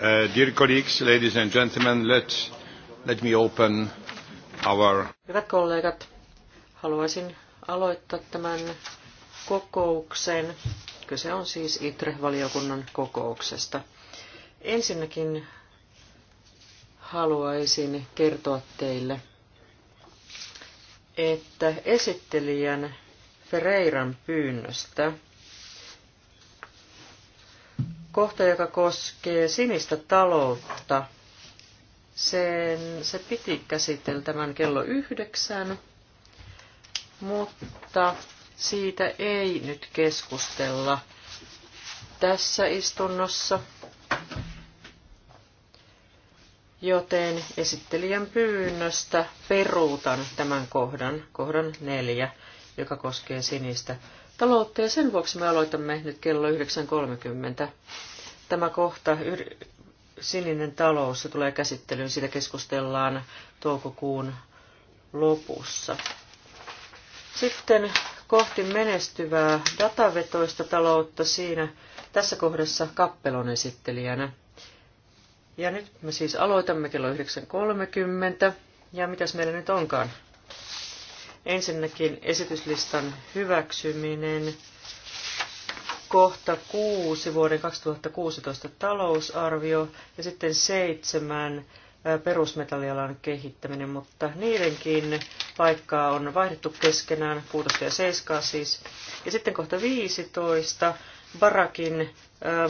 Uh, dear colleagues, ladies and gentlemen, let, let me open our... Hyvät kollegat, haluaisin aloittaa tämän kokouksen. Kyse on siis ITRE-valiokunnan kokouksesta. Ensinnäkin haluaisin kertoa teille, että esittelijän Ferreiran pyynnöstä – kohta, joka koskee sinistä taloutta. Sen, se piti käsitellä tämän kello yhdeksän, mutta siitä ei nyt keskustella tässä istunnossa. Joten esittelijän pyynnöstä peruutan tämän kohdan, kohdan neljä, joka koskee sinistä taloutta ja sen vuoksi me aloitamme nyt kello 9.30. Tämä kohta sininen talous, se tulee käsittelyyn, siitä keskustellaan toukokuun lopussa. Sitten kohti menestyvää datavetoista taloutta siinä tässä kohdassa kappelon esittelijänä. Ja nyt me siis aloitamme kello 9.30. Ja mitäs meillä nyt onkaan? Ensinnäkin esityslistan hyväksyminen. Kohta kuusi vuoden 2016 talousarvio ja sitten seitsemän perusmetallialan kehittäminen, mutta niidenkin paikkaa on vaihdettu keskenään, 6 ja 7 siis. Ja sitten kohta 15, Barakin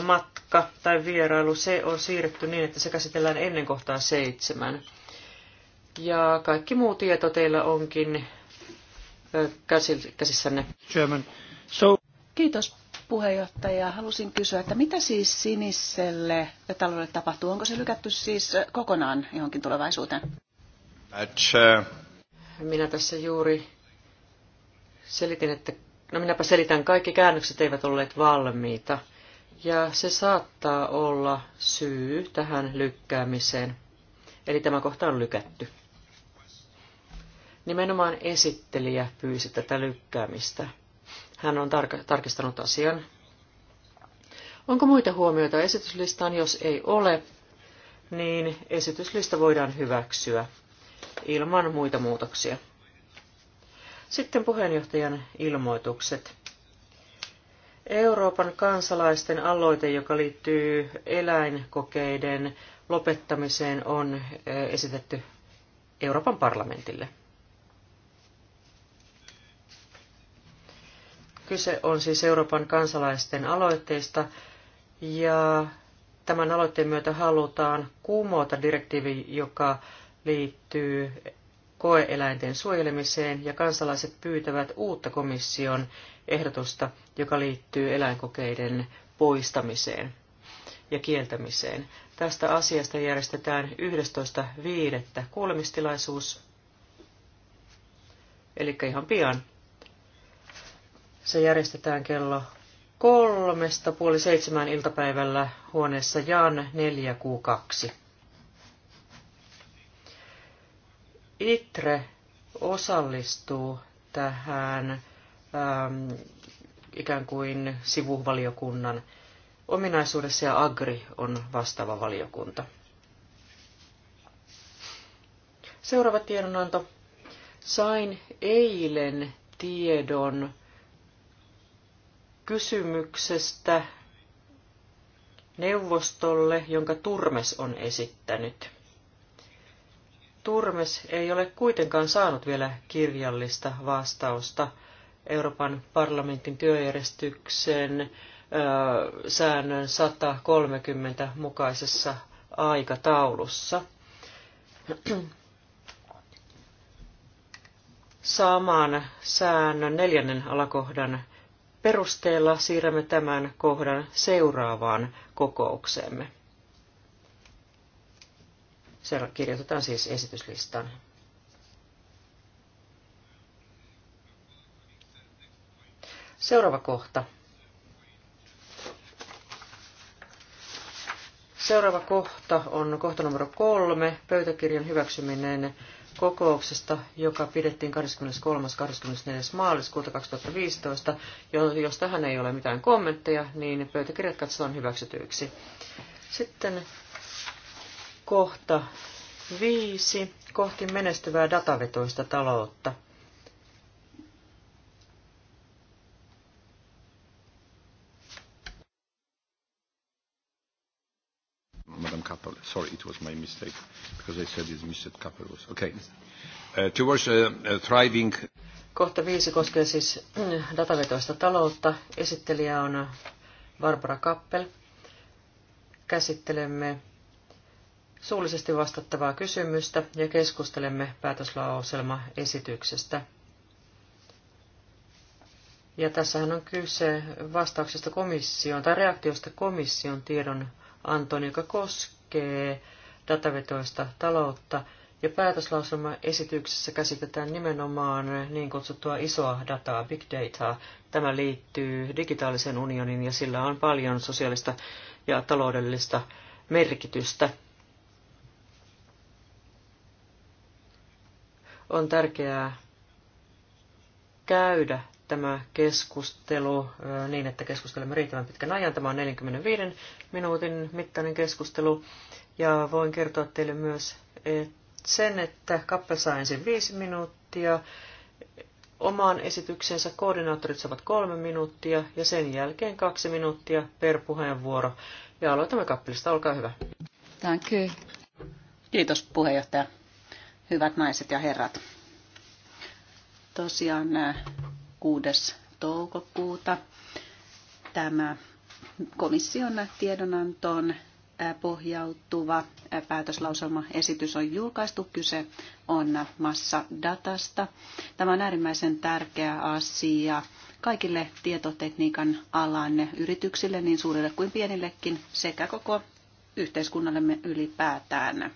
matka tai vierailu, se on siirretty niin, että se käsitellään ennen kohtaa 7. Ja kaikki muu tieto teillä onkin käsissänne. German. So... Kiitos puheenjohtaja. Halusin kysyä, että mitä siis siniselle taloudelle tapahtuu? Onko se lykätty siis kokonaan johonkin tulevaisuuteen? Uh, Minä tässä juuri selitin, että no minäpä selitän, kaikki käännökset eivät olleet valmiita. Ja se saattaa olla syy tähän lykkäämiseen. Eli tämä kohta on lykätty. Nimenomaan esittelijä pyysi tätä lykkäämistä. Hän on tar- tarkistanut asian. Onko muita huomioita esityslistaan? Jos ei ole, niin esityslista voidaan hyväksyä ilman muita muutoksia. Sitten puheenjohtajan ilmoitukset. Euroopan kansalaisten aloite, joka liittyy eläinkokeiden lopettamiseen, on esitetty Euroopan parlamentille. Kyse on siis Euroopan kansalaisten aloitteista ja tämän aloitteen myötä halutaan kumota direktiivi, joka liittyy koeeläinten suojelemiseen ja kansalaiset pyytävät uutta komission ehdotusta, joka liittyy eläinkokeiden poistamiseen ja kieltämiseen. Tästä asiasta järjestetään 11.5. kuulemistilaisuus, eli ihan pian. Se järjestetään kello kolmesta puoli seitsemään iltapäivällä huoneessa Jan 4 Q2. ITRE osallistuu tähän ähm, ikään kuin sivuvaliokunnan ominaisuudessa ja Agri on vastaava valiokunta. Seuraava tiedonanto. Sain eilen tiedon kysymyksestä neuvostolle, jonka Turmes on esittänyt. Turmes ei ole kuitenkaan saanut vielä kirjallista vastausta Euroopan parlamentin työjärjestyksen ö, säännön 130 mukaisessa aikataulussa. Saamaan säännön neljännen alakohdan perusteella siirrämme tämän kohdan seuraavaan kokoukseemme. Se kirjoitetaan siis esityslistaan. Seuraava kohta. Seuraava kohta on kohta numero kolme, pöytäkirjan hyväksyminen kokouksesta, joka pidettiin 23.–24. maaliskuuta 2015. Jos tähän ei ole mitään kommentteja, niin pöytäkirjat katsotaan hyväksytyiksi. Sitten kohta viisi kohti menestyvää datavetoista taloutta. Sorry, it was my mistake, because I said it's Mr. Kaperus. Okay. Uh, towards uh, uh, thriving... Kohta viisi koskee siis äh, datavetoista taloutta. Esittelijä on Barbara Kappel. Käsittelemme suullisesti vastattavaa kysymystä ja keskustelemme esityksestä. Ja tässähän on kyse vastauksesta komission tai reaktiosta komission tiedon antoon, joka koskee koskee datavetoista taloutta, ja päätöslauselmaesityksessä käsitetään nimenomaan niin kutsuttua isoa dataa, big dataa. Tämä liittyy digitaalisen unionin ja sillä on paljon sosiaalista ja taloudellista merkitystä. On tärkeää käydä tämä keskustelu niin, että keskustelemme riittävän pitkän ajan. Tämä on 45 minuutin mittainen keskustelu. Ja voin kertoa teille myös sen, että Kappe saa ensin viisi minuuttia, omaan esityksensä koordinaattorit saavat kolme minuuttia ja sen jälkeen kaksi minuuttia per puheenvuoro. Ja aloitamme kappelista, olkaa hyvä. Thank you. Kiitos puheenjohtaja. Hyvät naiset ja herrat. Tosiaan 6. toukokuuta. Tämä komission tiedonantoon pohjautuva päätöslauselmaesitys on julkaistu. Kyse on massadatasta. Tämä on äärimmäisen tärkeä asia kaikille tietotekniikan alan yrityksille, niin suurille kuin pienillekin, sekä koko yhteiskunnallemme ylipäätään.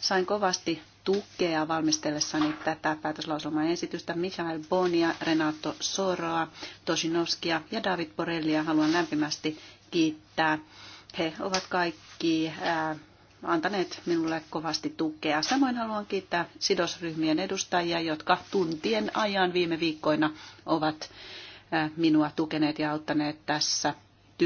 Sain kovasti tukea valmistellessani tätä päätöslauselman esitystä Michael Bonia, Renato Soroa, Tosinovskia ja David Borellia haluan lämpimästi kiittää. He ovat kaikki äh, antaneet minulle kovasti tukea. Samoin haluan kiittää sidosryhmien edustajia, jotka tuntien ajan viime viikkoina ovat äh, minua tukeneet ja auttaneet tässä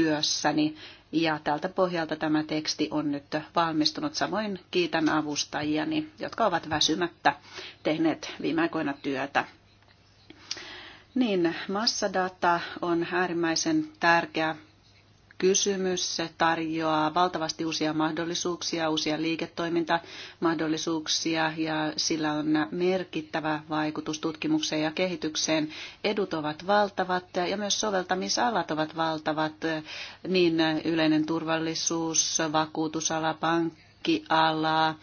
työssäni. Ja tältä pohjalta tämä teksti on nyt valmistunut. Samoin kiitän avustajiani, jotka ovat väsymättä tehneet viime aikoina työtä. Niin, massadata on äärimmäisen tärkeä kysymys tarjoaa valtavasti uusia mahdollisuuksia, uusia liiketoimintamahdollisuuksia ja sillä on merkittävä vaikutus tutkimukseen ja kehitykseen. Edut ovat valtavat ja myös soveltamisalat ovat valtavat, niin yleinen turvallisuus, vakuutusala, pankkiala,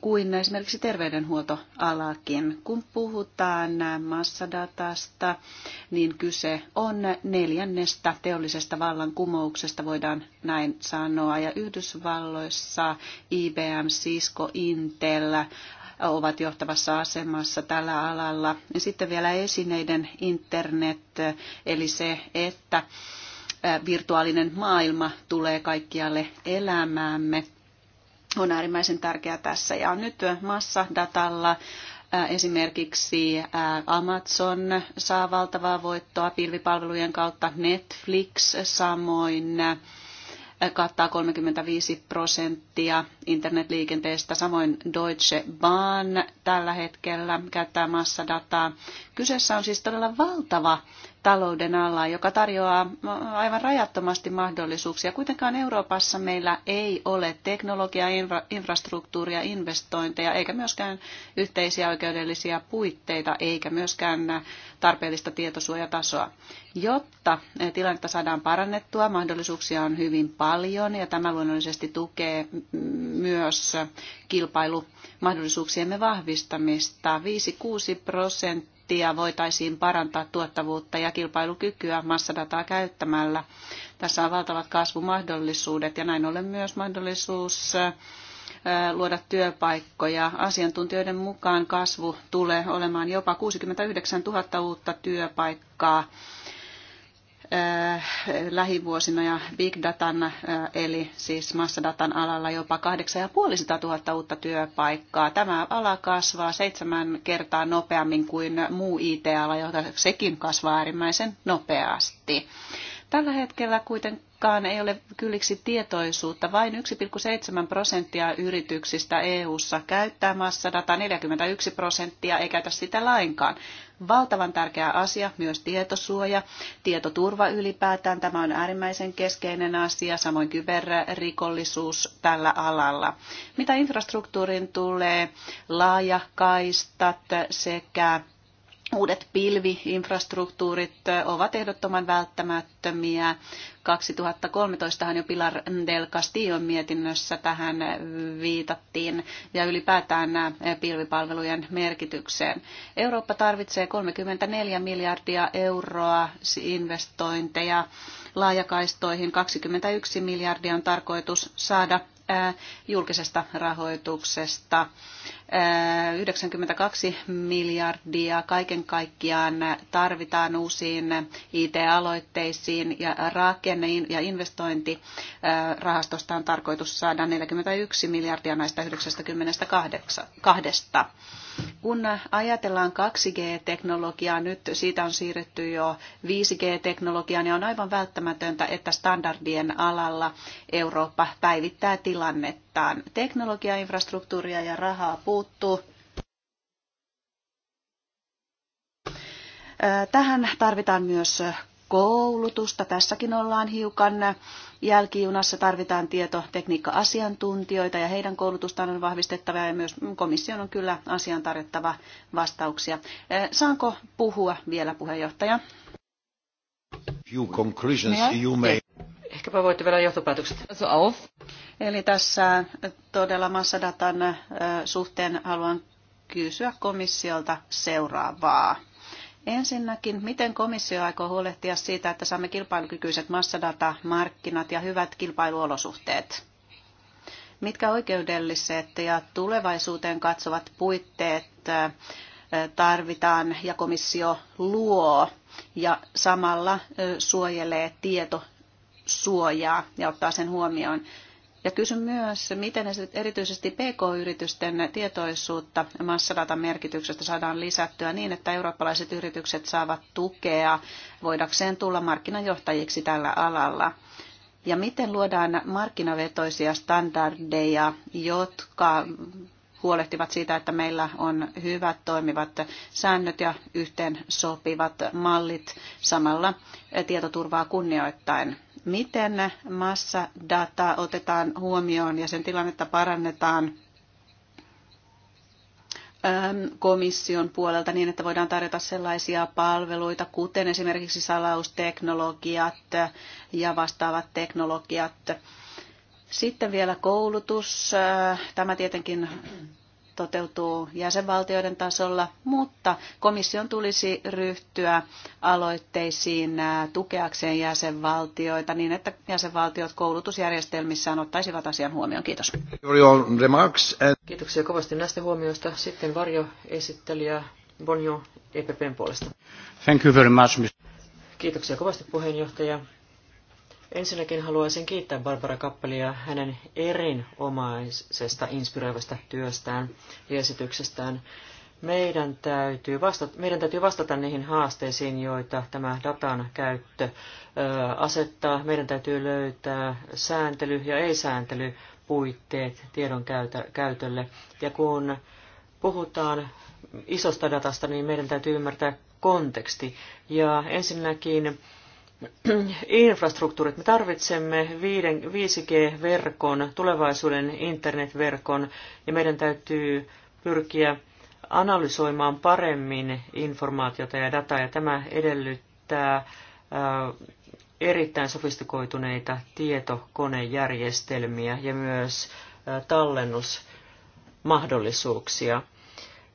kuin esimerkiksi terveydenhuoltoalakin. Kun puhutaan massadatasta, niin kyse on neljännestä teollisesta vallankumouksesta, voidaan näin sanoa. Ja Yhdysvalloissa IBM, Cisco, Intel ovat johtavassa asemassa tällä alalla. Ja sitten vielä esineiden internet, eli se, että virtuaalinen maailma tulee kaikkialle elämäämme on äärimmäisen tärkeää tässä. Ja nyt massadatalla äh, esimerkiksi äh, Amazon saa valtavaa voittoa pilvipalvelujen kautta, Netflix samoin äh, kattaa 35 prosenttia internetliikenteestä. Samoin Deutsche Bahn tällä hetkellä käyttää massadataa. Kyseessä on siis todella valtava talouden alla, joka tarjoaa aivan rajattomasti mahdollisuuksia. Kuitenkaan Euroopassa meillä ei ole teknologiaa, infrastruktuuria, investointeja, eikä myöskään yhteisiä oikeudellisia puitteita, eikä myöskään tarpeellista tietosuojatasoa. Jotta tilannetta saadaan parannettua, mahdollisuuksia on hyvin paljon ja tämä luonnollisesti tukee myös kilpailumahdollisuuksiemme vahvistamista. 5-6 prosenttia prosenttia voitaisiin parantaa tuottavuutta ja kilpailukykyä massadataa käyttämällä. Tässä on valtavat kasvumahdollisuudet ja näin ollen myös mahdollisuus luoda työpaikkoja. Asiantuntijoiden mukaan kasvu tulee olemaan jopa 69 000 uutta työpaikkaa Äh, lähivuosina ja big datan äh, eli siis massadatan alalla jopa 8500 000 uutta työpaikkaa. Tämä ala kasvaa seitsemän kertaa nopeammin kuin muu IT-ala, jota sekin kasvaa äärimmäisen nopeasti. Tällä hetkellä kuitenkaan ei ole kylliksi tietoisuutta. Vain 1,7 prosenttia yrityksistä EU-ssa käyttää massadataa, 41 prosenttia ei käytä sitä lainkaan valtavan tärkeä asia, myös tietosuoja, tietoturva ylipäätään. Tämä on äärimmäisen keskeinen asia, samoin kyberrikollisuus tällä alalla. Mitä infrastruktuurin tulee, laajakaistat sekä Uudet pilviinfrastruktuurit ovat ehdottoman välttämättömiä. 2013han jo Pilar del Castillon mietinnössä tähän viitattiin ja ylipäätään nämä pilvipalvelujen merkitykseen. Eurooppa tarvitsee 34 miljardia euroa investointeja laajakaistoihin. 21 miljardia on tarkoitus saada julkisesta rahoituksesta. 92 miljardia kaiken kaikkiaan tarvitaan uusiin IT-aloitteisiin ja rakenne- ja investointirahastosta on tarkoitus saada 41 miljardia näistä 92. Kun ajatellaan 2G-teknologiaa, nyt siitä on siirretty jo 5G-teknologiaan niin ja on aivan välttämätöntä, että standardien alalla Eurooppa päivittää tilannettaan. Teknologiainfrastruktuuria ja rahaa puuttuu. Tähän tarvitaan myös koulutusta. Tässäkin ollaan hiukan jälkijunassa. Tarvitaan tietotekniikka-asiantuntijoita ja heidän koulutustaan on vahvistettava ja myös komission on kyllä asian tarjottava vastauksia. Saanko puhua vielä puheenjohtaja? Few conclusions you may... Ehkäpä voitte vielä johtopäätökset. Eli tässä todella massadatan suhteen haluan kysyä komissiolta seuraavaa. Ensinnäkin, miten komissio aikoo huolehtia siitä, että saamme kilpailukykyiset massadatamarkkinat ja hyvät kilpailuolosuhteet? Mitkä oikeudelliset ja tulevaisuuteen katsovat puitteet tarvitaan ja komissio luo ja samalla suojelee tieto suojaa ja ottaa sen huomioon. Ja kysyn myös, miten erityisesti PK-yritysten tietoisuutta massadatan merkityksestä saadaan lisättyä niin, että eurooppalaiset yritykset saavat tukea voidakseen tulla markkinajohtajiksi tällä alalla. Ja miten luodaan markkinavetoisia standardeja, jotka huolehtivat siitä, että meillä on hyvät toimivat säännöt ja yhteen sopivat mallit samalla tietoturvaa kunnioittain miten massadata otetaan huomioon ja sen tilannetta parannetaan ähm, komission puolelta niin, että voidaan tarjota sellaisia palveluita, kuten esimerkiksi salausteknologiat ja vastaavat teknologiat. Sitten vielä koulutus. Äh, tämä tietenkin toteutuu jäsenvaltioiden tasolla, mutta komission tulisi ryhtyä aloitteisiin tukeakseen jäsenvaltioita niin, että jäsenvaltiot koulutusjärjestelmissään ottaisivat asian huomioon. Kiitos. Kiitoksia kovasti näistä huomioista. Sitten varjoesittelijä Bonjo EPPn puolesta. Thank you very much. Kiitoksia kovasti puheenjohtaja. Ensinnäkin haluaisin kiittää Barbara Kappelia hänen erinomaisesta inspiroivasta työstään ja esityksestään. Meidän täytyy, vastata, meidän täytyy vastata niihin haasteisiin, joita tämä datan käyttö ö, asettaa. Meidän täytyy löytää sääntely- ja ei-sääntelypuitteet tiedon käytä, käytölle. Ja kun puhutaan isosta datasta, niin meidän täytyy ymmärtää konteksti. Ja ensinnäkin infrastruktuurit. Me tarvitsemme 5G-verkon, tulevaisuuden internetverkon, ja meidän täytyy pyrkiä analysoimaan paremmin informaatiota ja dataa, ja tämä edellyttää erittäin sofistikoituneita tietokonejärjestelmiä ja myös tallennusmahdollisuuksia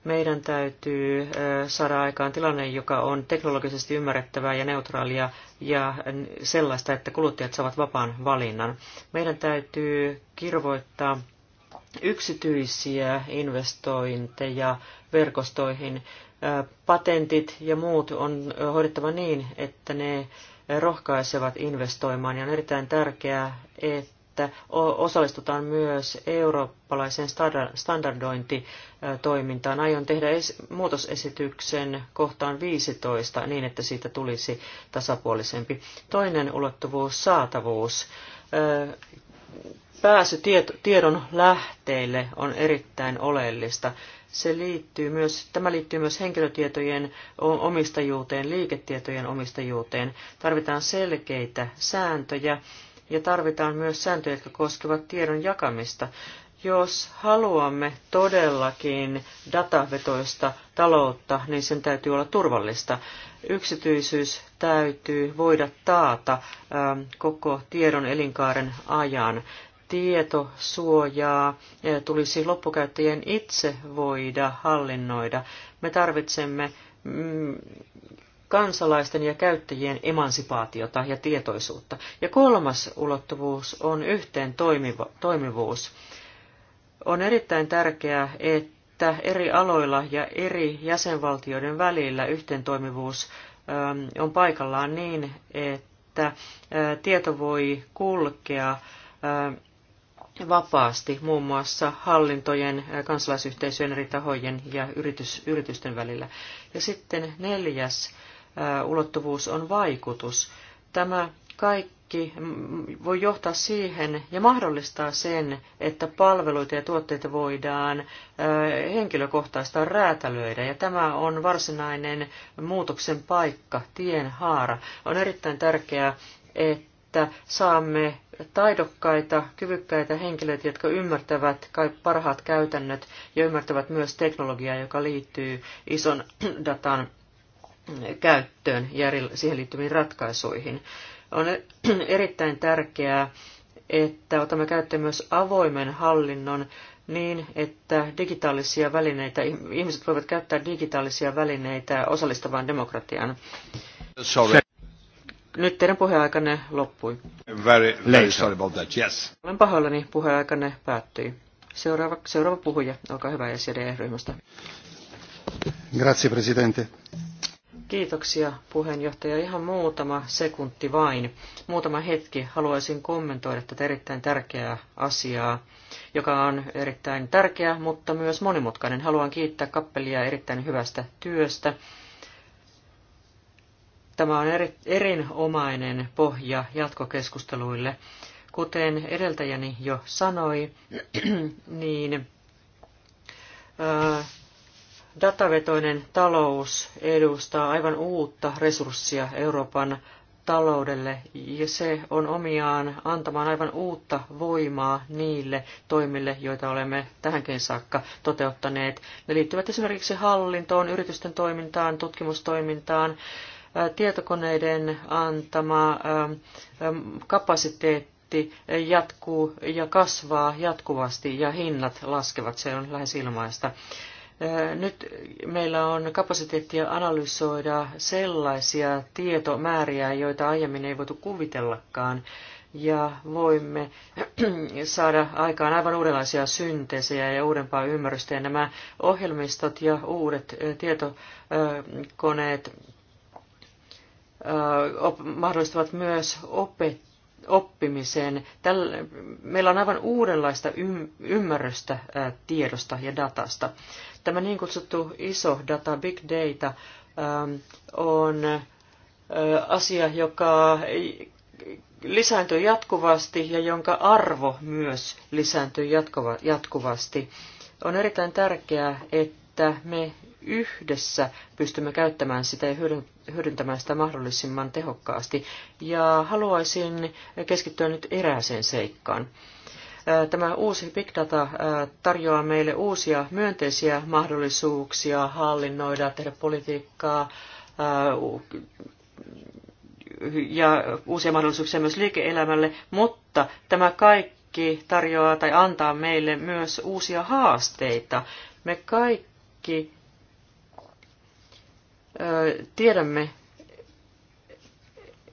meidän täytyy saada aikaan tilanne, joka on teknologisesti ymmärrettävää ja neutraalia ja sellaista, että kuluttajat saavat vapaan valinnan. Meidän täytyy kirvoittaa yksityisiä investointeja verkostoihin. Patentit ja muut on hoidettava niin, että ne rohkaisevat investoimaan ja on erittäin tärkeää, että että osallistutaan myös eurooppalaiseen standardointitoimintaan. Aion tehdä muutosesityksen kohtaan 15 niin, että siitä tulisi tasapuolisempi. Toinen ulottuvuus, saatavuus. Pääsy tiedon lähteille on erittäin oleellista. Se liittyy myös, tämä liittyy myös henkilötietojen omistajuuteen, liiketietojen omistajuuteen. Tarvitaan selkeitä sääntöjä ja tarvitaan myös sääntöjä, jotka koskevat tiedon jakamista. Jos haluamme todellakin datavetoista taloutta, niin sen täytyy olla turvallista. Yksityisyys täytyy voida taata ähm, koko tiedon elinkaaren ajan tietosuojaa äh, tulisi loppukäyttäjien itse voida hallinnoida. Me tarvitsemme mm, kansalaisten ja käyttäjien emansipaatiota ja tietoisuutta. Ja kolmas ulottuvuus on yhteen toimivuus. On erittäin tärkeää, että eri aloilla ja eri jäsenvaltioiden välillä toimivuus ähm, on paikallaan niin, että äh, tieto voi kulkea äh, vapaasti muun muassa hallintojen, äh, kansalaisyhteisöjen eri tahojen ja yritys, yritysten välillä. Ja sitten neljäs ulottuvuus on vaikutus. Tämä kaikki voi johtaa siihen ja mahdollistaa sen, että palveluita ja tuotteita voidaan henkilökohtaista räätälöidä. Ja tämä on varsinainen muutoksen paikka, haara. On erittäin tärkeää, että saamme taidokkaita, kyvykkäitä henkilöitä, jotka ymmärtävät parhaat käytännöt ja ymmärtävät myös teknologiaa, joka liittyy ison datan käyttöön ja siihen liittyviin ratkaisuihin. On erittäin tärkeää, että otamme käyttöön myös avoimen hallinnon niin, että digitaalisia välineitä, ihmiset voivat käyttää digitaalisia välineitä osallistavaan demokratiaan. Sorry. Nyt teidän puheaikanne loppui. Very, very sorry about that, yes. Olen pahoillani, puheaikanne päättyi. Seuraava, seuraava puhuja, olkaa hyvä, ja ryhmästä Grazie, Presidente. Kiitoksia puheenjohtaja. Ihan muutama sekunti vain. Muutama hetki haluaisin kommentoida tätä erittäin tärkeää asiaa, joka on erittäin tärkeä, mutta myös monimutkainen. Haluan kiittää kappelia erittäin hyvästä työstä. Tämä on eri, erinomainen pohja jatkokeskusteluille. Kuten edeltäjäni jo sanoi, niin... Datavetoinen talous edustaa aivan uutta resurssia Euroopan taloudelle ja se on omiaan antamaan aivan uutta voimaa niille toimille, joita olemme tähänkin saakka toteuttaneet. Ne liittyvät esimerkiksi hallintoon, yritysten toimintaan, tutkimustoimintaan, tietokoneiden antama kapasiteetti jatkuu ja kasvaa jatkuvasti ja hinnat laskevat, se on lähes ilmaista. Nyt meillä on kapasiteettia analysoida sellaisia tietomääriä, joita aiemmin ei voitu kuvitellakaan, ja voimme saada aikaan aivan uudenlaisia synteesejä ja uudempaa ymmärrystä. Ja nämä ohjelmistot ja uudet tietokoneet mahdollistavat myös opettaa oppimisen. Tällä, meillä on aivan uudenlaista ymmärrystä tiedosta ja datasta. Tämä niin kutsuttu iso data, big data, ähm, on äh, asia, joka lisääntyy jatkuvasti ja jonka arvo myös lisääntyy jatkuvasti. On erittäin tärkeää, että me yhdessä pystymme käyttämään sitä ja hyödyntämään sitä mahdollisimman tehokkaasti. Ja haluaisin keskittyä nyt erääseen seikkaan. Tämä uusi big data tarjoaa meille uusia myönteisiä mahdollisuuksia hallinnoida, tehdä politiikkaa ja uusia mahdollisuuksia myös liike-elämälle, mutta tämä kaikki tarjoaa tai antaa meille myös uusia haasteita. Me kaikki tiedämme,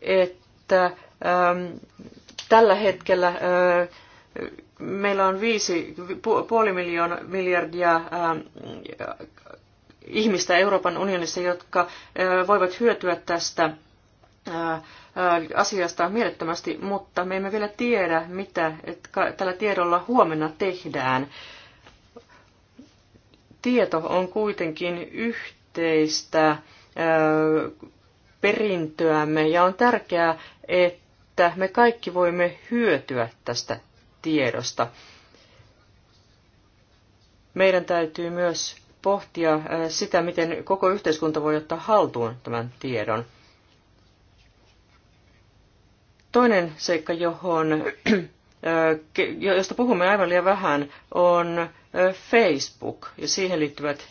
että tällä hetkellä meillä on viisi, puoli miljoona, miljardia ähm, ihmistä Euroopan unionissa, jotka äh, voivat hyötyä tästä äh, äh, asiasta mielettömästi, mutta me emme vielä tiedä, mitä tällä tiedolla huomenna tehdään. Tieto on kuitenkin yhteistä perintöämme ja on tärkeää, että me kaikki voimme hyötyä tästä tiedosta. Meidän täytyy myös pohtia äh, sitä, miten koko yhteiskunta voi ottaa haltuun tämän tiedon. Toinen seikka, johon, äh, josta puhumme aivan liian vähän, on äh, Facebook ja siihen liittyvät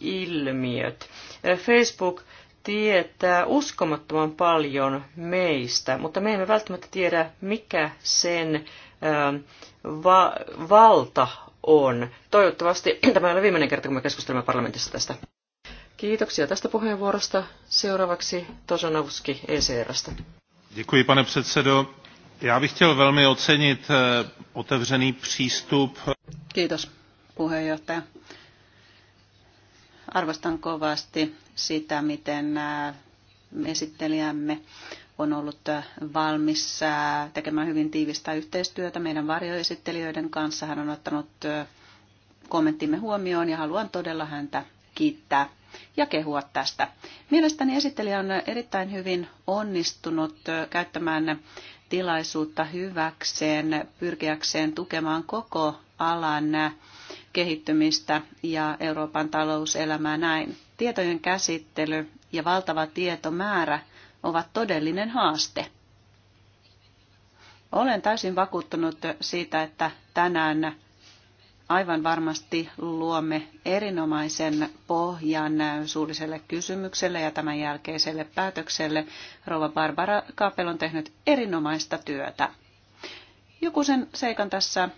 ilmiöt. Facebook tietää uskomattoman paljon meistä, mutta me emme välttämättä tiedä, mikä sen Ähm, va- valta on. Toivottavasti tämä ei ole viimeinen kerta, kun me keskustelemme parlamentissa tästä. Kiitoksia tästä puheenvuorosta. Seuraavaksi Tosanovski ECRstä. Děkuji, pane předsedo. Já bych chtěl velmi ocenit eh, otevřený přístup. Kiitos, puheenjohtaja. Arvostan kovasti sitä, miten eh, esittelijämme on ollut äh, valmis äh, tekemään hyvin tiivistä yhteistyötä meidän varjoesittelijöiden kanssa. Hän on ottanut äh, kommenttimme huomioon ja haluan todella häntä kiittää ja kehua tästä. Mielestäni esittelijä on erittäin hyvin onnistunut käyttämään tilaisuutta hyväkseen, pyrkiäkseen tukemaan koko alan kehittymistä ja Euroopan talouselämää näin. Tietojen käsittely ja valtava tietomäärä, ovat todellinen haaste. Olen täysin vakuuttunut siitä, että tänään aivan varmasti luomme erinomaisen pohjan suulliselle kysymykselle ja tämän jälkeiselle päätökselle. Rova Barbara Kaapel on tehnyt erinomaista työtä. Joku sen seikan tässä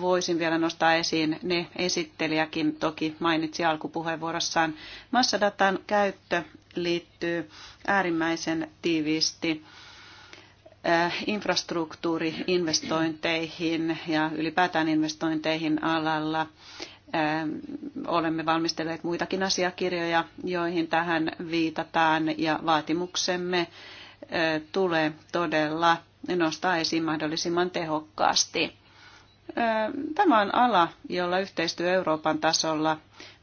voisin vielä nostaa esiin, ne esittelijäkin toki mainitsi alkupuheenvuorossaan. Massadatan käyttö liittyy äärimmäisen tiiviisti äh, infrastruktuuriinvestointeihin ja ylipäätään investointeihin alalla. Äh, olemme valmistelleet muitakin asiakirjoja, joihin tähän viitataan ja vaatimuksemme äh, tulee todella nostaa esiin mahdollisimman tehokkaasti. Tämä on ala, jolla yhteistyö Euroopan tasolla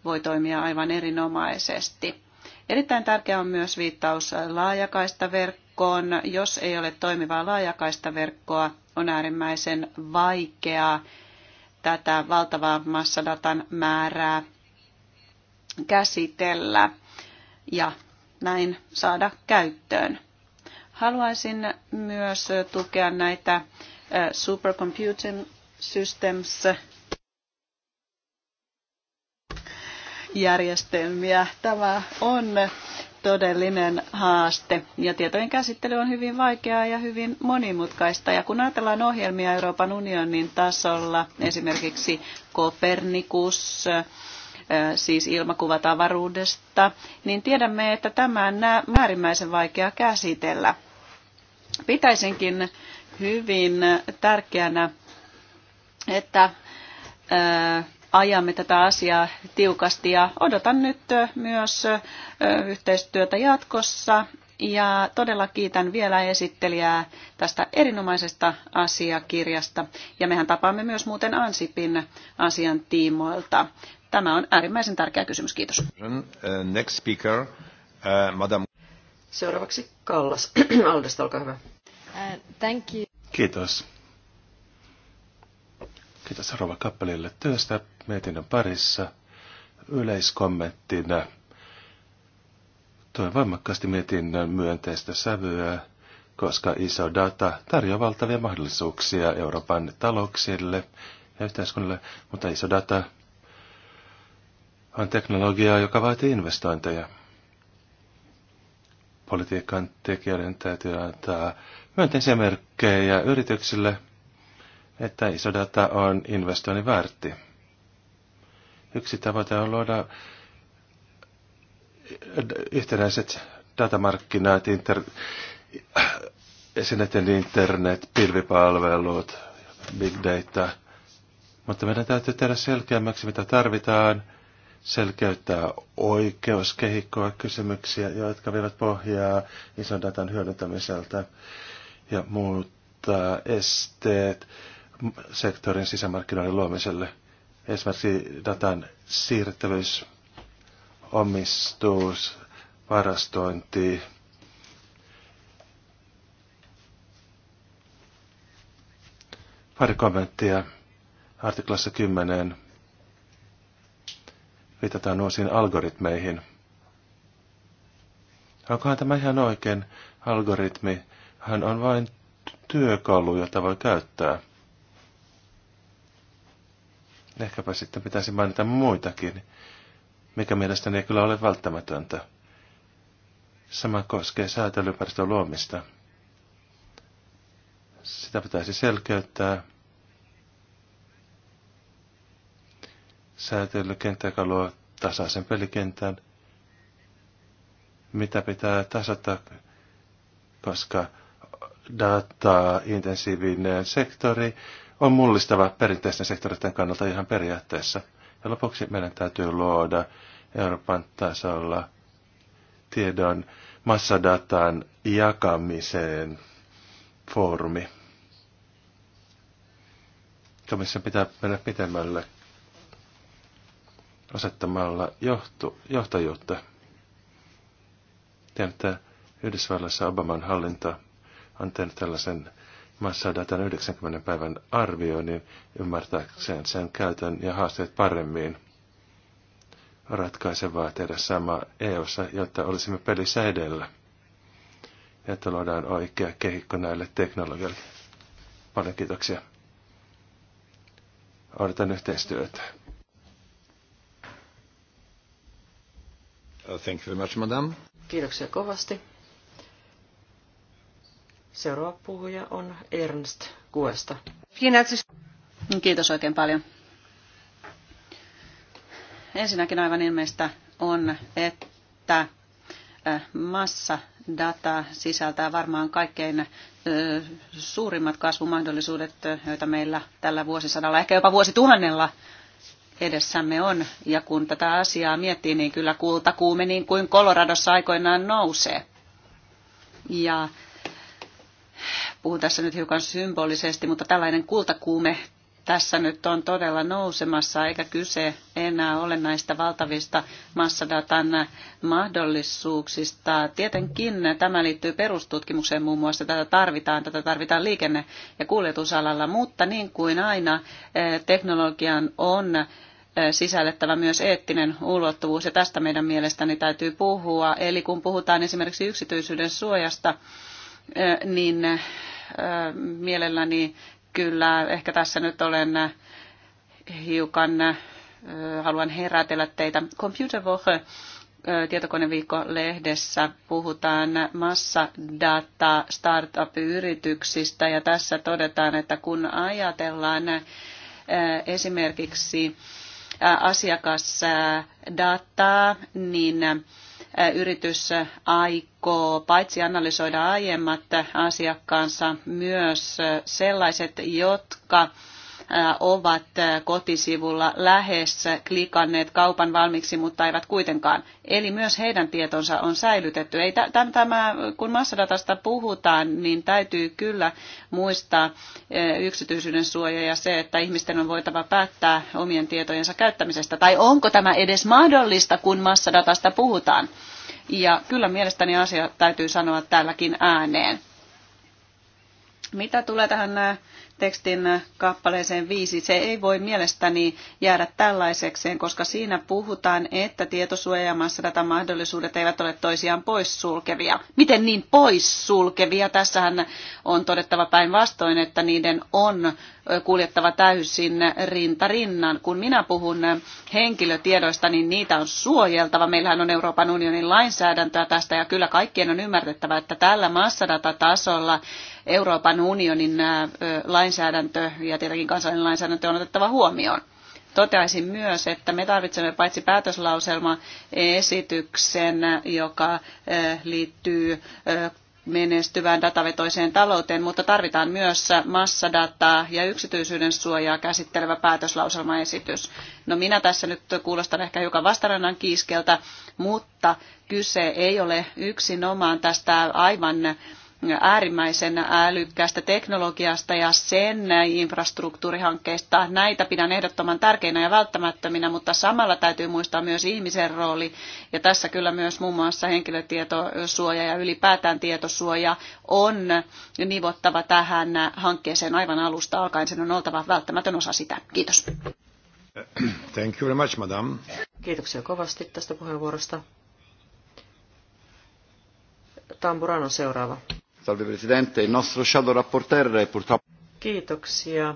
voi toimia aivan erinomaisesti. Erittäin tärkeä on myös viittaus laajakaistaverkkoon. Jos ei ole toimivaa laajakaistaverkkoa, on äärimmäisen vaikeaa tätä valtavaa massadatan määrää käsitellä ja näin saada käyttöön. Haluaisin myös tukea näitä supercomputing Systems järjestelmiä. Tämä on todellinen haaste. Ja tietojen käsittely on hyvin vaikeaa ja hyvin monimutkaista. Ja kun ajatellaan ohjelmia Euroopan unionin tasolla, esimerkiksi Kopernikus, äh, siis ilmakuvat avaruudesta, niin tiedämme, että tämä on määrimmäisen vaikea käsitellä. Pitäisinkin hyvin tärkeänä että ajamme tätä asiaa tiukasti ja odotan nyt myös yhteistyötä jatkossa. Ja todella kiitän vielä esittelijää tästä erinomaisesta asiakirjasta. Ja mehän tapaamme myös muuten Ansipin asian tiimoilta. Tämä on äärimmäisen tärkeä kysymys. Kiitos. Uh, next speaker, uh, Madam. Seuraavaksi Kallas. Aldesta, olkaa hyvä. Uh, thank you. Kiitos. Kiitos Rova Kappelille työstä mietinnön parissa. Yleiskommenttina toin voimakkaasti mietinnön myönteistä sävyä, koska iso data tarjoaa valtavia mahdollisuuksia Euroopan talouksille ja yhteiskunnille, mutta iso data on teknologiaa, joka vaatii investointeja. Politiikan tekijöiden täytyy antaa myönteisiä merkkejä yrityksille – että iso data on investoinnin väärti. Yksi tavoite on luoda yhtenäiset datamarkkinat, inter, esineiden internet, pilvipalvelut, big data. Mutta meidän täytyy tehdä selkeämmäksi, mitä tarvitaan, selkeyttää oikeuskehikkoa kysymyksiä, jotka vievät pohjaa ison datan hyödyntämiseltä ja muuttaa esteet sektorin sisämarkkinoiden luomiselle. Esimerkiksi datan siirrettävyys, omistus, varastointi, pari kommenttia artiklassa 10. Viitataan uusiin algoritmeihin. Onkohan tämä ihan oikein? algoritmi hän on vain työkalu, jota voi käyttää. Ehkäpä sitten pitäisi mainita muitakin, mikä mielestäni ei kyllä ole välttämätöntä. Sama koskee säätelypäristön luomista. Sitä pitäisi selkeyttää. Säätelykenttä, joka luo tasaisen pelikentän. Mitä pitää tasata, koska dataa intensiivinen sektori on mullistava perinteisten sektoreiden kannalta ihan periaatteessa. Ja lopuksi meidän täytyy luoda Euroopan tasolla tiedon massadatan jakamiseen foorumi. Komission pitää mennä pitemmälle asettamalla johtu, johtajuutta. Tiedän, että Yhdysvalloissa Obaman hallinto on tehnyt tällaisen maassa tämän 90 päivän arvioinnin ymmärtääkseen sen käytön ja haasteet paremmin. Ratkaisevaa tehdä sama EUssa, jotta olisimme pelissä edellä. Ja että luodaan oikea kehikko näille teknologioille. Paljon kiitoksia. Odotan yhteistyötä. Thank you very much, madam. Kiitoksia kovasti. Seuraava puhuja on Ernst Kuesta. Kiitos oikein paljon. Ensinnäkin aivan ilmeistä on, että massadata sisältää varmaan kaikkein suurimmat kasvumahdollisuudet, joita meillä tällä vuosisadalla, ehkä jopa vuosituhannella edessämme on. Ja kun tätä asiaa miettii, niin kyllä kultakuume niin kuin Koloradossa aikoinaan nousee. Ja Puhun tässä nyt hiukan symbolisesti, mutta tällainen kultakuume tässä nyt on todella nousemassa, eikä kyse enää ole näistä valtavista massadatan mahdollisuuksista. Tietenkin tämä liittyy perustutkimukseen muun muassa, tätä tarvitaan, tätä tarvitaan liikenne- ja kuljetusalalla, mutta niin kuin aina eh, teknologian on eh, sisällettävä myös eettinen ulottuvuus, ja tästä meidän mielestäni täytyy puhua. Eli kun puhutaan esimerkiksi yksityisyyden suojasta, niin mielelläni kyllä ehkä tässä nyt olen hiukan, haluan herätellä teitä. Computer Woche tietokoneviikko-lehdessä puhutaan massadata startup-yrityksistä ja tässä todetaan, että kun ajatellaan esimerkiksi asiakasdataa, niin yritys aikoo paitsi analysoida aiemmat asiakkaansa myös sellaiset, jotka ovat kotisivulla lähes klikanneet kaupan valmiiksi, mutta eivät kuitenkaan. Eli myös heidän tietonsa on säilytetty. Ei tämä, kun massadatasta puhutaan, niin täytyy kyllä muistaa yksityisyyden suoja ja se, että ihmisten on voitava päättää omien tietojensa käyttämisestä. Tai onko tämä edes mahdollista, kun massadatasta puhutaan? Ja kyllä mielestäni asia täytyy sanoa täälläkin ääneen. Mitä tulee tähän tekstin kappaleeseen viisi. Se ei voi mielestäni jäädä tällaisekseen, koska siinä puhutaan, että tietosuoja ja mahdollisuudet eivät ole toisiaan poissulkevia. Miten niin poissulkevia? Tässähän on todettava päinvastoin, että niiden on kuljettava täysin rinta rinnan. Kun minä puhun henkilötiedoista, niin niitä on suojeltava. Meillähän on Euroopan unionin lainsäädäntöä tästä ja kyllä kaikkien on ymmärrettävä, että tällä massadatatasolla Euroopan unionin lainsäädäntö ja tietenkin kansallinen lainsäädäntö on otettava huomioon. Toteaisin myös, että me tarvitsemme paitsi esityksen, joka liittyy menestyvään datavetoiseen talouteen, mutta tarvitaan myös massadataa ja yksityisyyden suojaa käsittelevä päätöslauselmaesitys. No minä tässä nyt kuulostan ehkä hiukan vastarannan kiiskeltä, mutta kyse ei ole yksinomaan tästä aivan äärimmäisen älykkäästä teknologiasta ja sen infrastruktuurihankkeista. Näitä pidän ehdottoman tärkeinä ja välttämättöminä, mutta samalla täytyy muistaa myös ihmisen rooli. Ja tässä kyllä myös muun muassa henkilötietosuoja ja ylipäätään tietosuoja on nivottava tähän hankkeeseen aivan alusta alkaen. Sen on oltava välttämätön osa sitä. Kiitos. Thank you very much, madam. Kiitoksia kovasti tästä puheenvuorosta. Tamburano seuraava. Salve presidente, il nostro shadow rapporteur purtroppo... Kiitoksia.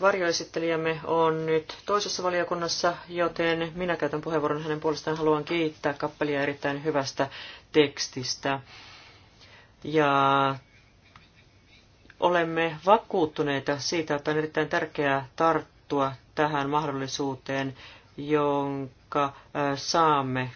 Varjoesittelijämme on nyt toisessa valiokunnassa, joten minä käytän puheenvuoron hänen puolestaan. Haluan kiittää kappelia erittäin hyvästä tekstistä. Ja olemme vakuuttuneita siitä, että on erittäin tärkeää tarttua tähän mahdollisuuteen jonka saamme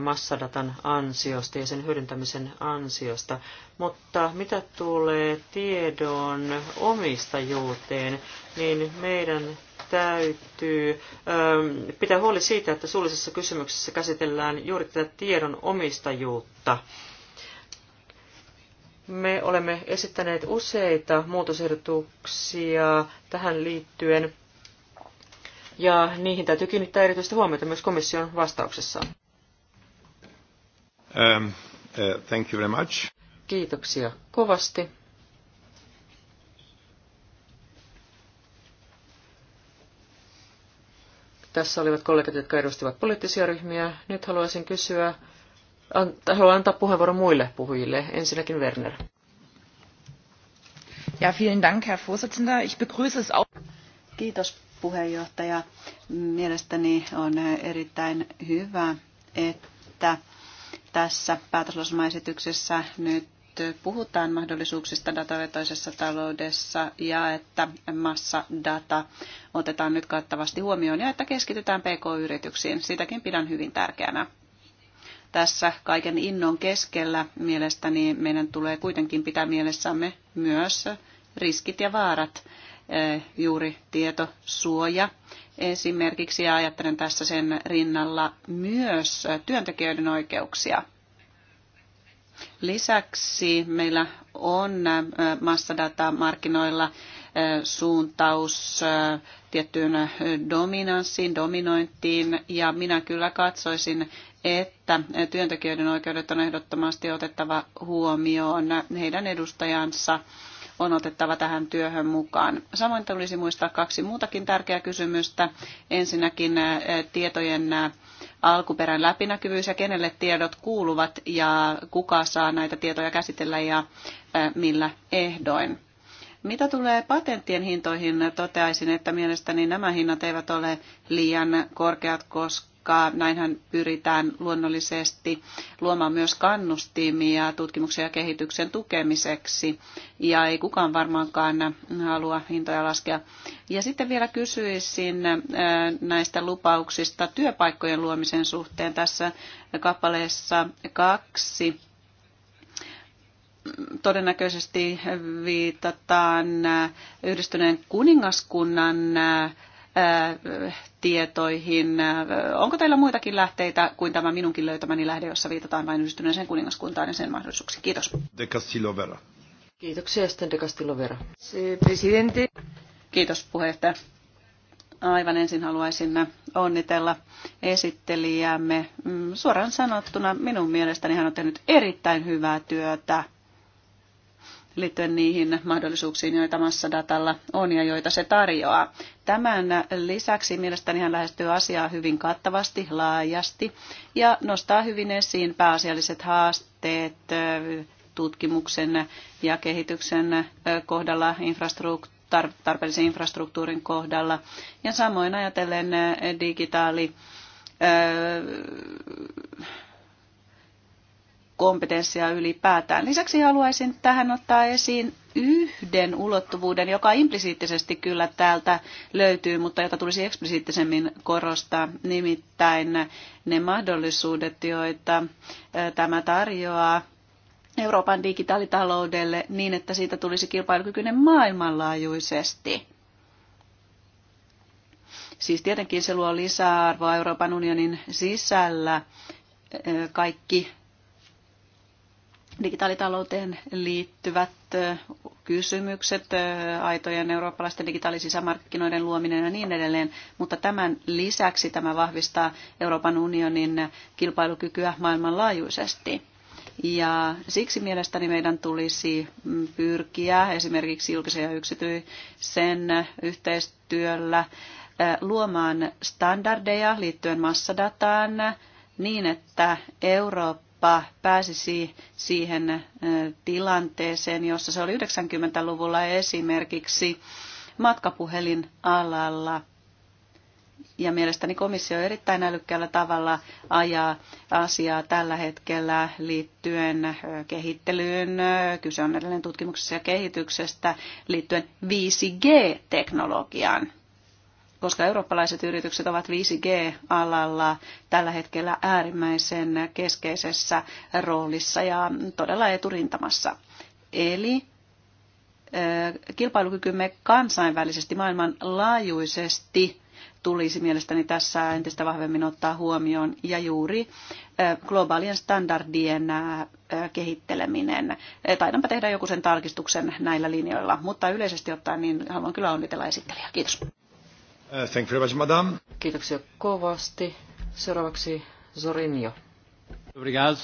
massadatan ansiosta ja sen hyödyntämisen ansiosta. Mutta mitä tulee tiedon omistajuuteen, niin meidän täytyy pitää huoli siitä, että suullisessa kysymyksessä käsitellään juuri tätä tiedon omistajuutta. Me olemme esittäneet useita muutosehdotuksia tähän liittyen ja niihin täytyy kiinnittää erityistä huomiota myös komission vastauksessaan. Um, uh, thank you very much. Kiitoksia kovasti. Tässä olivat kollegat, jotka edustivat poliittisia ryhmiä. Nyt haluaisin kysyä, anta, haluan antaa puheenvuoron muille puhujille. Ensinnäkin Werner. Ja, vielen Dank, Herr Vorsitzender. Ich begrüße es auch. Kiitos puheenjohtaja. Mielestäni on erittäin hyvä, että tässä päätöslausumaesityksessä nyt puhutaan mahdollisuuksista datavetoisessa taloudessa ja että massadata otetaan nyt kattavasti huomioon ja että keskitytään pk-yrityksiin. Sitäkin pidän hyvin tärkeänä. Tässä kaiken innon keskellä mielestäni meidän tulee kuitenkin pitää mielessämme myös riskit ja vaarat juuri tietosuoja esimerkiksi, ja ajattelen tässä sen rinnalla myös työntekijöiden oikeuksia. Lisäksi meillä on massadata markkinoilla suuntaus tiettyyn dominanssiin, dominointiin, ja minä kyllä katsoisin, että työntekijöiden oikeudet on ehdottomasti otettava huomioon heidän edustajansa on otettava tähän työhön mukaan. Samoin tulisi muistaa kaksi muutakin tärkeää kysymystä. Ensinnäkin tietojen alkuperän läpinäkyvyys ja kenelle tiedot kuuluvat ja kuka saa näitä tietoja käsitellä ja millä ehdoin. Mitä tulee patenttien hintoihin, toteaisin, että mielestäni nämä hinnat eivät ole liian korkeat, koska politiikkaa. Näinhän pyritään luonnollisesti luomaan myös kannustimia tutkimuksen ja kehityksen tukemiseksi. Ja ei kukaan varmaankaan halua hintoja laskea. Ja sitten vielä kysyisin äh, näistä lupauksista työpaikkojen luomisen suhteen. Tässä kappaleessa kaksi todennäköisesti viitataan äh, yhdistyneen kuningaskunnan äh, tietoihin. Onko teillä muitakin lähteitä kuin tämä minunkin löytämäni lähde, jossa viitataan vain yhdistyneeseen kuningaskuntaan ja sen mahdollisuuksiin? Kiitos. De Castillo Vera. Kiitoksia, sitten De Castillo Vera. Presidentti. Kiitos puheenjohtaja. Aivan ensin haluaisin onnitella esittelijämme. Mm, suoraan sanottuna minun mielestäni hän on tehnyt erittäin hyvää työtä liittyen niihin mahdollisuuksiin, joita massadatalla on ja joita se tarjoaa. Tämän lisäksi mielestäni hän lähestyy asiaa hyvin kattavasti, laajasti ja nostaa hyvin esiin pääasialliset haasteet tutkimuksen ja kehityksen kohdalla, infrastruktuurin tarpeellisen infrastruktuurin kohdalla. Ja samoin ajatellen digitaali kompetenssia ylipäätään. Lisäksi haluaisin tähän ottaa esiin yhden ulottuvuuden, joka implisiittisesti kyllä täältä löytyy, mutta jota tulisi eksplisiittisemmin korostaa, nimittäin ne mahdollisuudet, joita tämä tarjoaa Euroopan digitaalitaloudelle niin, että siitä tulisi kilpailukykyinen maailmanlaajuisesti. Siis tietenkin se luo lisäarvoa Euroopan unionin sisällä. Kaikki digitaalitalouteen liittyvät kysymykset, aitojen eurooppalaisten digitaalisisämarkkinoiden luominen ja niin edelleen, mutta tämän lisäksi tämä vahvistaa Euroopan unionin kilpailukykyä maailmanlaajuisesti. Ja siksi mielestäni meidän tulisi mm, pyrkiä esimerkiksi julkisen ja yksityisen yhteistyöllä luomaan standardeja liittyen massadataan niin, että Eurooppa Eurooppa pääsisi siihen tilanteeseen, jossa se oli 90-luvulla esimerkiksi matkapuhelin alalla. Ja mielestäni komissio erittäin älykkäällä tavalla ajaa asiaa tällä hetkellä liittyen kehittelyyn, kyse on edelleen tutkimuksessa ja kehityksestä, liittyen 5G-teknologiaan koska eurooppalaiset yritykset ovat 5G-alalla tällä hetkellä äärimmäisen keskeisessä roolissa ja todella eturintamassa. Eli kilpailukykymme kansainvälisesti, maailmanlaajuisesti tulisi mielestäni tässä entistä vahvemmin ottaa huomioon ja juuri globaalien standardien kehitteleminen. E, taidanpa tehdä joku sen tarkistuksen näillä linjoilla, mutta yleisesti ottaen niin haluan kyllä onnitella esittelijää. Kiitos. Uh, thank you very much, madam. Kiitoksia kovasti. Seuraavaksi Zorinjo. Obrigado,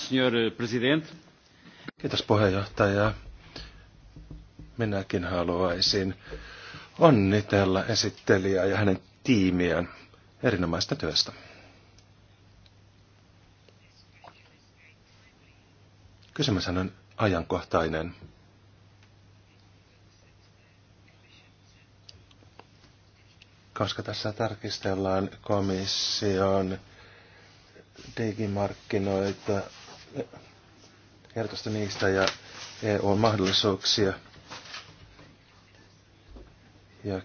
Kiitos puheenjohtaja. Minäkin haluaisin onnitella esittelijää ja hänen tiimiään erinomaista työstä. Kysymys on ajankohtainen. koska tässä tarkistellaan komission digimarkkinoita, ehdotusta niistä ja EU-mahdollisuuksia ja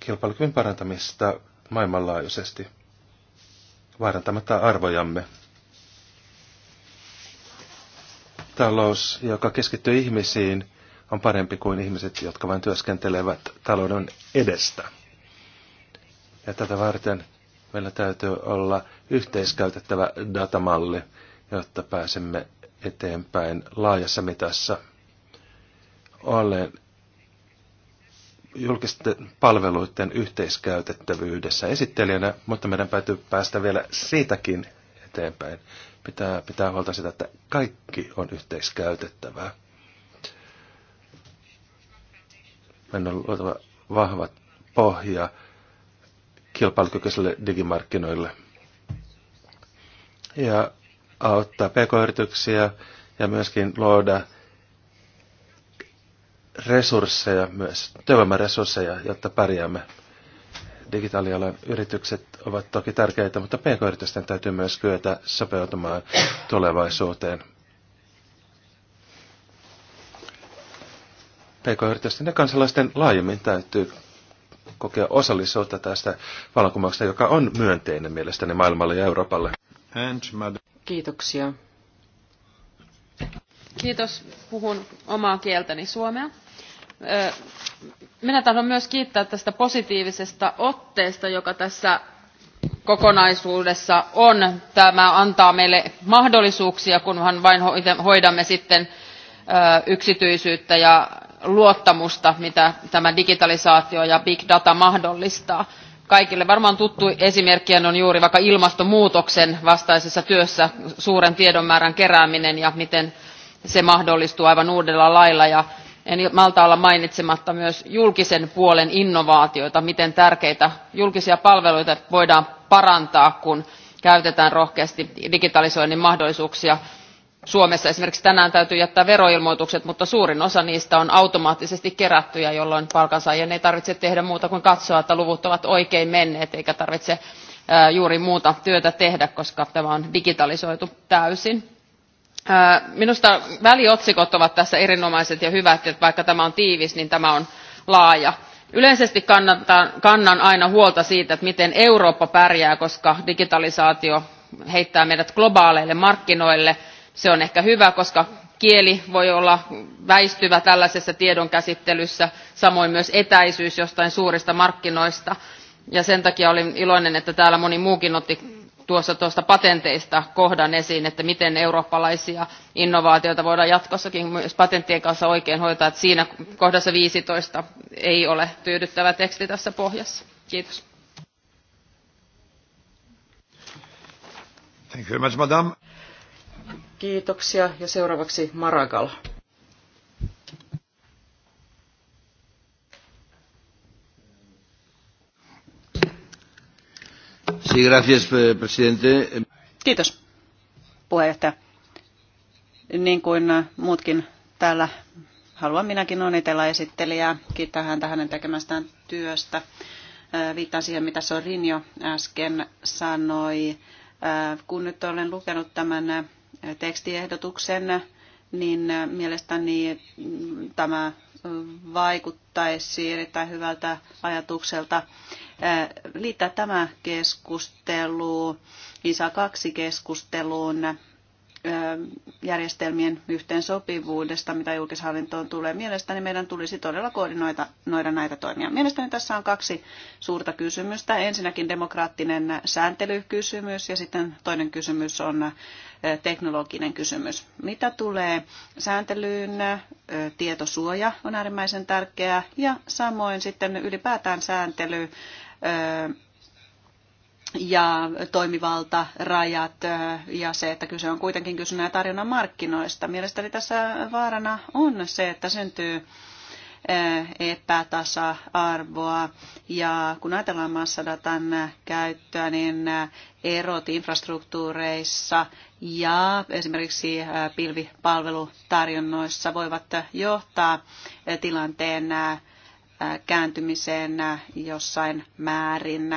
kilpailukyvyn parantamista maailmanlaajuisesti vaarantamatta arvojamme. Talous, joka keskittyy ihmisiin, on parempi kuin ihmiset, jotka vain työskentelevät talouden edestä. Ja tätä varten meillä täytyy olla yhteiskäytettävä datamalli, jotta pääsemme eteenpäin laajassa mitassa. Olen julkisten palveluiden yhteiskäytettävyydessä esittelijänä, mutta meidän täytyy päästä vielä siitäkin eteenpäin. Pitää, pitää huolta sitä, että kaikki on yhteiskäytettävää. Meidän on luotava vahvat pohja kilpailukykyiselle digimarkkinoille ja auttaa pk-yrityksiä ja myöskin luoda resursseja myös, työvoimaresursseja, jotta pärjäämme. Digitaalialan yritykset ovat toki tärkeitä, mutta pk-yritysten täytyy myös kyetä sopeutumaan tulevaisuuteen. PK-yritysten ja kansalaisten laajemmin täytyy kokea osallisuutta tästä vallankumouksesta, joka on myönteinen mielestäni maailmalle ja Euroopalle. Kiitoksia. Kiitos. Puhun omaa kieltäni suomea. Minä tahdon myös kiittää tästä positiivisesta otteesta, joka tässä kokonaisuudessa on. Tämä antaa meille mahdollisuuksia, kunhan vain hoidamme sitten yksityisyyttä ja luottamusta, mitä tämä digitalisaatio ja big data mahdollistaa. Kaikille varmaan tuttu esimerkki on juuri vaikka ilmastonmuutoksen vastaisessa työssä suuren tiedonmäärän kerääminen ja miten se mahdollistuu aivan uudella lailla. Ja en malta olla mainitsematta myös julkisen puolen innovaatioita, miten tärkeitä julkisia palveluita voidaan parantaa, kun käytetään rohkeasti digitalisoinnin mahdollisuuksia Suomessa esimerkiksi tänään täytyy jättää veroilmoitukset, mutta suurin osa niistä on automaattisesti kerättyjä, jolloin palkansaajien ei tarvitse tehdä muuta kuin katsoa, että luvut ovat oikein menneet, eikä tarvitse juuri muuta työtä tehdä, koska tämä on digitalisoitu täysin. Minusta väliotsikot ovat tässä erinomaiset ja hyvät, että vaikka tämä on tiivis, niin tämä on laaja. Yleisesti kannan aina huolta siitä, että miten Eurooppa pärjää, koska digitalisaatio heittää meidät globaaleille markkinoille – se on ehkä hyvä koska kieli voi olla väistyvä tällaisessa tiedonkäsittelyssä samoin myös etäisyys jostain suurista markkinoista ja sen takia olin iloinen että täällä moni muukin otti tuossa tuosta patenteista kohdan esiin, että miten eurooppalaisia innovaatioita voidaan jatkossakin myös patenttien kanssa oikein hoitaa. Että siinä kohdassa 15 ei ole tyydyttävä teksti tässä pohjassa. Kiitos. Thank you very much, Kiitoksia ja seuraavaksi Maragal. Eh, Kiitos puheenjohtaja. Niin kuin muutkin täällä haluan minäkin onnitella esittelijää, kiittää häntä hänen tekemästään työstä. Viittaan siihen, mitä Sorinjo äsken sanoi. Kun nyt olen lukenut tämän tekstiehdotuksen, niin mielestäni tämä vaikuttaisi erittäin hyvältä ajatukselta liittää tämä keskustelu ISA 2 keskusteluun järjestelmien yhteensopivuudesta, mitä julkishallintoon tulee. Mielestäni meidän tulisi todella koordinoida näitä toimia. Mielestäni tässä on kaksi suurta kysymystä. Ensinnäkin demokraattinen sääntelykysymys ja sitten toinen kysymys on teknologinen kysymys. Mitä tulee sääntelyyn, tietosuoja on äärimmäisen tärkeää ja samoin sitten ylipäätään sääntely ja toimivaltarajat ja se, että kyse on kuitenkin kysynnän ja tarjonnan markkinoista. Mielestäni tässä vaarana on se, että syntyy epätasa-arvoa. Ja kun ajatellaan massadatan käyttöä, niin erot infrastruktuureissa ja esimerkiksi pilvipalvelutarjonnoissa voivat johtaa tilanteen kääntymiseen jossain määrin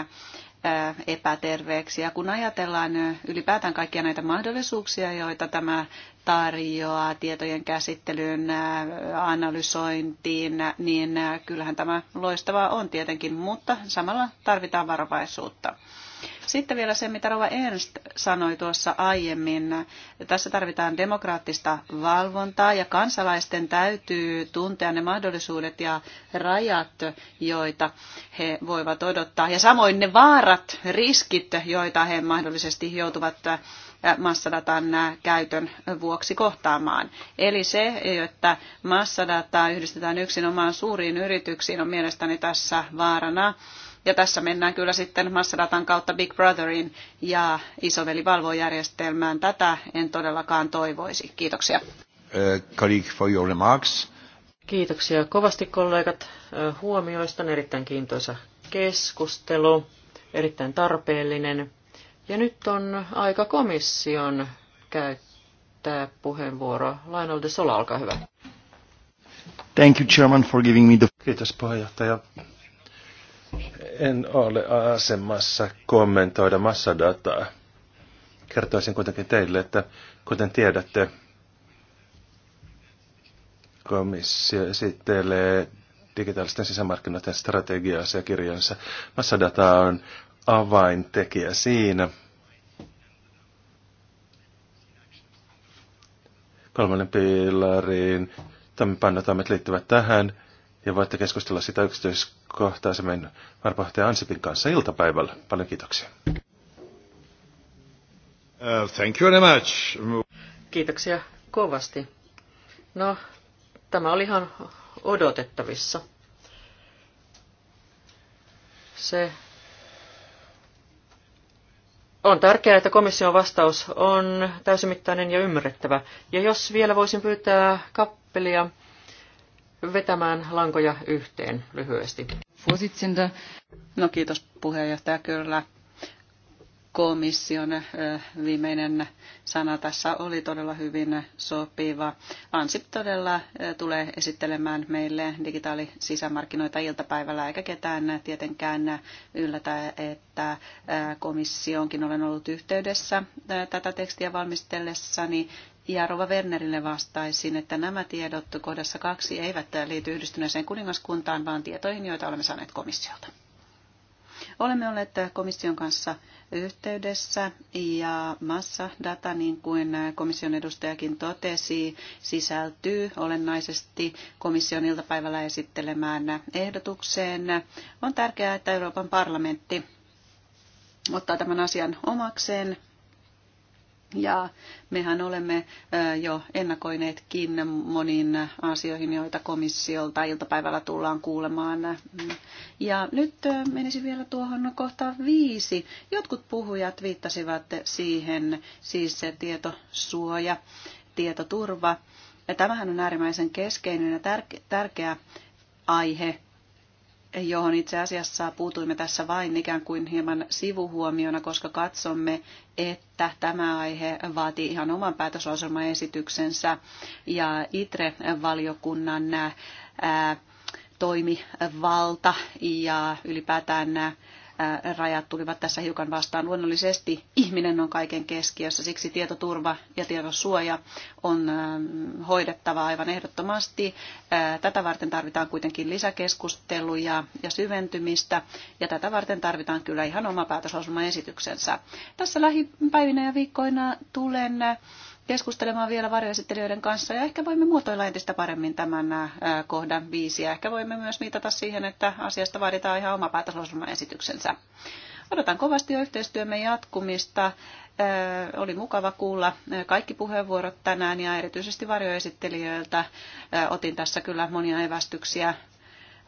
epäterveeksi. Ja kun ajatellaan ylipäätään kaikkia näitä mahdollisuuksia, joita tämä tarjoaa tietojen käsittelyyn, analysointiin, niin kyllähän tämä loistavaa on tietenkin, mutta samalla tarvitaan varovaisuutta. Sitten vielä se, mitä Rova Ernst sanoi tuossa aiemmin. Tässä tarvitaan demokraattista valvontaa ja kansalaisten täytyy tuntea ne mahdollisuudet ja rajat, joita he voivat odottaa. Ja samoin ne vaarat, riskit, joita he mahdollisesti joutuvat äh, massadatan äh, käytön vuoksi kohtaamaan. Eli se, että massadataa yhdistetään yksinomaan suuriin yrityksiin, on mielestäni tässä vaarana ja tässä mennään kyllä sitten massadatan kautta Big Brotherin ja isoveli valvojärjestelmään. Tätä en todellakaan toivoisi. Kiitoksia. Uh, for your remarks. Kiitoksia kovasti kollegat uh, huomioista. Erittäin kiintoisa keskustelu, erittäin tarpeellinen. Ja nyt on aika komission käyttää puheenvuoro. Lionel de Sola, olkaa hyvä. Thank you, Chairman, for giving me the... Kiitos puheenjohtaja en ole asemassa kommentoida massadataa. Kertoisin kuitenkin teille, että kuten tiedätte, komissio esittelee digitaalisten sisämarkkinoiden strategia kirjansa Massadata on avaintekijä siinä. Kolmannen pilariin toimenpannotoimet liittyvät tähän – ja voitte keskustella sitä yksityiskohtaisemmin varpaahtaja Ansipin kanssa iltapäivällä. Paljon kiitoksia. Uh, thank you very much. Kiitoksia kovasti. No, tämä oli ihan odotettavissa. Se on tärkeää, että komission vastaus on täysimittainen ja ymmärrettävä. Ja jos vielä voisin pyytää kappelia vetämään lankoja yhteen lyhyesti. No kiitos puheenjohtaja, kyllä komission viimeinen sana tässä oli todella hyvin sopiva. Ansip todella tulee esittelemään meille digitaalisisämarkkinoita iltapäivällä, eikä ketään tietenkään yllätä, että komissioonkin olen ollut yhteydessä tätä tekstiä valmistellessani ja Rova Wernerille vastaisin, että nämä tiedot kohdassa kaksi eivät liity yhdistyneeseen kuningaskuntaan, vaan tietoihin, joita olemme saaneet komissiolta. Olemme olleet komission kanssa yhteydessä ja massa data, niin kuin komission edustajakin totesi, sisältyy olennaisesti komission iltapäivällä esittelemään ehdotukseen. On tärkeää, että Euroopan parlamentti ottaa tämän asian omakseen ja mehän olemme jo ennakoineetkin moniin asioihin, joita komissiolta iltapäivällä tullaan kuulemaan. Ja nyt menisin vielä tuohon kohtaan viisi. Jotkut puhujat viittasivat siihen, siis se tietosuoja, tietoturva. Ja tämähän on äärimmäisen keskeinen ja tärkeä aihe johon itse asiassa puutuimme tässä vain ikään kuin hieman sivuhuomiona, koska katsomme, että tämä aihe vaatii ihan oman esityksensä ja ITRE-valiokunnan toimivalta ja ylipäätään nämä rajat tulivat tässä hiukan vastaan. Luonnollisesti ihminen on kaiken keskiössä, siksi tietoturva ja tietosuoja on hoidettava aivan ehdottomasti. Tätä varten tarvitaan kuitenkin lisäkeskusteluja ja syventymistä, ja tätä varten tarvitaan kyllä ihan oma esityksensä. Tässä lähipäivinä ja viikkoina tulen keskustelemaan vielä varjoesittelijöiden kanssa ja ehkä voimme muotoilla entistä paremmin tämän äh, kohdan viisi ja ehkä voimme myös viitata siihen, että asiasta vaaditaan ihan oma päätöslauselman esityksensä. Odotan kovasti jo yhteistyömme jatkumista. Äh, oli mukava kuulla äh, kaikki puheenvuorot tänään ja erityisesti varjoesittelijöiltä. Otin tässä kyllä monia evästyksiä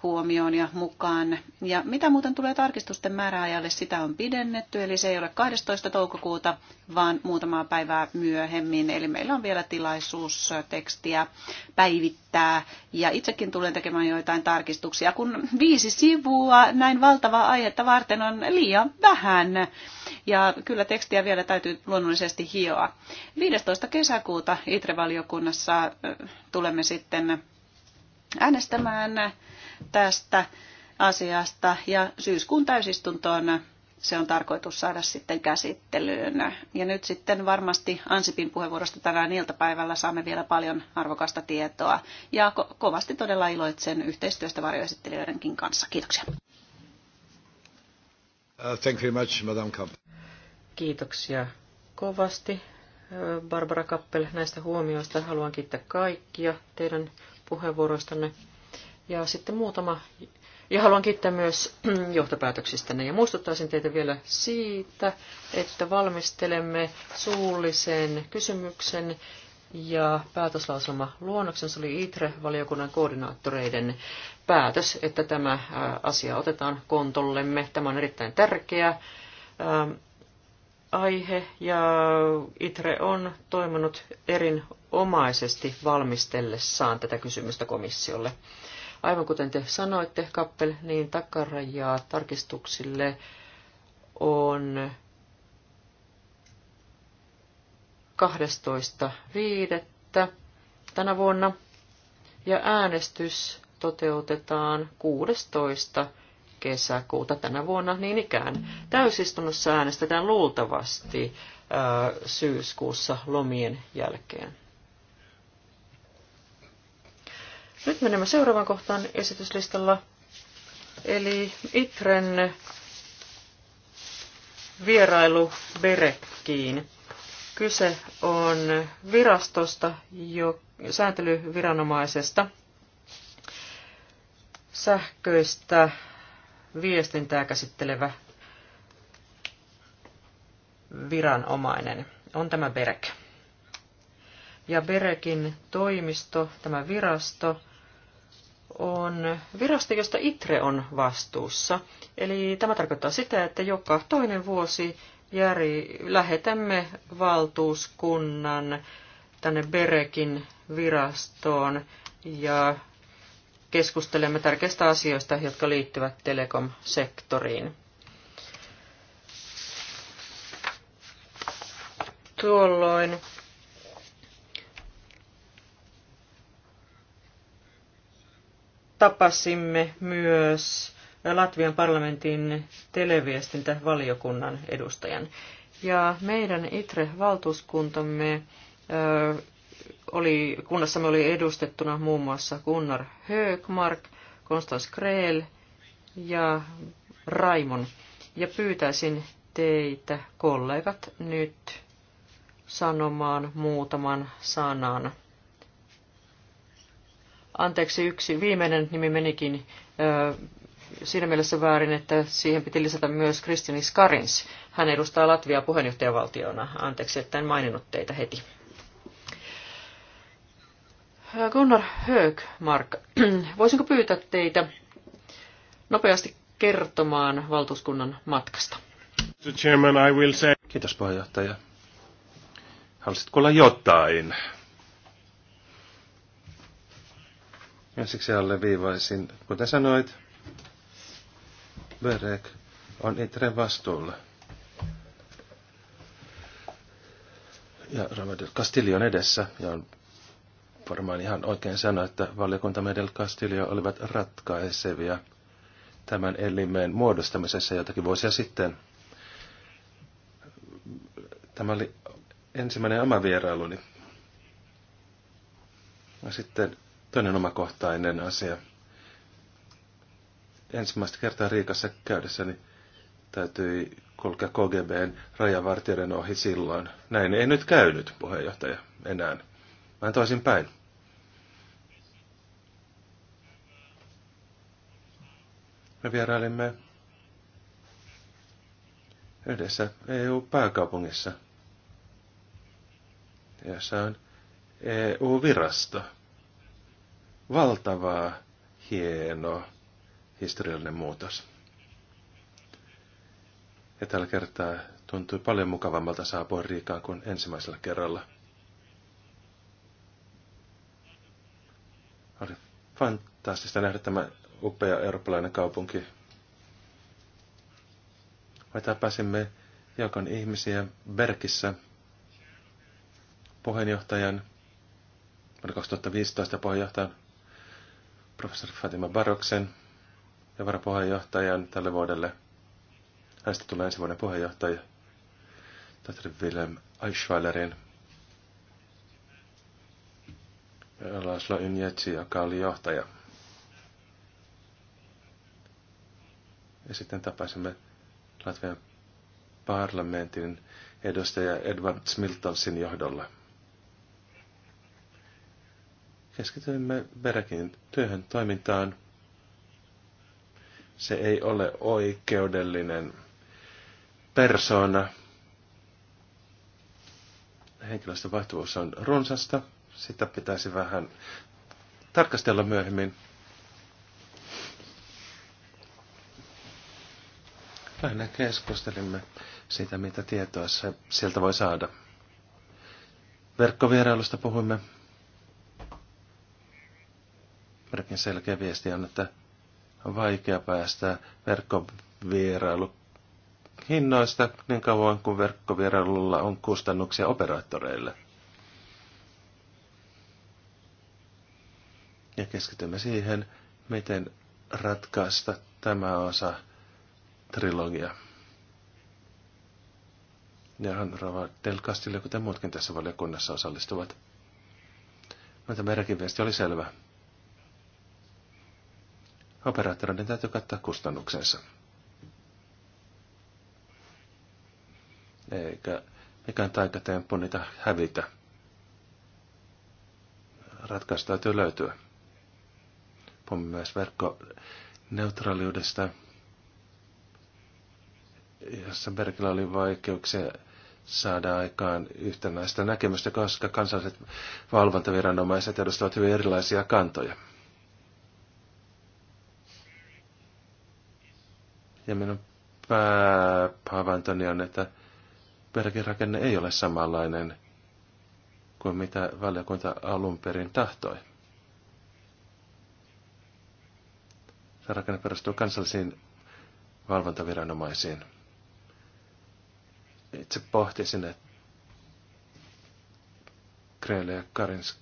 huomioon ja mukaan. Ja mitä muuten tulee tarkistusten määräajalle, sitä on pidennetty, eli se ei ole 12. toukokuuta, vaan muutamaa päivää myöhemmin. Eli meillä on vielä tilaisuus tekstiä päivittää, ja itsekin tulen tekemään joitain tarkistuksia, kun viisi sivua näin valtavaa aihetta varten on liian vähän. Ja kyllä tekstiä vielä täytyy luonnollisesti hioa. 15. kesäkuuta ITRE-valiokunnassa tulemme sitten äänestämään tästä asiasta ja syyskuun täysistuntoon se on tarkoitus saada sitten käsittelyyn. Ja nyt sitten varmasti Ansipin puheenvuorosta tänään iltapäivällä saamme vielä paljon arvokasta tietoa. Ja ko- kovasti todella iloitsen yhteistyöstä varjoesittelijöidenkin kanssa. Kiitoksia. Uh, thank you very much, Madame Kapp. Kiitoksia kovasti, uh, Barbara Kappel, näistä huomioista. Haluan kiittää kaikkia teidän puheenvuoroistanne. Ja sitten muutama, ja haluan kiittää myös johtopäätöksistänne ja muistuttaisin teitä vielä siitä, että valmistelemme suullisen kysymyksen ja päätöslauselma luonnoksen, se oli ITRE-valiokunnan koordinaattoreiden päätös, että tämä asia otetaan kontollemme. Tämä on erittäin tärkeä aihe ja ITRE on toiminut erinomaisesti valmistellessaan tätä kysymystä komissiolle. Aivan kuten te sanoitte, Kappel, niin takarajaa tarkistuksille on 12.5. tänä vuonna ja äänestys toteutetaan 16 kesäkuuta tänä vuonna niin ikään. Täysistunnossa äänestetään luultavasti ää, syyskuussa lomien jälkeen. Nyt menemme seuraavaan kohtaan esityslistalla, eli Itren vierailu Berekkiin. Kyse on virastosta, jo, sääntelyviranomaisesta, sähköistä viestintää käsittelevä viranomainen. On tämä Berek. Ja Berekin toimisto, tämä virasto, on virasto, josta ITRE on vastuussa. Eli tämä tarkoittaa sitä, että joka toinen vuosi järi, lähetämme valtuuskunnan tänne Berekin virastoon ja keskustelemme tärkeistä asioista, jotka liittyvät telekom-sektoriin. Tuolloin tapasimme myös Latvian parlamentin televiestintävaliokunnan edustajan. Ja meidän ITRE-valtuuskuntamme oli, kunnassamme oli edustettuna muun muassa Gunnar Högmark, Konstans Kreel ja Raimon. Ja pyytäisin teitä kollegat nyt sanomaan muutaman sanan Anteeksi, yksi viimeinen nimi menikin siinä mielessä väärin, että siihen piti lisätä myös Kristini Skarins. Hän edustaa Latviaa puheenjohtajavaltiona. Anteeksi, että en maininnut teitä heti. Gunnar Högmark, voisinko pyytää teitä nopeasti kertomaan valtuuskunnan matkasta? Mr. Chairman, I will say... Kiitos puheenjohtaja. Haluaisitko olla jotain? Ensiksi siksi alleviivaisin, kuten sanoit, Berek on Itren vastuulla. Ja Ramad Castillo on edessä, ja on varmaan ihan oikein sanoa, että valiokunta Medel Castillo olivat ratkaisevia tämän elimen muodostamisessa jotakin vuosia sitten. Tämä oli ensimmäinen oma vierailuni. Ja sitten toinen omakohtainen asia. Ensimmäistä kertaa Riikassa käydessäni täytyi kulkea KGBn rajavartijoiden ohi silloin. Näin ei nyt käynyt, puheenjohtaja, enää. Mä toisin päin. Me vierailimme yhdessä EU-pääkaupungissa, jossa on EU-virasto – valtavaa hieno historiallinen muutos. Ja tällä kertaa tuntui paljon mukavammalta saapua Riikaan kuin ensimmäisellä kerralla. Oli fantastista nähdä tämä upea eurooppalainen kaupunki. Vai pääsimme joukon ihmisiä Berkissä puheenjohtajan, vuonna 2015 puheenjohtajan professori Fatima Baroksen ja varapuheenjohtajan tälle vuodelle. Hänestä tulee ensi vuoden puheenjohtaja, tohtori Wilhelm Eichweilerin. Laszlo Ynjetsi, joka oli johtaja. Ja sitten tapasimme Latvian parlamentin edustaja Edward Smiltonsin johdolla. Keskitymme Berekin työhön toimintaan. Se ei ole oikeudellinen persona. Henkilöstön vaihtuvuus on runsasta. Sitä pitäisi vähän tarkastella myöhemmin. Lähinnä keskustelimme siitä, mitä tietoa se sieltä voi saada. Verkkovierailusta puhuimme. Merkin selkeä viesti on, että on vaikea päästä verkkovierailu hinnoista niin kauan kuin verkkovierailulla on kustannuksia operaattoreille. Ja keskitymme siihen, miten ratkaista tämä osa trilogia. Ja hän Rava Del kuten muutkin tässä valiokunnassa osallistuvat. Mutta merkin viesti oli selvä operaattoreiden täytyy kattaa kustannuksensa. Eikä mikään taikatemppu niitä hävitä. Ratkaisu täytyy löytyä. Puhumme myös verkkoneutraaliudesta, jossa Berkillä oli vaikeuksia saada aikaan yhtenäistä näkemystä, koska kansalliset valvontaviranomaiset edustavat hyvin erilaisia kantoja. Ja minun päähavaintoni on, että perherakenne ei ole samanlainen kuin mitä valiokunta alun perin tahtoi. Se rakenne perustuu kansallisiin valvontaviranomaisiin. Itse pohtisin, että Kreele ja Karins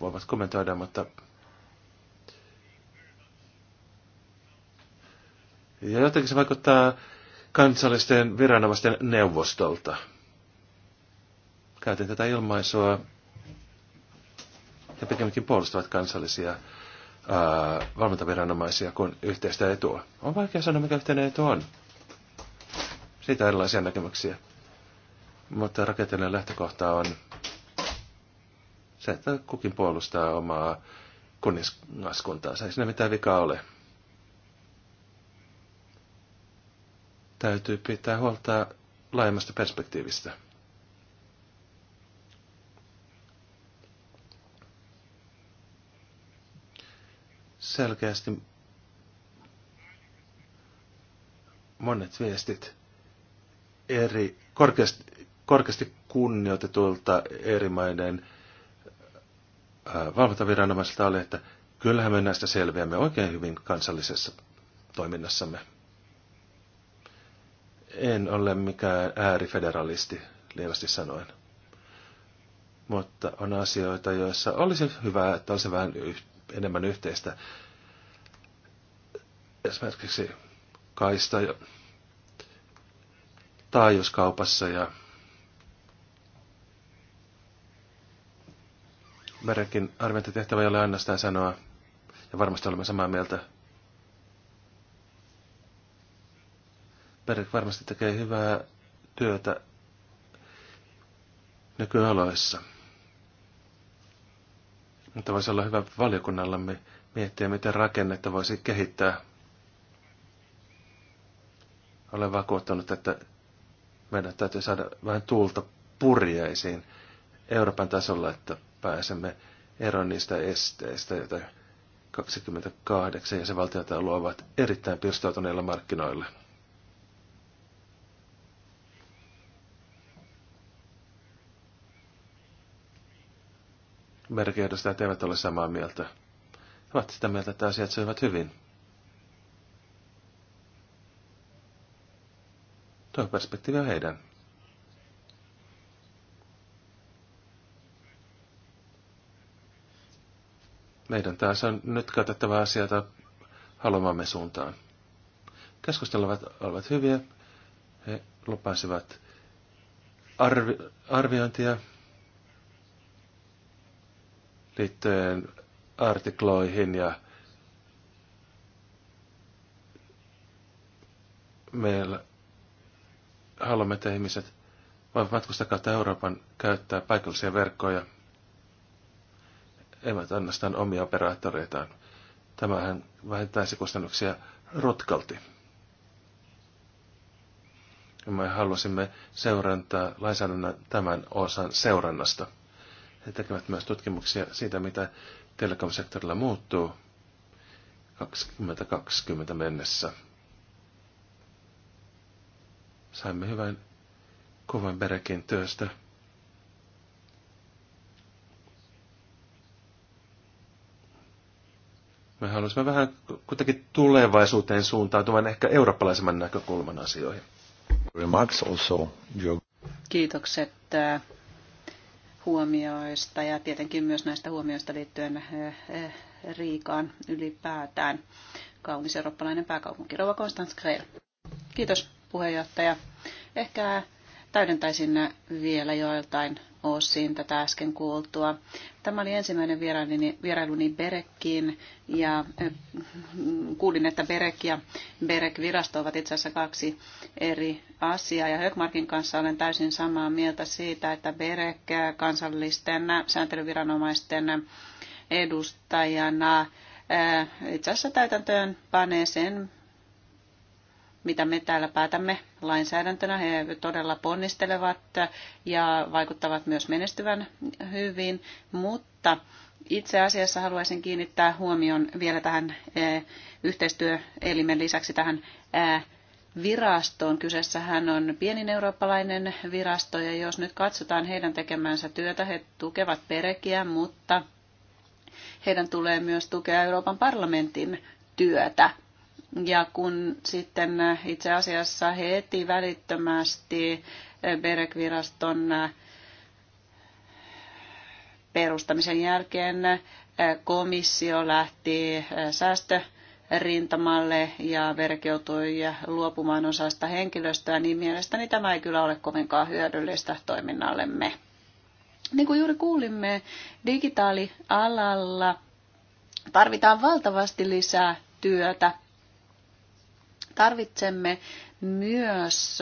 voivat kommentoida, mutta Ja jotenkin se vaikuttaa kansallisten viranomaisten neuvostolta. Käytin tätä ilmaisua. Ja pikemminkin puolustavat kansallisia valvontaviranomaisia kuin yhteistä etua. On vaikea sanoa, mikä yhteinen etu on. Siitä on erilaisia näkemyksiä. Mutta rakenteellinen lähtökohta on se, että kukin puolustaa omaa kunniskuntaansa. Ei siinä mitään vikaa ole. täytyy pitää huolta laajemmasta perspektiivistä. Selkeästi monet viestit eri korkeasti, korkeasti kunnioitetulta eri maiden valvontaviranomaisilta oli, että kyllähän me näistä selviämme oikein hyvin kansallisessa toiminnassamme en ole mikään äärifederalisti, lievästi sanoen. Mutta on asioita, joissa olisi hyvä, että olisi vähän yh- enemmän yhteistä. Esimerkiksi kaista ja taajuuskaupassa ja meidänkin arviointitehtävä ei ole ainoastaan sanoa, ja varmasti olemme samaa mieltä Berg varmasti tekee hyvää työtä nykyaloissa. Mutta voisi olla hyvä valiokunnallamme miettiä, miten rakennetta voisi kehittää. Olen vakuuttunut, että meidän täytyy saada vähän tuulta purjeisiin Euroopan tasolla, että pääsemme eroon niistä esteistä, joita 28 valtiota luovat erittäin pirstoutuneilla markkinoilla. Merkin että eivät ole samaa mieltä. He ovat sitä mieltä, että asiat syövät hyvin. Tuo perspektiivi on heidän. Meidän taas on nyt katsottava asioita haluamamme suuntaan. Keskustelevat olivat hyviä. He lupasivat arvi, arviointia liittyen artikloihin ja meillä haluamme, että ihmiset voivat matkustaa kautta Euroopan käyttää paikallisia verkkoja, eivät ainoastaan omia operaattoreitaan. Tämähän vähentäisi kustannuksia rotkalti. me haluaisimme seurantaa lainsäädännön tämän osan seurannasta. He tekevät myös tutkimuksia siitä, mitä telekomsektorilla muuttuu 2020 mennessä. Saimme hyvän kuvan Berekin työstä. Me haluaisimme vähän kuitenkin tulevaisuuteen suuntautuvan ehkä eurooppalaisemman näkökulman asioihin. Kiitokset äh, huomioista ja tietenkin myös näistä huomioista liittyen eh, eh, Riikaan ylipäätään. Kaunis eurooppalainen pääkaupunki. Rova Konstanz Krell. Kiitos puheenjohtaja. Ehkä täydentäisin vielä joiltain osin tätä äsken kuultua. Tämä oli ensimmäinen vierailuni, vierailuni Berekkiin ja eh, kuulin, että Berek ja Berek-virasto ovat itse asiassa kaksi eri asiaa. Ja Högmarkin kanssa olen täysin samaa mieltä siitä, että Berek kansallisten sääntelyviranomaisten edustajana eh, itse asiassa täytäntöön panee sen, mitä me täällä päätämme lainsäädäntönä. He todella ponnistelevat ja vaikuttavat myös menestyvän hyvin, mutta itse asiassa haluaisin kiinnittää huomion vielä tähän eh, yhteistyöelimen lisäksi tähän eh, virastoon. Kyseessähän on pienin eurooppalainen virasto ja jos nyt katsotaan heidän tekemänsä työtä, he tukevat perekiä, mutta heidän tulee myös tukea Euroopan parlamentin työtä ja kun sitten itse asiassa heti välittömästi BEREC-viraston eh, perustamisen jälkeen eh, komissio lähti eh, säästö rintamalle ja joutui luopumaan osasta henkilöstöä, niin mielestäni tämä ei kyllä ole kovinkaan hyödyllistä toiminnallemme. Niin kuin juuri kuulimme, digitaalialalla tarvitaan valtavasti lisää työtä tarvitsemme myös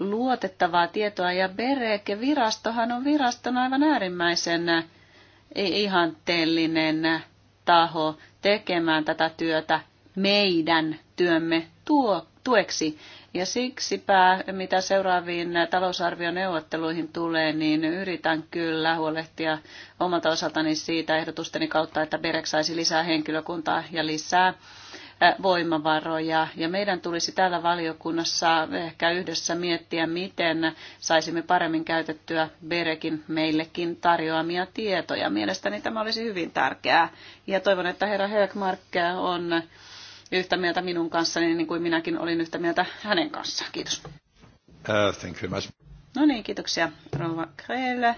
luotettavaa tietoa ja Bereke virastohan on viraston aivan äärimmäisen ihanteellinen taho tekemään tätä työtä meidän työmme tuo, tueksi. Ja siksipä, mitä seuraaviin talousarvioneuvotteluihin tulee, niin yritän kyllä huolehtia omalta osaltani siitä ehdotusteni kautta, että BEREK saisi lisää henkilökuntaa ja lisää voimavaroja. Ja meidän tulisi täällä valiokunnassa ehkä yhdessä miettiä, miten saisimme paremmin käytettyä Berekin meillekin tarjoamia tietoja. Mielestäni tämä olisi hyvin tärkeää. Ja toivon, että herra Högmark on yhtä mieltä minun kanssani, niin kuin minäkin olin yhtä mieltä hänen kanssaan. Kiitos. Uh, thank you much. No niin, kiitoksia rouva Krelle.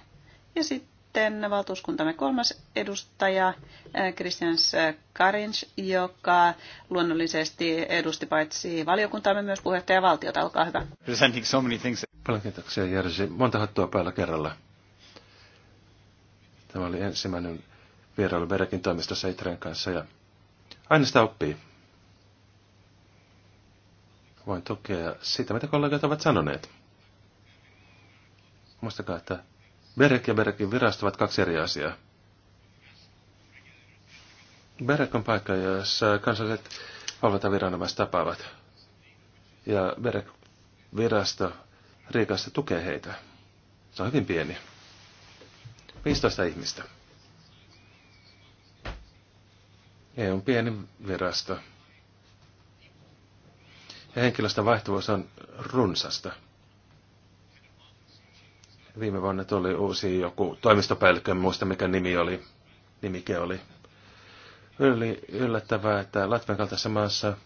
Ja sitten sitten valtuuskuntamme kolmas edustaja äh, Christians Karins, joka luonnollisesti edusti paitsi valiokuntaamme myös puheenjohtaja valtiota. Olkaa hyvä. Presenting so many things. Paljon kiitoksia Jerzy. Monta hattua päällä kerralla. Tämä oli ensimmäinen vierailu Berekin toimistossa Itren kanssa ja aina sitä oppii. Voin tukea sitä, mitä kollegat ovat sanoneet. Muistakaa, että Berek ja Berekin virasto ovat kaksi eri asiaa. Berek on paikka, jossa kansalliset valvontaviranomaiset tapaavat. Ja Berek virasto Riikasta tukee heitä. Se on hyvin pieni. 15 ihmistä. EU on pieni virasto. Ja henkilöstön vaihtuvuus on runsasta. Viime vuonna tuli uusi joku toimistopäällikkö, en muista mikä nimi oli, nimike oli. Yli, yllättävää, että Latvian kaltaisessa maassa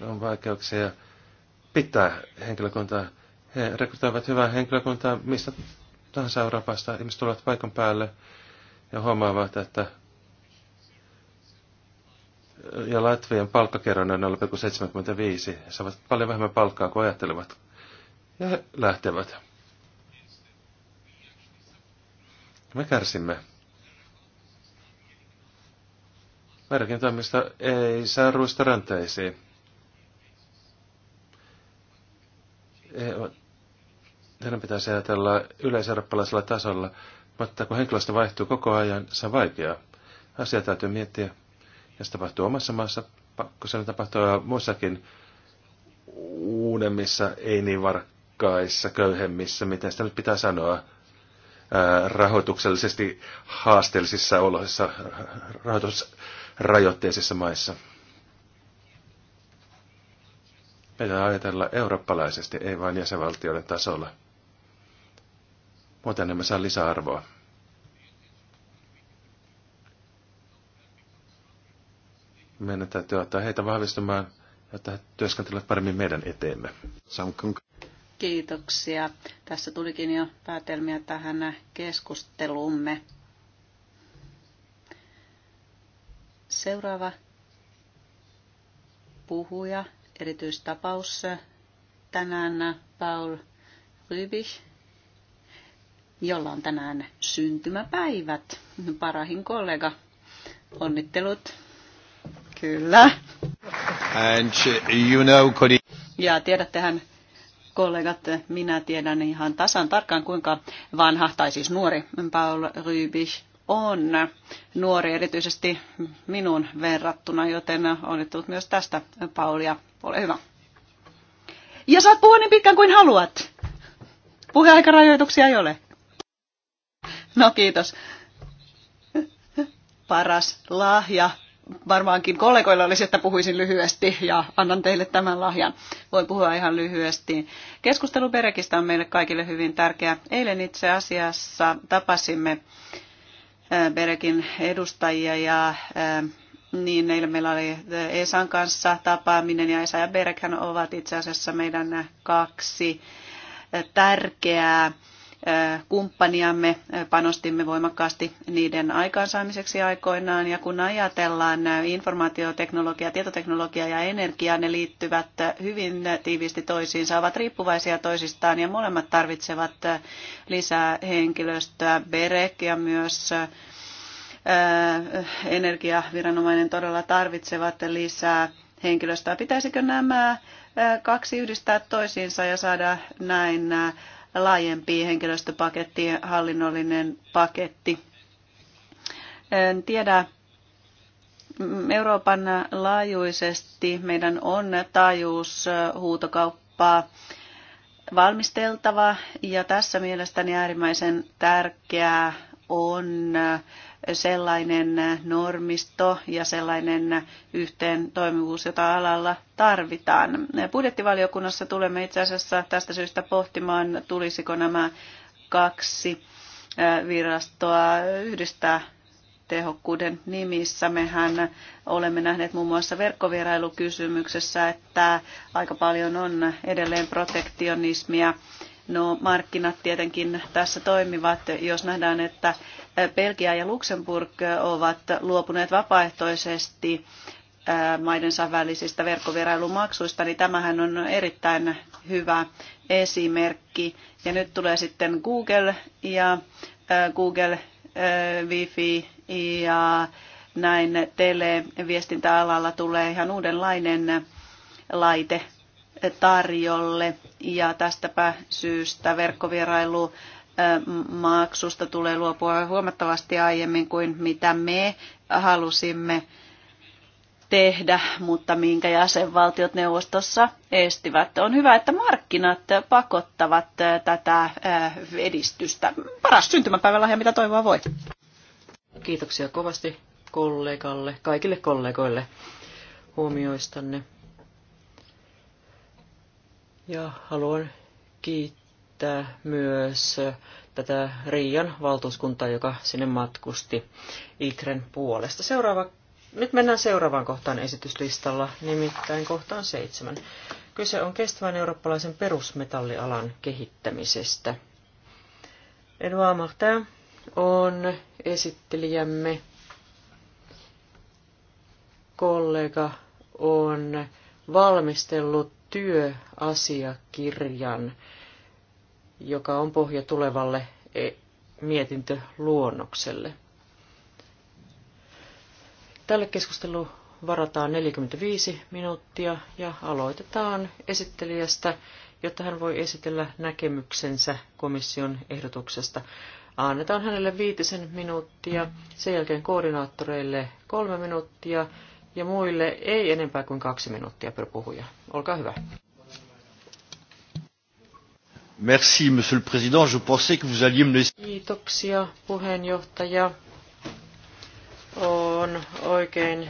on vaikeuksia pitää henkilökuntaa. He rekrytoivat hyvää henkilökuntaa mistä tahansa Euroopasta. Ihmiset tulevat paikan päälle ja huomaavat, että ja Latvian palkkakerroin on 0,75. Saavat paljon vähemmän palkkaa kuin ajattelevat ja he lähtevät. Me kärsimme. Merkin toimista ei saa ruista ränteisiin. Heidän pitäisi ajatella yleiseurooppalaisella tasolla, mutta kun henkilöstö vaihtuu koko ajan, se on vaikeaa. Asia täytyy miettiä. Ja se tapahtuu omassa maassa, kun se tapahtuu muissakin uudemmissa, ei niin var- rikkaissa, köyhemmissä, miten sitä nyt pitää sanoa, rahoituksellisesti haasteellisissa oloissa, rahoitusrajoitteisissa maissa. Meidän ajatella eurooppalaisesti, ei vain jäsenvaltioiden tasolla. Muuten emme saa lisäarvoa. Meidän täytyy ottaa heitä vahvistumaan, jotta he työskentelevät paremmin meidän eteemme. Kiitoksia. Tässä tulikin jo päätelmiä tähän keskustelumme. Seuraava puhuja, erityistapaus tänään Paul Rybich, jolla on tänään syntymäpäivät. Parahin kollega. Onnittelut. Kyllä. And you know, could... Ja tiedättehän, kollegat, minä tiedän ihan tasan tarkkaan, kuinka vanha, tai siis nuori Paul Rybich on nuori, erityisesti minun verrattuna, joten onnittelut myös tästä, Paulia. Ole hyvä. Ja saat puhua niin pitkään kuin haluat. Puheaikarajoituksia ei ole. No kiitos. Paras lahja varmaankin kollegoilla olisi, että puhuisin lyhyesti ja annan teille tämän lahjan. Voin puhua ihan lyhyesti. Keskustelu Berekistä on meille kaikille hyvin tärkeä. Eilen itse asiassa tapasimme äh, Berekin edustajia ja äh, niin, eilen meillä oli äh, Esan kanssa tapaaminen ja Esa ja Berekhän ovat itse asiassa meidän kaksi tärkeää kumppaniamme, panostimme voimakkaasti niiden aikaansaamiseksi aikoinaan. Ja kun ajatellaan informaatioteknologia, tietoteknologia ja energia, ne liittyvät hyvin tiiviisti toisiinsa, ovat riippuvaisia toisistaan ja molemmat tarvitsevat lisää henkilöstöä, Berek ja myös äh, energiaviranomainen todella tarvitsevat lisää henkilöstöä. Pitäisikö nämä äh, kaksi yhdistää toisiinsa ja saada näin äh, laajempi henkilöstöpaketti, hallinnollinen paketti. En tiedä, mm, Euroopan laajuisesti meidän on taajuus huutokauppaa valmisteltava ja tässä mielestäni äärimmäisen tärkeää on sellainen normisto ja sellainen yhteen toimivuus, jota alalla tarvitaan. Budjettivaliokunnassa tulemme itse asiassa tästä syystä pohtimaan, tulisiko nämä kaksi virastoa yhdistää tehokkuuden nimissä. Mehän olemme nähneet muun muassa verkkovierailukysymyksessä, että aika paljon on edelleen protektionismia No markkinat tietenkin tässä toimivat, jos nähdään, että Belgia ja Luxemburg ovat luopuneet vapaaehtoisesti maidensa välisistä verkkovierailumaksuista, niin tämähän on erittäin hyvä esimerkki. Ja nyt tulee sitten Google ja Google Wi-Fi ja näin televiestintäalalla tulee ihan uudenlainen laite tarjolle ja tästäpä syystä verkkovierailu maksusta tulee luopua huomattavasti aiemmin kuin mitä me halusimme tehdä, mutta minkä jäsenvaltiot neuvostossa estivät. On hyvä, että markkinat pakottavat tätä edistystä. Paras syntymäpäivälahja, mitä toivoa voi. Kiitoksia kovasti kollegalle, kaikille kollegoille huomioistanne. Ja haluan kiittää myös tätä Riian valtuuskuntaa, joka sinne matkusti Itren puolesta. Seuraava, nyt mennään seuraavaan kohtaan esityslistalla, nimittäin kohtaan seitsemän. Kyse on kestävän eurooppalaisen perusmetallialan kehittämisestä. Edouard Martin on esittelijämme. Kollega on valmistellut työasiakirjan, joka on pohja tulevalle e, mietintöluonnokselle. Tälle keskustelu varataan 45 minuuttia ja aloitetaan esittelijästä, jotta hän voi esitellä näkemyksensä komission ehdotuksesta. Annetaan hänelle viitisen minuuttia, sen jälkeen koordinaattoreille kolme minuuttia, ja muille ei enempää kuin kaksi minuuttia per puhuja. Olkaa hyvä. Merci, monsieur le président. Je pensais que vous alliez me laisser... Kiitoksia, puheenjohtaja. On oikein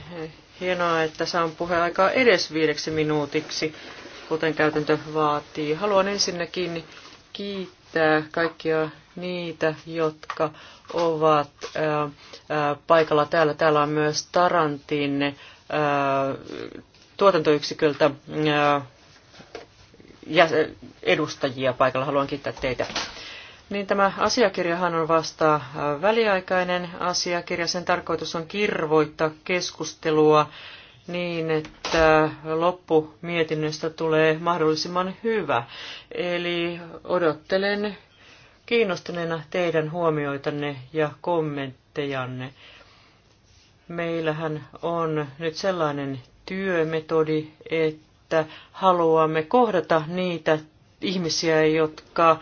hienoa, että saan puheaikaa edes viideksi minuutiksi, kuten käytäntö vaatii. Haluan ensinnäkin kiittää kaikkia niitä, jotka ovat ää, ää, paikalla täällä. Täällä on myös Tarantin tuotantoyksiköltä äh, edustajia paikalla. Haluan kiittää teitä. Niin tämä asiakirjahan on vasta äh, väliaikainen asiakirja. Sen tarkoitus on kirvoittaa keskustelua niin, että loppumietinnöstä tulee mahdollisimman hyvä. Eli odottelen kiinnostuneena teidän huomioitanne ja kommenttejanne meillähän on nyt sellainen työmetodi, että haluamme kohdata niitä ihmisiä, jotka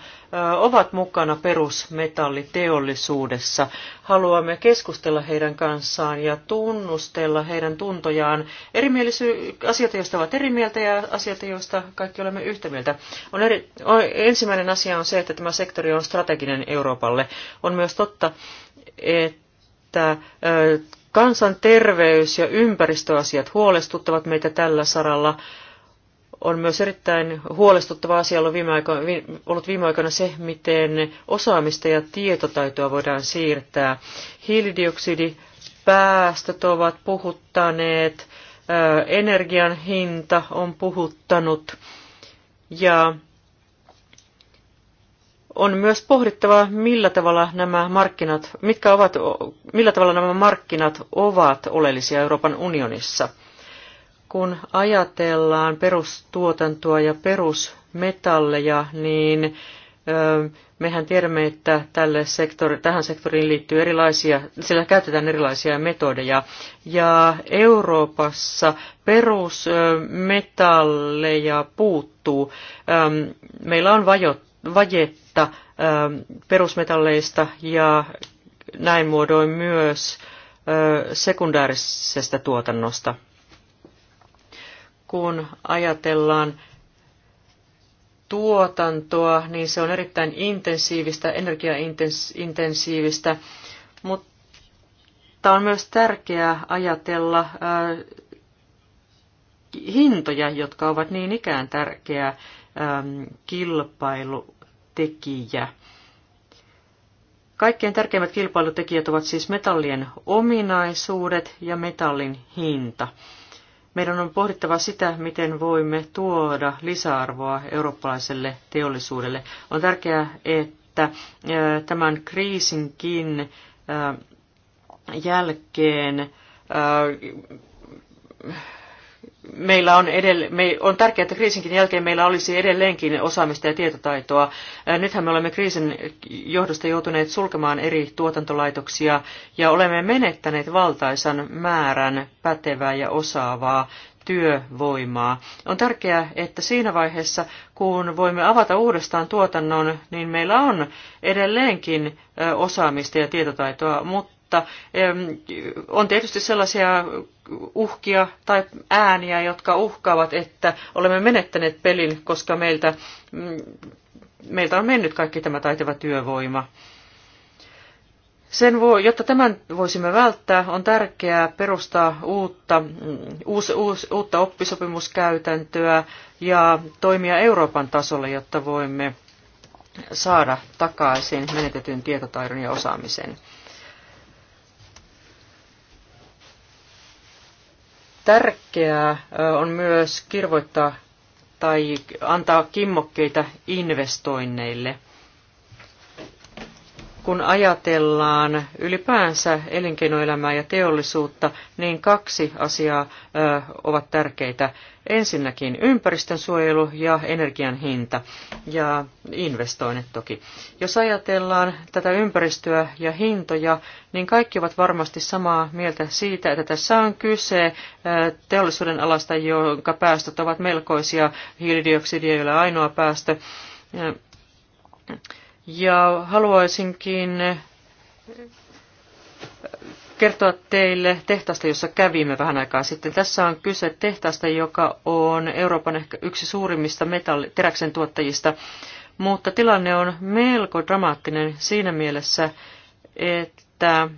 ovat mukana perusmetalliteollisuudessa. Haluamme keskustella heidän kanssaan ja tunnustella heidän tuntojaan erimielisy- asioita, joista ovat eri mieltä ja asioita, joista kaikki olemme yhtä mieltä. On eri- on, ensimmäinen asia on se, että tämä sektori on strateginen Euroopalle. On myös totta, että että Kansanterveys ja ympäristöasiat huolestuttavat meitä tällä saralla. On myös erittäin huolestuttava asia ollut viime aikoina, ollut viime aikoina se, miten osaamista ja tietotaitoa voidaan siirtää. Hiilidioksidipäästöt ovat puhuttaneet, energian hinta on puhuttanut ja on myös pohdittava, millä tavalla nämä markkinat, mitkä ovat, millä tavalla nämä markkinat ovat oleellisia Euroopan unionissa. Kun ajatellaan perustuotantoa ja perusmetalleja, niin mehän tiedämme, että tälle sektori, tähän sektoriin liittyy erilaisia, sillä käytetään erilaisia metodeja. Ja Euroopassa perusmetalleja puuttuu. Meillä on vajot vajetta perusmetalleista ja näin muodoin myös sekundäärisestä tuotannosta. Kun ajatellaan tuotantoa, niin se on erittäin intensiivistä, energiaintensiivistä, mutta on myös tärkeää ajatella hintoja, jotka ovat niin ikään tärkeä kilpailu tekijä. Kaikkein tärkeimmät kilpailutekijät ovat siis metallien ominaisuudet ja metallin hinta. Meidän on pohdittava sitä, miten voimme tuoda lisäarvoa eurooppalaiselle teollisuudelle. On tärkeää, että tämän kriisinkin jälkeen meillä on, edelle, me, on tärkeää, että kriisinkin jälkeen meillä olisi edelleenkin osaamista ja tietotaitoa. Nythän me olemme kriisin johdosta joutuneet sulkemaan eri tuotantolaitoksia ja olemme menettäneet valtaisan määrän pätevää ja osaavaa työvoimaa. On tärkeää, että siinä vaiheessa, kun voimme avata uudestaan tuotannon, niin meillä on edelleenkin osaamista ja tietotaitoa, mutta mutta on tietysti sellaisia uhkia tai ääniä, jotka uhkaavat, että olemme menettäneet pelin, koska meiltä, mm, meiltä on mennyt kaikki tämä taiteva työvoima. Sen voi, jotta tämän voisimme välttää, on tärkeää perustaa uutta, mm, uus, uus, uutta oppisopimuskäytäntöä ja toimia Euroopan tasolla, jotta voimme saada takaisin menetetyn tietotaidon ja osaamisen. Tärkeää on myös kirvoittaa tai antaa kimmokkeita investoinneille kun ajatellaan ylipäänsä elinkeinoelämää ja teollisuutta, niin kaksi asiaa ö, ovat tärkeitä. Ensinnäkin ympäristön suojelu ja energian hinta ja investoinnit toki. Jos ajatellaan tätä ympäristöä ja hintoja, niin kaikki ovat varmasti samaa mieltä siitä, että tässä on kyse teollisuuden alasta, jonka päästöt ovat melkoisia. hiilidioksidia ei ole ainoa päästö ja haluaisinkin kertoa teille tehtaasta, jossa kävimme vähän aikaa sitten. Tässä on kyse tehtaasta, joka on Euroopan ehkä yksi suurimmista metalli- teräksen tuottajista, mutta tilanne on melko dramaattinen siinä mielessä, että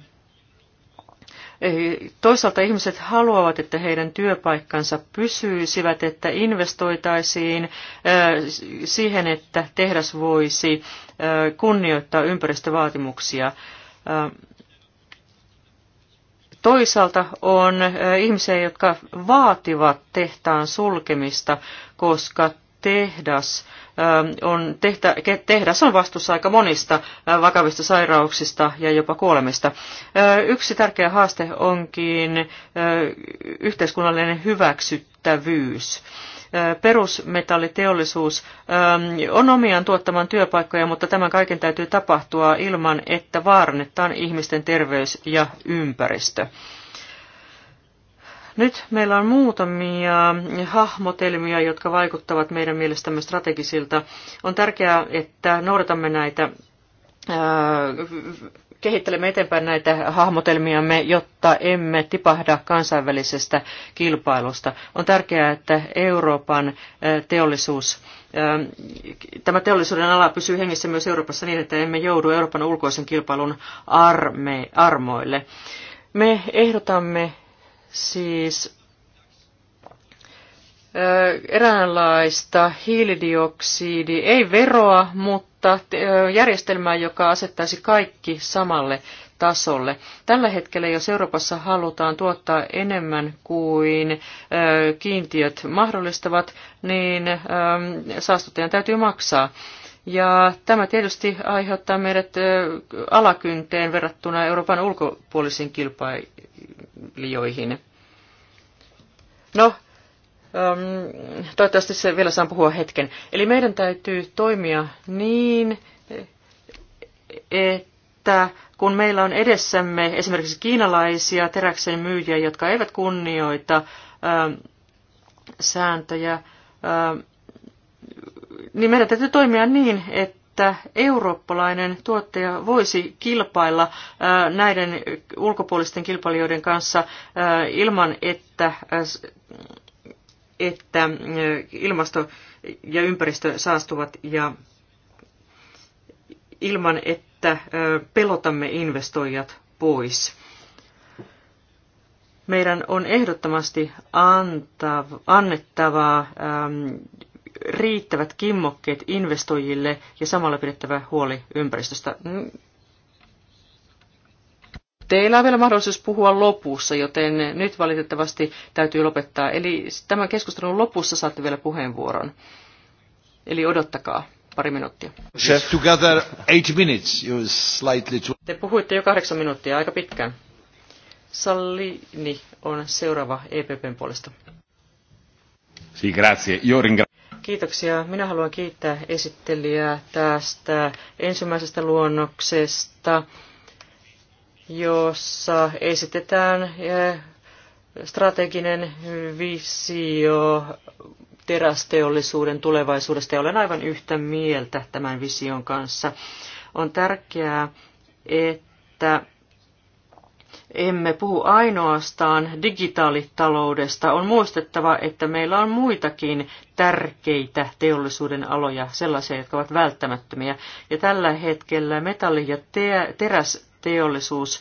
Toisaalta ihmiset haluavat, että heidän työpaikkansa pysyisivät, että investoitaisiin siihen, että tehdas voisi kunnioittaa ympäristövaatimuksia. Toisaalta on ihmisiä, jotka vaativat tehtaan sulkemista, koska tehdas on, tehtä, tehdas on vastuussa aika monista vakavista sairauksista ja jopa kuolemista. Yksi tärkeä haaste onkin yhteiskunnallinen hyväksyttävyys perusmetalliteollisuus on omiaan tuottamaan työpaikkoja, mutta tämän kaiken täytyy tapahtua ilman, että vaarannetaan ihmisten terveys ja ympäristö. Nyt meillä on muutamia hahmotelmia, jotka vaikuttavat meidän mielestämme strategisilta. On tärkeää, että noudatamme näitä äh, kehittelemme eteenpäin näitä hahmotelmiamme, jotta emme tipahda kansainvälisestä kilpailusta. On tärkeää, että Euroopan äh, teollisuus, äh, tämä teollisuuden ala pysyy hengissä myös Euroopassa niin, että emme joudu Euroopan ulkoisen kilpailun arme, armoille. Me ehdotamme siis eräänlaista hiilidioksidi, ei veroa, mutta järjestelmää, joka asettaisi kaikki samalle tasolle. Tällä hetkellä, jos Euroopassa halutaan tuottaa enemmän kuin kiintiöt mahdollistavat, niin saastuttajan täytyy maksaa. Ja tämä tietysti aiheuttaa meidät alakynteen verrattuna Euroopan ulkopuolisiin kilpailijoihin. No, ähm, toivottavasti se vielä saan puhua hetken. Eli meidän täytyy toimia niin, että kun meillä on edessämme esimerkiksi kiinalaisia teräksen myyjiä, jotka eivät kunnioita ähm, sääntöjä, ähm, niin meidän täytyy toimia niin, että eurooppalainen tuottaja voisi kilpailla äh, näiden ulkopuolisten kilpailijoiden kanssa äh, ilman, että, äh, että ilmasto ja ympäristö saastuvat ja ilman, että pelotamme investoijat pois. Meidän on ehdottomasti antav, annettavaa ähm, riittävät kimmokkeet investoijille ja samalla pidettävä huoli ympäristöstä. Teillä on vielä mahdollisuus puhua lopussa, joten nyt valitettavasti täytyy lopettaa. Eli tämän keskustelun lopussa saatte vielä puheenvuoron. Eli odottakaa pari minuuttia. Chef, together eight minutes. You slightly Te puhuitte jo kahdeksan minuuttia, aika pitkään. Sallini on seuraava EPPn puolesta. Sì, grazie. Io ringrazio... Kiitoksia. Minä haluan kiittää esittelijää tästä ensimmäisestä luonnoksesta, jossa esitetään eh, strateginen visio terästeollisuuden tulevaisuudesta ja olen aivan yhtä mieltä tämän vision kanssa. On tärkeää, että emme puhu ainoastaan digitaalitaloudesta. On muistettava, että meillä on muitakin tärkeitä teollisuuden aloja, sellaisia, jotka ovat välttämättömiä. Ja tällä hetkellä metalli- ja te- terästeollisuus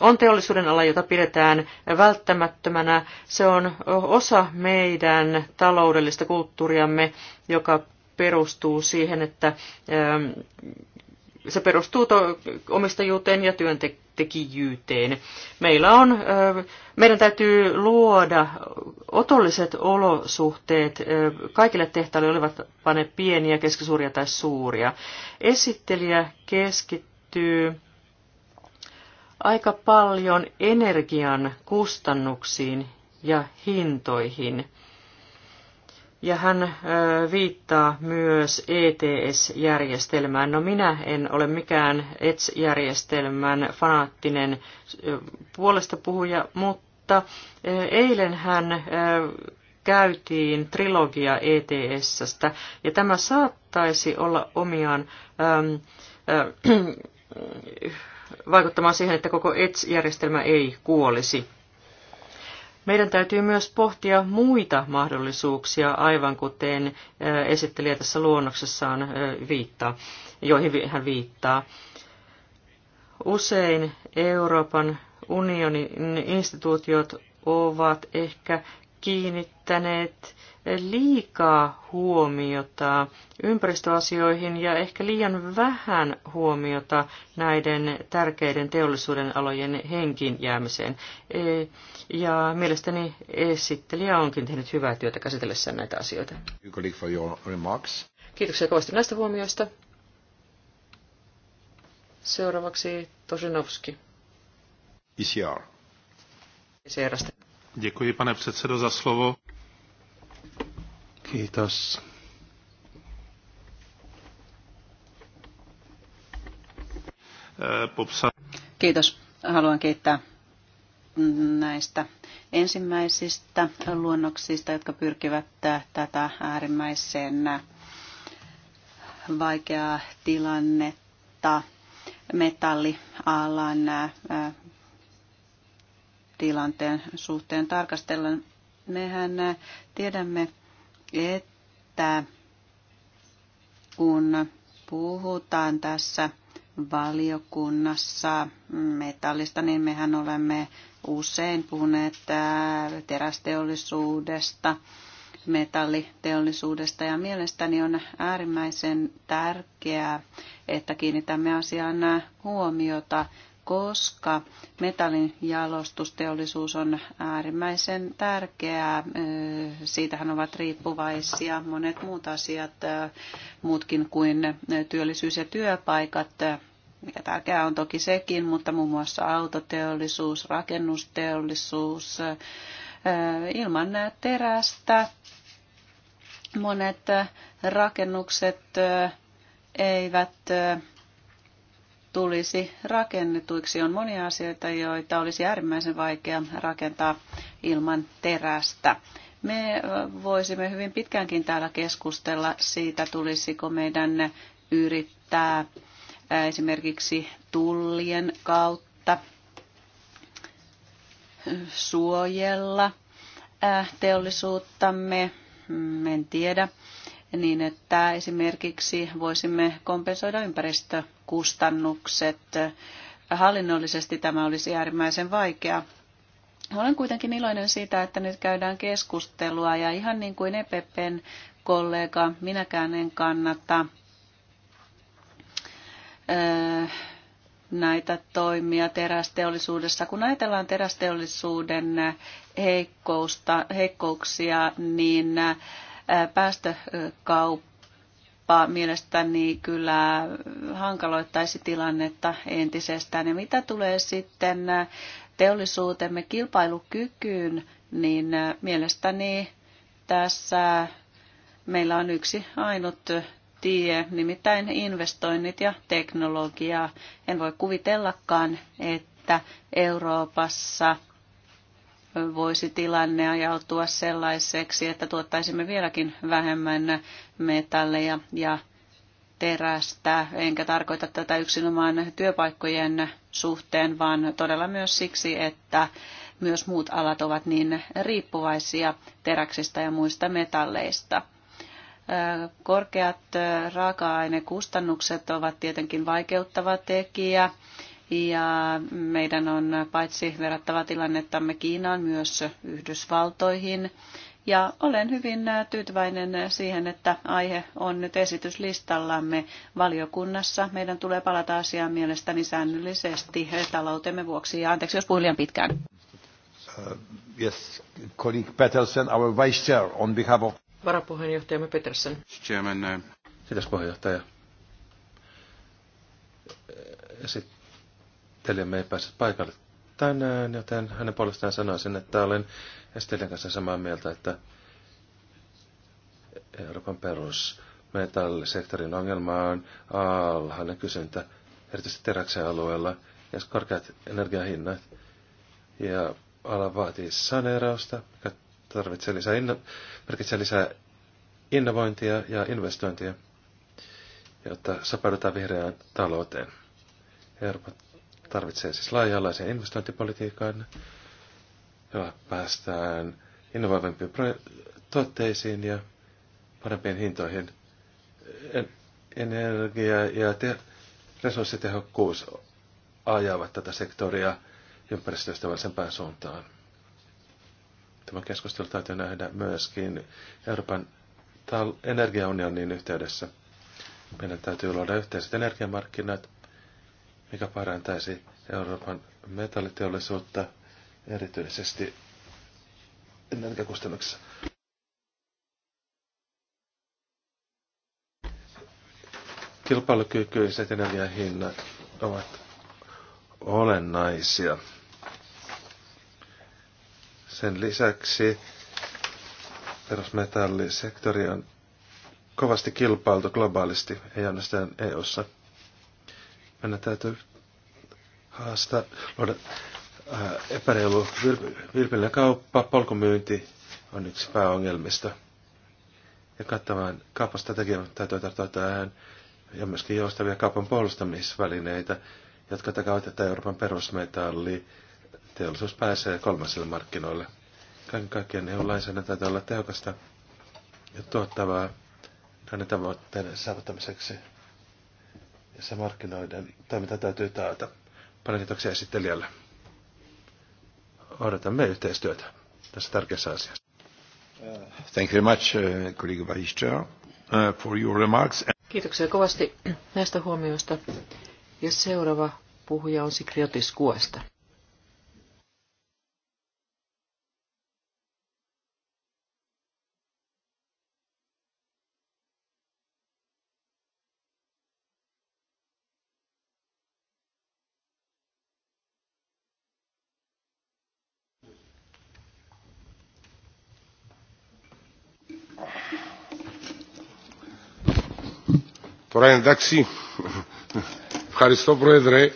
on teollisuuden ala, jota pidetään välttämättömänä. Se on osa meidän taloudellista kulttuuriamme, joka perustuu siihen, että se perustuu to- omistajuuteen ja työntekijyyteen. Meillä on, meidän täytyy luoda otolliset olosuhteet kaikille tehtäville olivat ne pieniä, keskisuuria tai suuria. Esittelijä keskittyy aika paljon energian kustannuksiin ja hintoihin – ja hän viittaa myös ETS-järjestelmään. No minä en ole mikään ETS-järjestelmän fanaattinen puolesta puhuja, mutta eilen hän käytiin trilogia ETS-stä, ja tämä saattaisi olla omiaan vaikuttamaan siihen, että koko ETS-järjestelmä ei kuolisi. Meidän täytyy myös pohtia muita mahdollisuuksia, aivan kuten esittelijä tässä luonnoksessaan viittaa, joihin hän viittaa. Usein Euroopan unionin instituutiot ovat ehkä kiinnittäneet liikaa huomiota ympäristöasioihin ja ehkä liian vähän huomiota näiden tärkeiden teollisuuden alojen henkiin jäämiseen. E, ja mielestäni esittelijä onkin tehnyt hyvää työtä käsitellessään näitä asioita. Kiitoksia kovasti näistä huomioista. Seuraavaksi Tosinovski. ICR. ICRstä pane předsedající eh, Kiitos. Haluan kiittää näistä ensimmäisistä luonnoksista, jotka pyrkivät tätä äärimmäisen vaikeaa tilannetta metallialan eh, tilanteen suhteen tarkastella. Mehän tiedämme, että kun puhutaan tässä valiokunnassa metallista, niin mehän olemme usein puhuneet äh, terästeollisuudesta, metalliteollisuudesta ja mielestäni on äärimmäisen tärkeää, että kiinnitämme asiaan huomiota koska metallin jalostusteollisuus on äärimmäisen tärkeää. Siitähän ovat riippuvaisia monet muut asiat, muutkin kuin työllisyys ja työpaikat. Mikä tärkeää on toki sekin, mutta muun muassa autoteollisuus, rakennusteollisuus, ilman terästä monet rakennukset eivät tulisi rakennetuiksi. On monia asioita, joita olisi äärimmäisen vaikea rakentaa ilman terästä. Me voisimme hyvin pitkäänkin täällä keskustella siitä, tulisiko meidän yrittää esimerkiksi tullien kautta suojella teollisuuttamme. Mm, en tiedä niin että esimerkiksi voisimme kompensoida ympäristökustannukset. Hallinnollisesti tämä olisi äärimmäisen vaikea. Olen kuitenkin iloinen siitä, että nyt käydään keskustelua ja ihan niin kuin EPPn kollega, minäkään en kannata äh, näitä toimia terästeollisuudessa. Kun ajatellaan terästeollisuuden heikkousta, heikkouksia, niin äh, päästökauppa mielestäni kyllä hankaloittaisi tilannetta entisestään. Ja mitä tulee sitten teollisuutemme kilpailukykyyn, niin mielestäni tässä meillä on yksi ainut tie, nimittäin investoinnit ja teknologia. En voi kuvitellakaan, että Euroopassa – voisi tilanne ajautua sellaiseksi, että tuottaisimme vieläkin vähemmän metalleja ja terästä, enkä tarkoita tätä yksinomaan työpaikkojen suhteen, vaan todella myös siksi, että myös muut alat ovat niin riippuvaisia teräksistä ja muista metalleista. Korkeat raaka-ainekustannukset ovat tietenkin vaikeuttava tekijä ja meidän on paitsi verrattava tilannettamme Kiinaan myös Yhdysvaltoihin. Ja olen hyvin tyytyväinen siihen, että aihe on nyt esityslistallamme valiokunnassa. Meidän tulee palata asiaan mielestäni säännöllisesti taloutemme vuoksi. Ja anteeksi, jos puhuin liian pitkään. Uh, yes, colleague Peterson, our vice chair on behalf of... Varapuheenjohtajamme Peterson. Chairman, uh, Kiitos puheenjohtaja. Sitten me ei päässyt paikalle tänään, joten hänen puolestaan sanoisin, että olen Estelian kanssa samaa mieltä, että Euroopan perus metallisektorin ongelma on alhainen kysyntä, erityisesti teräksen alueella, ja korkeat energiahinnat. Ja ala vaatii saneerausta, mikä tarvitsee lisää, inno- merkitsee lisää innovointia ja investointia, jotta sopeudutaan vihreään talouteen. Euroopan tarvitsee siis laaja-alaisen investointipolitiikan, jolla päästään innovoivampiin tuotteisiin ja parempiin hintoihin. Energia ja te- resurssitehokkuus ajavat tätä sektoria ympäristöystävällisempään suuntaan. Tämä keskustelu täytyy nähdä myöskin Euroopan energiaunionin yhteydessä. Meidän täytyy luoda yhteiset energiamarkkinat, mikä parantaisi Euroopan metalliteollisuutta erityisesti energiakustannuksessa. Kilpailukykyiset energiahinnat ovat olennaisia. Sen lisäksi perusmetallisektori on kovasti kilpailtu globaalisti, ei ainoastaan EU-ssa mennä täytyy haastaa, luoda äh, epäreilu vilpillinen kauppa, polkumyynti on yksi pääongelmista. Ja kattavan kauppastrategian täytyy tarttua tähän ja myöskin joustavia kaupan puolustamisvälineitä, jotka takaavat, että Euroopan perusmetalli teollisuus pääsee kolmasille markkinoille. Kaiken kaikkiaan niin EU-lainsäädäntö täytyy olla tehokasta ja tuottavaa tänne tavoitteiden saavuttamiseksi jossa markkinoiden toiminta täytyy taata. Paljon kiitoksia esittelijälle. Odotamme yhteistyötä tässä tärkeässä asiassa. Uh, thank you very much, kollega uh, Vahischer, uh, for your remarks. Kiitoksia kovasti näistä huomioista. Ja seuraava puhuja on Sikriotis Kuesta. Τώρα εντάξει, ευχαριστώ Πρόεδρε.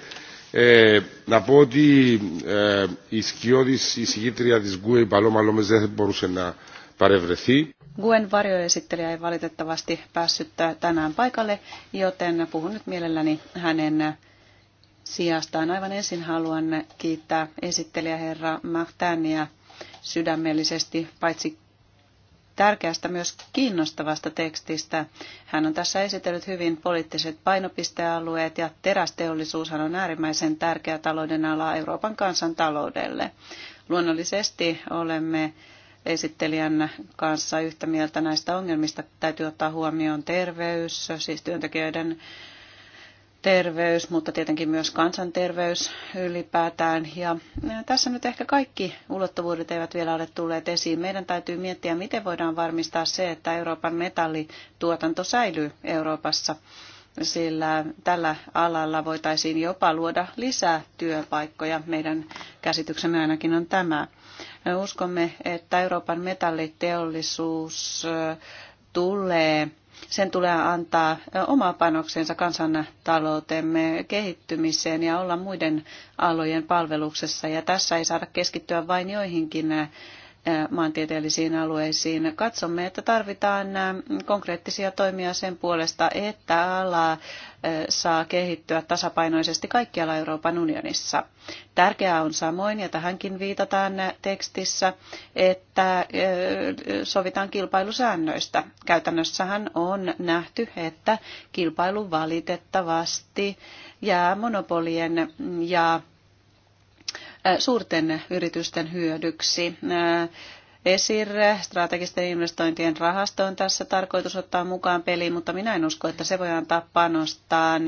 Ε, να πω ότι ε, η σκιώδης εισηγήτρια της Γκουε, η Παλώμα Λόμες, δεν μπορούσε να παρευρεθεί. Guen varjoesittelijä ei valitettavasti päässyt tänään paikalle, joten puhun nyt mielelläni hänen sijastaan. Aivan ensin haluan kiittää esittelijä herra Mahtania sydämellisesti paitsi tärkeästä myös kiinnostavasta tekstistä. Hän on tässä esitellyt hyvin poliittiset painopistealueet ja terästeollisuushan on äärimmäisen tärkeä talouden ala Euroopan kansantaloudelle. Luonnollisesti olemme esittelijän kanssa yhtä mieltä näistä ongelmista. Täytyy ottaa huomioon terveys, siis työntekijöiden terveys, mutta tietenkin myös kansanterveys ylipäätään. Ja eh, tässä nyt ehkä kaikki ulottuvuudet eivät vielä ole tulleet esiin. Meidän täytyy miettiä, miten voidaan varmistaa se, että Euroopan metallituotanto säilyy Euroopassa sillä tällä alalla voitaisiin jopa luoda lisää työpaikkoja. Meidän käsityksemme ainakin on tämä. Me uskomme, että Euroopan metalliteollisuus eh, tulee sen tulee antaa oma panoksensa kansantaloutemme kehittymiseen ja olla muiden alojen palveluksessa. Ja tässä ei saada keskittyä vain joihinkin Eh, maantieteellisiin alueisiin. Katsomme, että tarvitaan eh, konkreettisia toimia sen puolesta, että ala eh, saa kehittyä tasapainoisesti kaikkialla Euroopan unionissa. Tärkeää on samoin, ja tähänkin viitataan tekstissä, että sovitaan kilpailusäännöistä. Käytännössähän on nähty, että kilpailu valitettavasti jää monopolien ja suurten yritysten hyödyksi. ESIR, strategisten investointien rahasto on tässä tarkoitus ottaa mukaan peliin, mutta minä en usko, että se voi antaa panostaan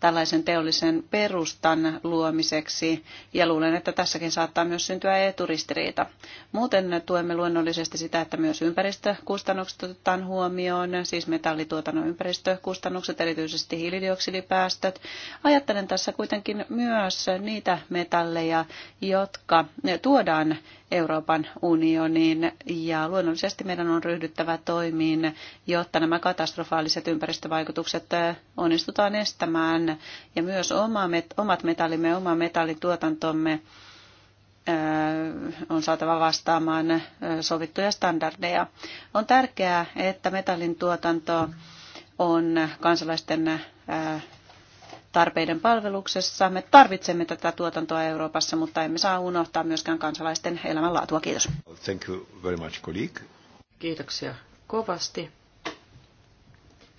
tällaisen teollisen perustan luomiseksi. Ja luulen, että tässäkin saattaa myös syntyä eturistiriita. Muuten tuemme luonnollisesti sitä, että myös ympäristökustannukset otetaan huomioon, siis metallituotannon ympäristökustannukset, erityisesti hiilidioksidipäästöt. Ajattelen tässä kuitenkin myös niitä metalleja, jotka tuodaan Euroopan unioniin toimiin ja luonnollisesti meidän on ryhdyttävä toimiin, jotta nämä katastrofaaliset ympäristövaikutukset äh, onnistutaan estämään ja myös omat metallimme, oma metallituotantomme äh, on saatava vastaamaan äh, sovittuja standardeja. On tärkeää, että metallin tuotanto on kansalaisten tarpeiden palveluksessa. Me tarvitsemme tätä tuotantoa Euroopassa, mutta emme saa unohtaa myöskään kansalaisten elämänlaatua. Kiitos. Thank you very much, colleague. Kiitoksia kovasti.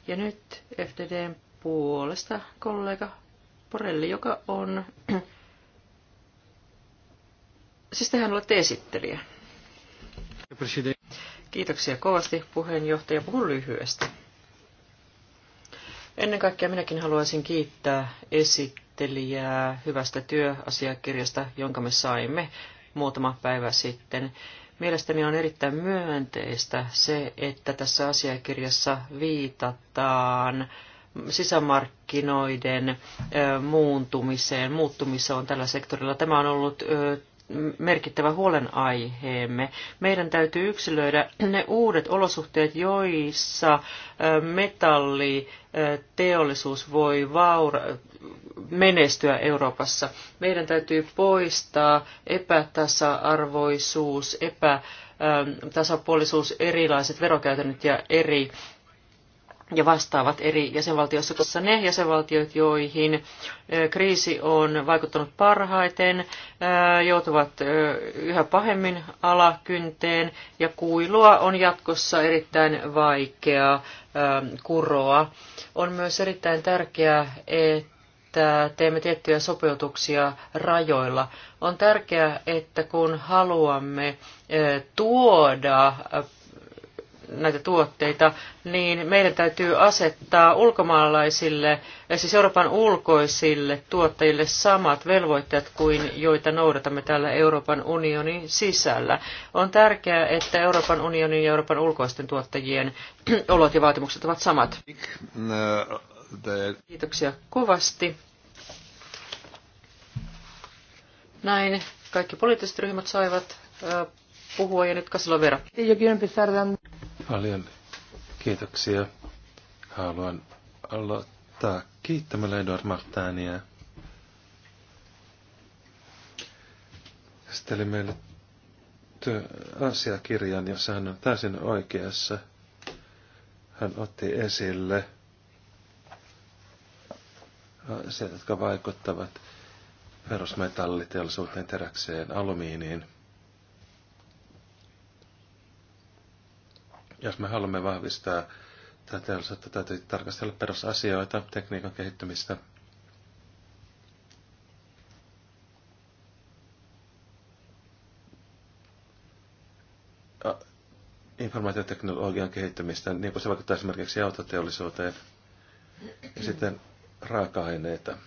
Ja nyt FDDn puolesta kollega Porelli, joka on... siis tehän olette esittelijä. Kiitoksia kovasti puheenjohtaja. Puhun lyhyesti. Ennen kaikkea minäkin haluaisin kiittää esittelijää hyvästä työasiakirjasta, jonka me saimme muutama päivä sitten. Mielestäni on erittäin myönteistä se, että tässä asiakirjassa viitataan sisämarkkinoiden muuntumiseen, muuttumiseen tällä sektorilla. Tämä on ollut merkittävä huolenaiheemme. Meidän täytyy yksilöidä ne uudet olosuhteet, joissa metalliteollisuus voi vaura- menestyä Euroopassa. Meidän täytyy poistaa epätasa-arvoisuus, epätasapuolisuus, erilaiset verokäytännöt ja eri ja vastaavat eri jäsenvaltioissa, koska ne jäsenvaltiot, joihin kriisi on vaikuttanut parhaiten, joutuvat yhä pahemmin alakynteen ja kuilua on jatkossa erittäin vaikea kuroa. On myös erittäin tärkeää, että teemme tiettyjä sopeutuksia rajoilla. On tärkeää, että kun haluamme tuoda näitä tuotteita, niin meidän täytyy asettaa ulkomaalaisille, eh, siis Euroopan ulkoisille tuottajille samat velvoitteet kuin joita noudatamme täällä Euroopan unionin sisällä. On tärkeää, että Euroopan unionin ja Euroopan ulkoisten tuottajien olot ja vaatimukset ovat samat. Kiitoksia kovasti. Näin kaikki poliittiset ryhmät saivat eh, puhua ja nyt Kasilla Vera. Paljon kiitoksia. Haluan aloittaa kiittämällä Eduard Martania. Sitten oli meille asiakirjan, jossa hän on täysin oikeassa. Hän otti esille asiat, jotka vaikuttavat perusmetalliteollisuuteen, teräkseen, alumiiniin – Jos me haluamme vahvistaa tätä teollisuutta, täytyy tarkastella perusasioita, tekniikan kehittymistä. informaatioteknologian kehittymistä, niin kuin se vaikuttaa esimerkiksi autoteollisuuteen ja sitten raaka-aineita.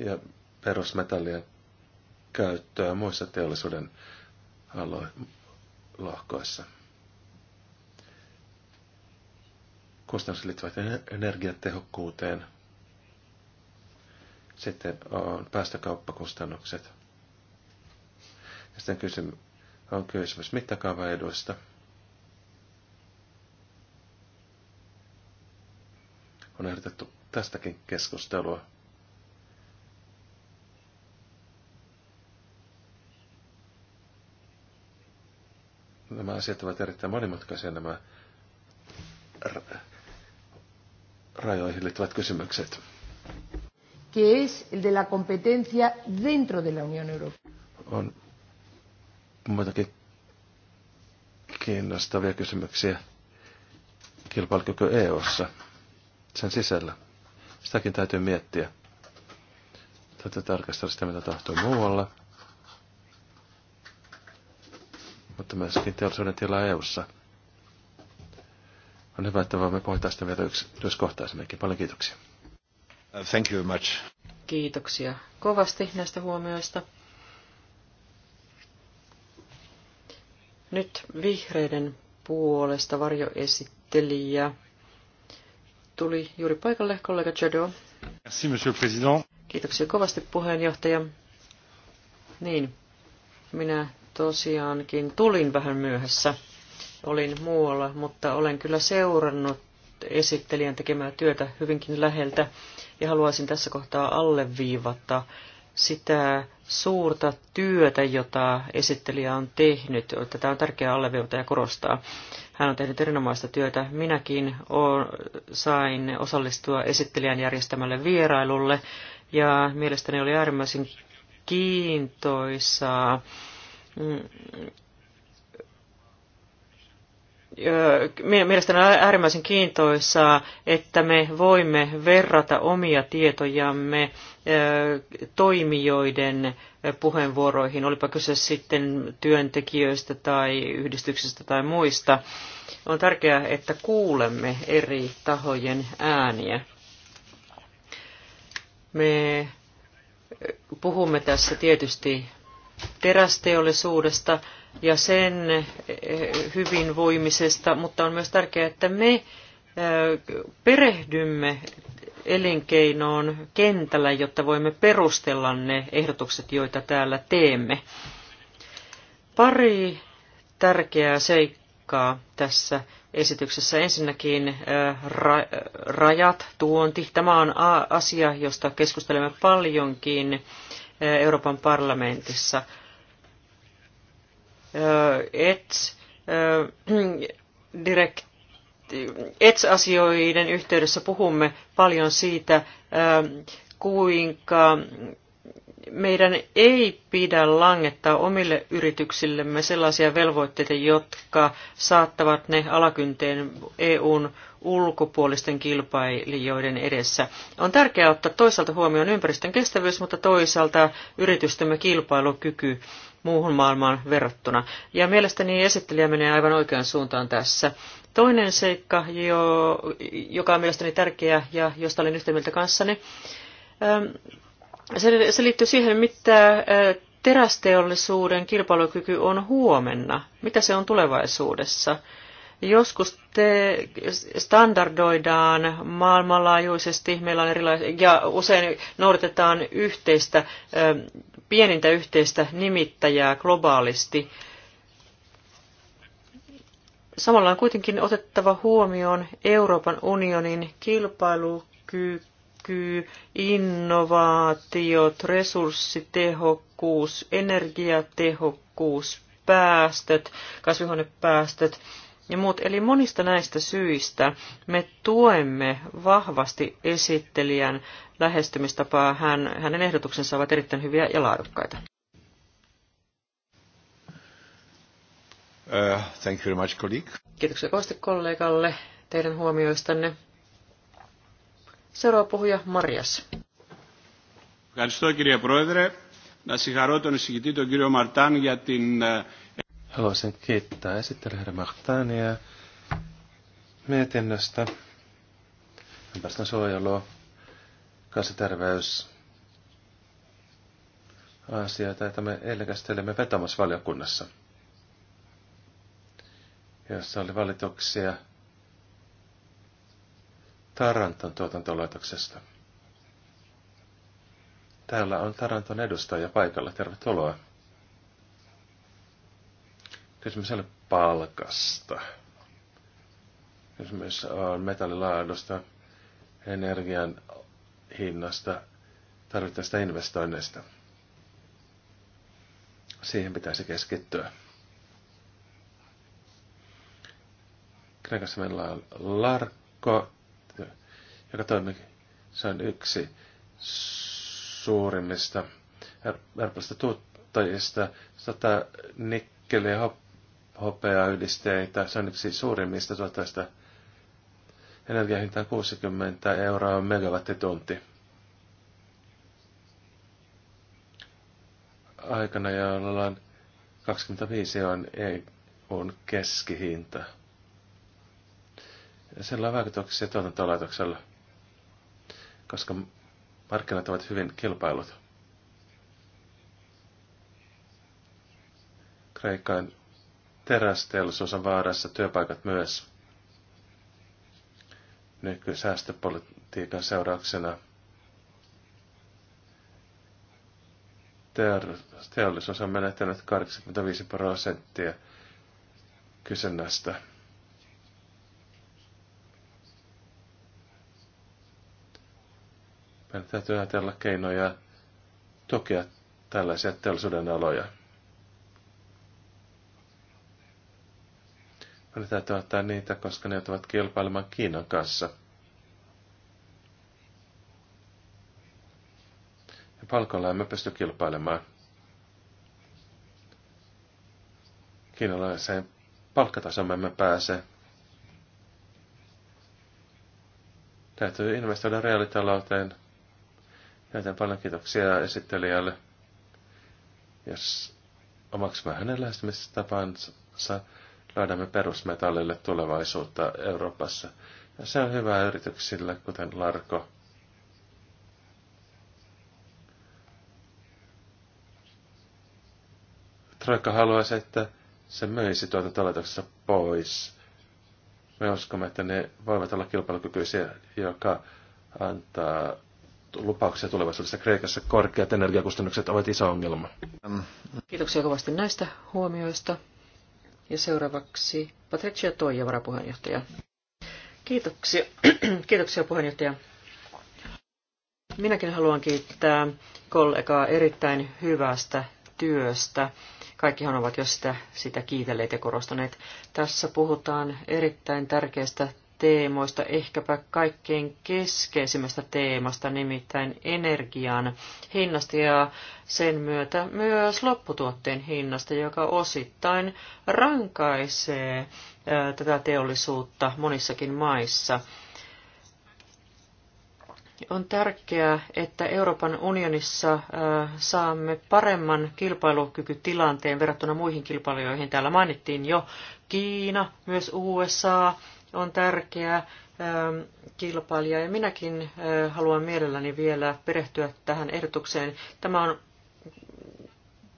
ja perusmetallien käyttöä muissa teollisuuden lohkoissa. Kustannukset liittyvät energiatehokkuuteen. Sitten on päästökauppakustannukset. Ja sitten on kysymys mittakaavaeduista. On ehdotettu tästäkin keskustelua Nämä asiat ovat erittäin monimutkaisia, nämä rajoihin liittyvät kysymykset. Que es el de la competencia dentro de la Unión Europea. On muitakin kiinnostavia kysymyksiä kilpailukyky EU:ssa sen sisällä. Sitäkin täytyy miettiä. Täytyy tarkastella sitä, mitä tahtoo muualla. mutta myöskin teollisuuden tilaa EU-ssa. On hyvä, että voimme pohtia sitä vielä yksityiskohtaisemminkin. Paljon kiitoksia. Uh, thank you much. Kiitoksia kovasti näistä huomioista. Nyt vihreiden puolesta varjoesittelijä tuli juuri paikalle kollega Jado. Merci, monsieur président. Kiitoksia kovasti puheenjohtaja. Niin, minä Tosiaankin tulin vähän myöhässä. Olin muualla, mutta olen kyllä seurannut esittelijän tekemää työtä hyvinkin läheltä ja haluaisin tässä kohtaa alleviivata sitä suurta työtä, jota esittelijä on tehnyt. Tätä on tärkeää alleviivata ja korostaa. Hän on tehnyt erinomaista työtä. Minäkin sain osallistua esittelijän järjestämälle vierailulle ja mielestäni oli äärimmäisen kiintoisaa Mm. Mm. mielestäni on äärimmäisen kiintoisaa, että me voimme verrata omia tietojamme toimijoiden puheenvuoroihin, olipa kyse sitten työntekijöistä tai yhdistyksistä tai muista. On tärkeää, että kuulemme eri tahojen ääniä. Me puhumme tässä tietysti terästeollisuudesta ja sen eh, hyvinvoimisesta, mutta on myös tärkeää, että me eh, perehdymme elinkeinoon kentällä, jotta voimme perustella ne ehdotukset, joita täällä teemme. Pari tärkeää seikkaa tässä esityksessä. Ensinnäkin eh, ra- rajat, tuonti. Tämä on asia, josta keskustelemme paljonkin Euroopan parlamentissa. ETS-asioiden yhteydessä puhumme paljon siitä, kuinka meidän ei pidä langettaa omille yrityksillemme sellaisia velvoitteita, jotka saattavat ne alakynteen EUn ulkopuolisten kilpailijoiden edessä. On tärkeää ottaa toisaalta huomioon ympäristön kestävyys, mutta toisaalta yritystemme kilpailukyky muuhun maailmaan verrattuna. Ja mielestäni esittelijä menee aivan oikeaan suuntaan tässä. Toinen seikka, jo, joka on mielestäni tärkeä ja josta olen yhtä mieltä kanssani, se, se liittyy siihen, mitä terästeollisuuden kilpailukyky on huomenna. Mitä se on tulevaisuudessa? Joskus te standardoidaan maailmanlaajuisesti, meillä on erilaisia, ja usein noudatetaan yhteistä, pienintä yhteistä nimittäjää globaalisti. Samalla on kuitenkin otettava huomioon Euroopan unionin kilpailukyky näkyy innovaatiot, resurssitehokkuus, energiatehokkuus, päästöt, kasvihuonepäästöt ja muut. Eli monista näistä syistä me tuemme vahvasti esittelijän lähestymistapaa. Hän, hänen ehdotuksensa ovat erittäin hyviä ja laadukkaita. Uh, thank you very much, colleague. Kiitoksia kovasti kollegalle teidän huomioistanne. Seuraava puhuja Marjas. Ευχαριστώ κύριε Πρόεδρε. Να συγχαρώ τον εισηγητή τον κύριο Μαρτάν για την... Haluaisin kiittää herra Mahtania mietinnöstä ympäristönsuojelua, kansanterveys, asioita, joita me eilen käsittelemme valiokunnassa, jossa oli valituksia Taranton tuotantolaitoksesta. Täällä on Taranton edustaja paikalla. Tervetuloa. Kysymys ei palkasta. Kysymys on metallilaadusta, energian hinnasta, tarvittavista investoinneista. Siihen pitäisi keskittyä. Kreikassa meillä on larkko, joka toimii. Se on yksi suurimmista ärpäistä tuottajista. Sata nikkeliä hop, hopeayhdisteitä. Se on yksi suurimmista tuottajista. Energiahinta on 60 euroa megawattitunti. Aikana, ollaan 25 on, ei, on keskihinta. Ja sillä on vaikutuksia tuotantolaitoksella koska markkinat ovat hyvin kilpailut. Kreikan terästeollisuus on vaarassa, työpaikat myös. Nykysäästöpolitiikan seurauksena teollisuus on menettänyt 85 prosenttia kysynnästä. Meidän täytyy ajatella keinoja tukea tällaisia teollisuuden aloja. Meidän täytyy ottaa niitä, koska ne ovat kilpailemaan Kiinan kanssa. Ja palkoilla emme pysty kilpailemaan. Kiinalaiseen palkkatasoon emme pääse. Täytyy investoida reaalitalouteen, Joten paljon kiitoksia esittelijälle. Jos omaksumme hänen lähestymistapansa, laadamme perusmetallille tulevaisuutta Euroopassa. Ja se on hyvä yrityksille, kuten Larko. Troika haluaisi, että se möisi taloutuksessa tuota pois. Me uskomme, että ne voivat olla kilpailukykyisiä, joka antaa lupauksia tulevaisuudessa Kreikassa. Korkeat energiakustannukset ovat iso ongelma. Kiitoksia kovasti näistä huomioista. Ja seuraavaksi Patricia Toija, varapuheenjohtaja. Kiitoksia, Kiitoksia puheenjohtaja. Minäkin haluan kiittää kollegaa erittäin hyvästä työstä. Kaikkihan ovat jo sitä, sitä kiitelleet ja korostaneet. Tässä puhutaan erittäin tärkeästä teemoista, ehkäpä kaikkein keskeisimmästä teemasta, nimittäin energian hinnasta ja sen myötä myös lopputuotteen hinnasta, joka osittain rankaisee tätä teollisuutta monissakin maissa. On tärkeää, että Euroopan unionissa saamme paremman kilpailukykytilanteen verrattuna muihin kilpailijoihin. Täällä mainittiin jo Kiina, myös USA, on tärkeä ähm, kilpailija ja minäkin äh, haluan mielelläni vielä perehtyä tähän ehdotukseen. Tämä on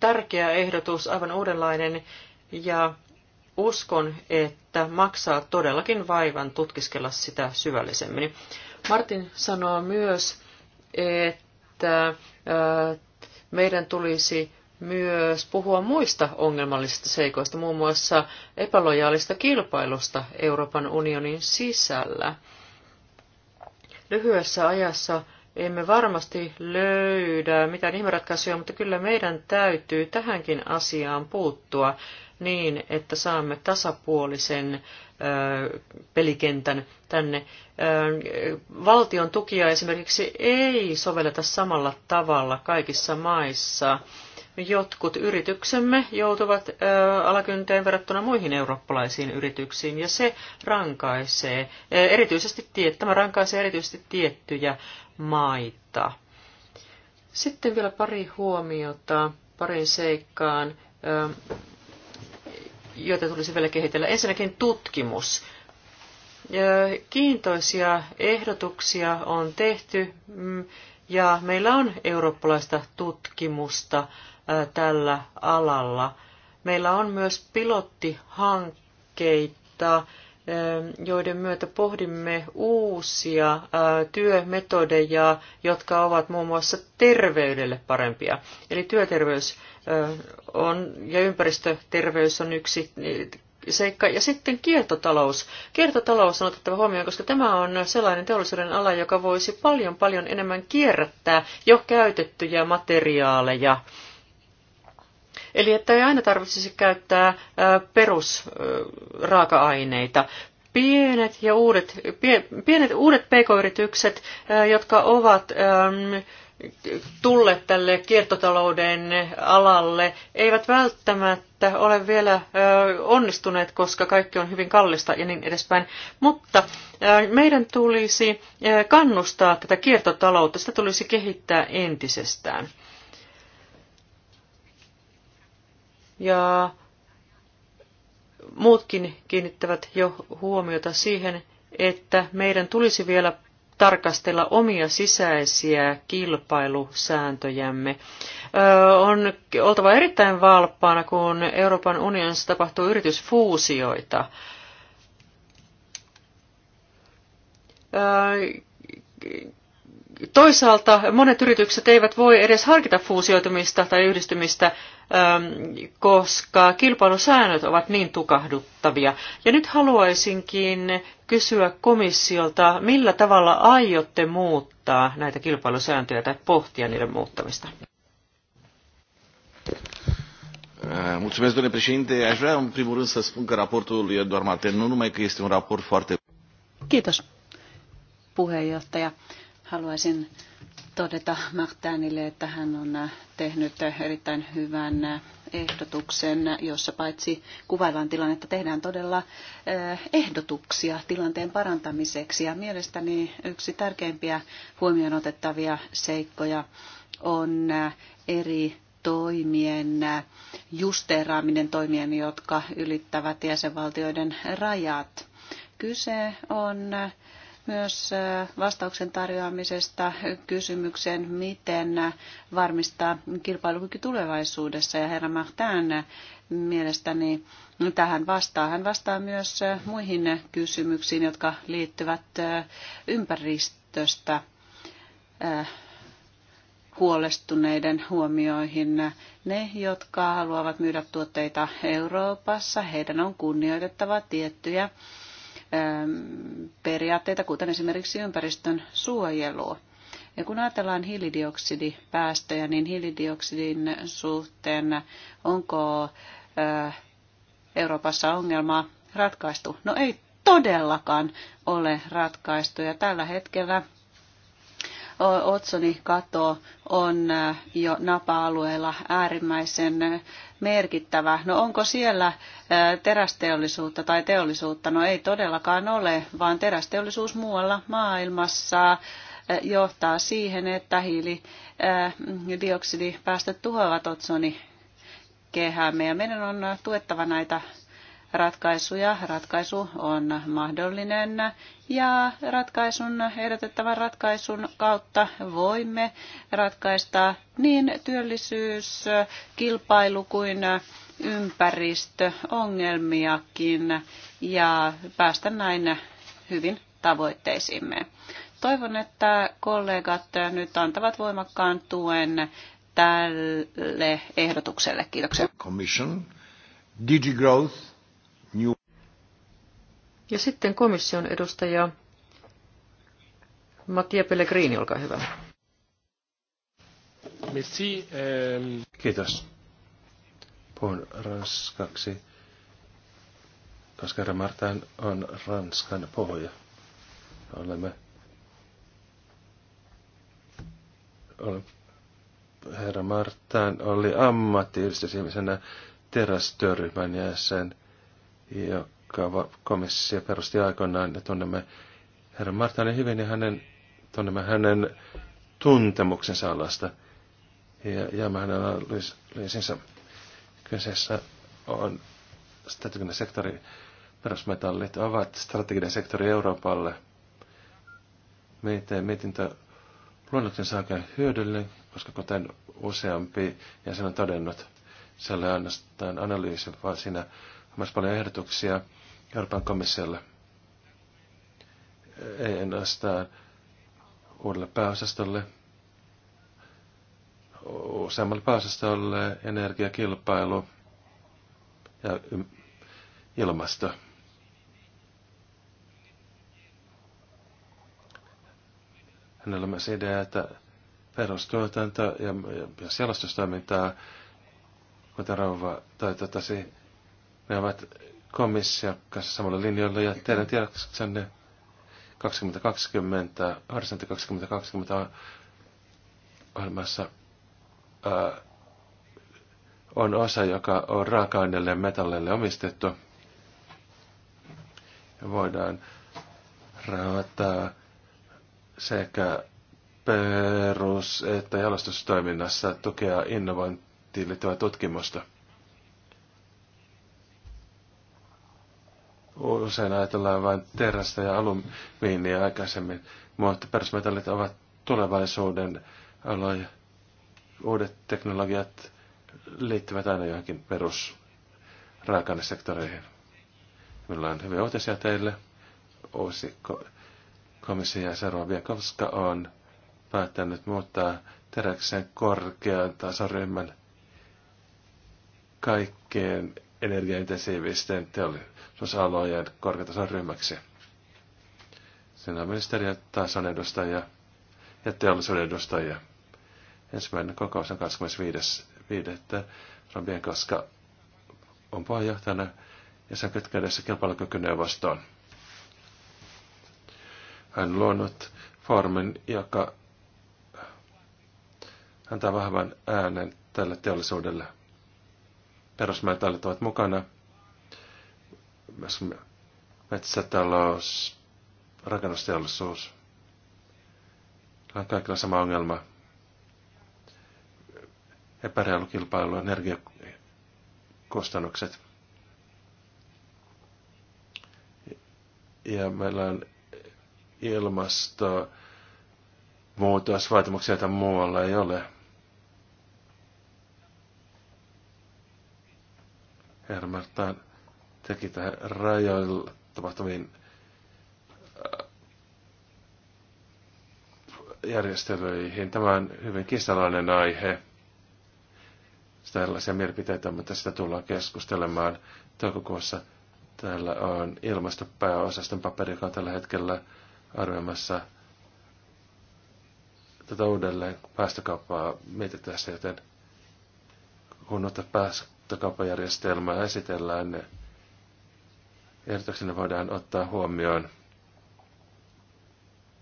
tärkeä ehdotus, aivan uudenlainen ja uskon, että maksaa todellakin vaivan tutkiskella sitä syvällisemmin. Martin sanoo myös, että äh, meidän tulisi myös puhua muista ongelmallisista seikoista, muun muassa epälojaalista kilpailusta Euroopan unionin sisällä. Lyhyessä ajassa emme varmasti löydä mitään ihmeratkaisuja, mutta kyllä meidän täytyy tähänkin asiaan puuttua niin, että saamme tasapuolisen pelikentän tänne. Valtion tukia esimerkiksi ei sovelleta samalla tavalla kaikissa maissa jotkut yrityksemme joutuvat ö, alakynteen verrattuna muihin eurooppalaisiin yrityksiin, ja se rankaisee, erityisesti, tämä rankaisee erityisesti tiettyjä maita. Sitten vielä pari huomiota parin seikkaan, ö, joita tulisi vielä kehitellä. Ensinnäkin tutkimus. Kiintoisia ehdotuksia on tehty mm, ja meillä on eurooppalaista tutkimusta tällä alalla. Meillä on myös pilottihankkeita, joiden myötä pohdimme uusia työmetodeja, jotka ovat muun muassa terveydelle parempia. Eli työterveys on, ja ympäristöterveys on yksi seikka. Ja sitten kiertotalous. Kiertotalous on otettava huomioon, koska tämä on sellainen teollisuuden ala, joka voisi paljon paljon enemmän kierrättää jo käytettyjä materiaaleja Eli että ei aina tarvitsisi käyttää perusraaka-aineita. Pienet ja uudet, pienet, uudet pk-yritykset, jotka ovat tulleet tälle kiertotalouden alalle eivät välttämättä ole vielä onnistuneet, koska kaikki on hyvin kallista ja niin edespäin. Mutta meidän tulisi kannustaa tätä kiertotaloutta, sitä tulisi kehittää entisestään. ja muutkin kiinnittävät jo huomiota siihen, että meidän tulisi vielä tarkastella omia sisäisiä kilpailusääntöjämme. on oltava erittäin valppaana, kun Euroopan unionissa tapahtuu yritysfuusioita. Toisaalta monet yritykset eivät voi edes harkita fuusioitumista tai yhdistymistä, ähm, koska kilpailusäännöt ovat niin tukahduttavia. Ja nyt haluaisinkin kysyä komissiolta, millä tavalla aiotte muuttaa näitä kilpailusääntöjä tai pohtia niiden muuttamista? Eh, mulțumesc, domnule președinte. Aș vrea, în primul rând, să spun că raportul lui e Eduard Martin, nu numai că este un raport foarte... Kiitos, puheenjohtaja. Haluaisin todeta Martinille, että hän on äh, tehnyt äh, erittäin hyvän äh, ehdotuksen, jossa paitsi kuvaillaan tilannetta, tehdään todella ehdotuksia tilanteen parantamiseksi. Ja mielestäni yksi tärkeimpiä huomioon otettavia seikkoja on eri toimien justeeraaminen toimien, jotka ylittävät jäsenvaltioiden rajat. Kyse on myös vastauksen tarjoamisesta kysymykseen, miten varmistaa kilpailukyky tulevaisuudessa. Ja herra Mahtään mielestäni tähän vastaa. Hän vastaa myös muihin kysymyksiin, jotka liittyvät ympäristöstä huolestuneiden huomioihin. Ne, jotka haluavat myydä tuotteita Euroopassa, heidän on kunnioitettava tiettyjä Ähm, periaatteita, kuten esimerkiksi ympäristön suojelua. Ja kun ajatellaan hiilidioksidipäästöjä, niin hiilidioksidin suhteen onko äh, Euroopassa ongelmaa ratkaistu? No ei todellakaan ole ratkaistu ja tällä hetkellä otsoni kato on äh, jo napa-alueella äärimmäisen äh, merkittävä. No onko siellä äh, terästeollisuutta tai teollisuutta? No ei todellakaan ole, vaan terästeollisuus muualla maailmassa johtaa siihen, että hiilidioksidipäästöt tuhoavat otsoni kehäämme ja meidän on tuettava näitä ratkaisuja. Ratkaisu on mahdollinen ja ratkaisun, ehdotettavan ratkaisun kautta voimme ratkaista niin työllisyys, kilpailu kuin ympäristöongelmiakin ja päästä näin hyvin tavoitteisiimme. Toivon, että kollegat nyt antavat voimakkaan tuen tälle ehdotukselle. Kiitoksia. Commission, ja sitten komission edustaja Mattia Pellegrini, olkaa hyvä. Merci. Ähm... Kiitos. Puhun ranskaksi, koska Ramartan on Ranskan pohja. Olemme Herra Marttaan oli ammattiyhdistysihmisenä terästyöryhmän jäsen – joka komissio perusti aikoinaan, ja tunnemme herra Martanin hyvin ja hänen, tunnemme hänen tuntemuksensa alasta. Ja jäämme hänen analyysinsä. Kyseessä on strateginen sektori, perusmetallit ovat strateginen sektori Euroopalle. Meitä mietintö luonnoksensa aika hyödyllinen, koska kuten useampi ja sen on todennut, se oli ainoastaan analyysi, vaan siinä myös paljon ehdotuksia Euroopan komissiolle. Ei ainoastaan uudelle pääosastolle, useammalle pääosastolle, energiakilpailu ja ilmasto. Hänellä on myös idea, että perustuotanto ja, ja, ja selostustoimintaa, kuten rouva toi totesi, ne ovat komissio kanssa samalla linjalla ja teidän tiedoksenne 2020, Horisontti 2020 ohjelmassa on osa, joka on raaka-aineelle ja metallille omistettu. Ja voidaan rahoittaa sekä perus- että jalostustoiminnassa tukea innovointiin liittyvää tutkimusta. usein ajatellaan vain terästä ja alumiinia aikaisemmin, mutta perusmetallit ovat tulevaisuuden aloja. Uudet teknologiat liittyvät aina johonkin perusraaka-ainesektoreihin. Minulla on hyviä uutisia teille. Uusi komissio seuraavia, koska on päättänyt muuttaa teräksen korkean tasoryhmän kaikkeen energiaintensiivisten teollisuusalojen korkeatason ryhmäksi. Siinä on ministeriä, tason edustajia ja teollisuuden edustajia. Ensimmäinen kokous on 25.5. Robien koska on puheenjohtajana ja sen kytkädessä kilpailukykyneuvostoon. Hän on luonut formin, joka antaa vahvan äänen tälle teollisuudelle perusmetallit ovat mukana. Metsätalous, rakennusteollisuus. Tämä on kaikilla sama ongelma. Epäreilu kilpailu, energiakustannukset. Ja meillä on ilmasto, joita muualla ei ole Herra Marttaan teki tähän rajoilla tapahtuviin äh, järjestelyihin. Tämä on hyvin kisalainen aihe. Sitä erilaisia mielipiteitä, mutta sitä tullaan keskustelemaan toukokuussa. Täällä on ilmastopääosaston paperi, joka on tällä hetkellä arvioimassa tätä uudelleen päästökauppaa mietitään joten kun ottaa pääs, päästökauppajärjestelmää esitellään, ehdotuksena voidaan ottaa huomioon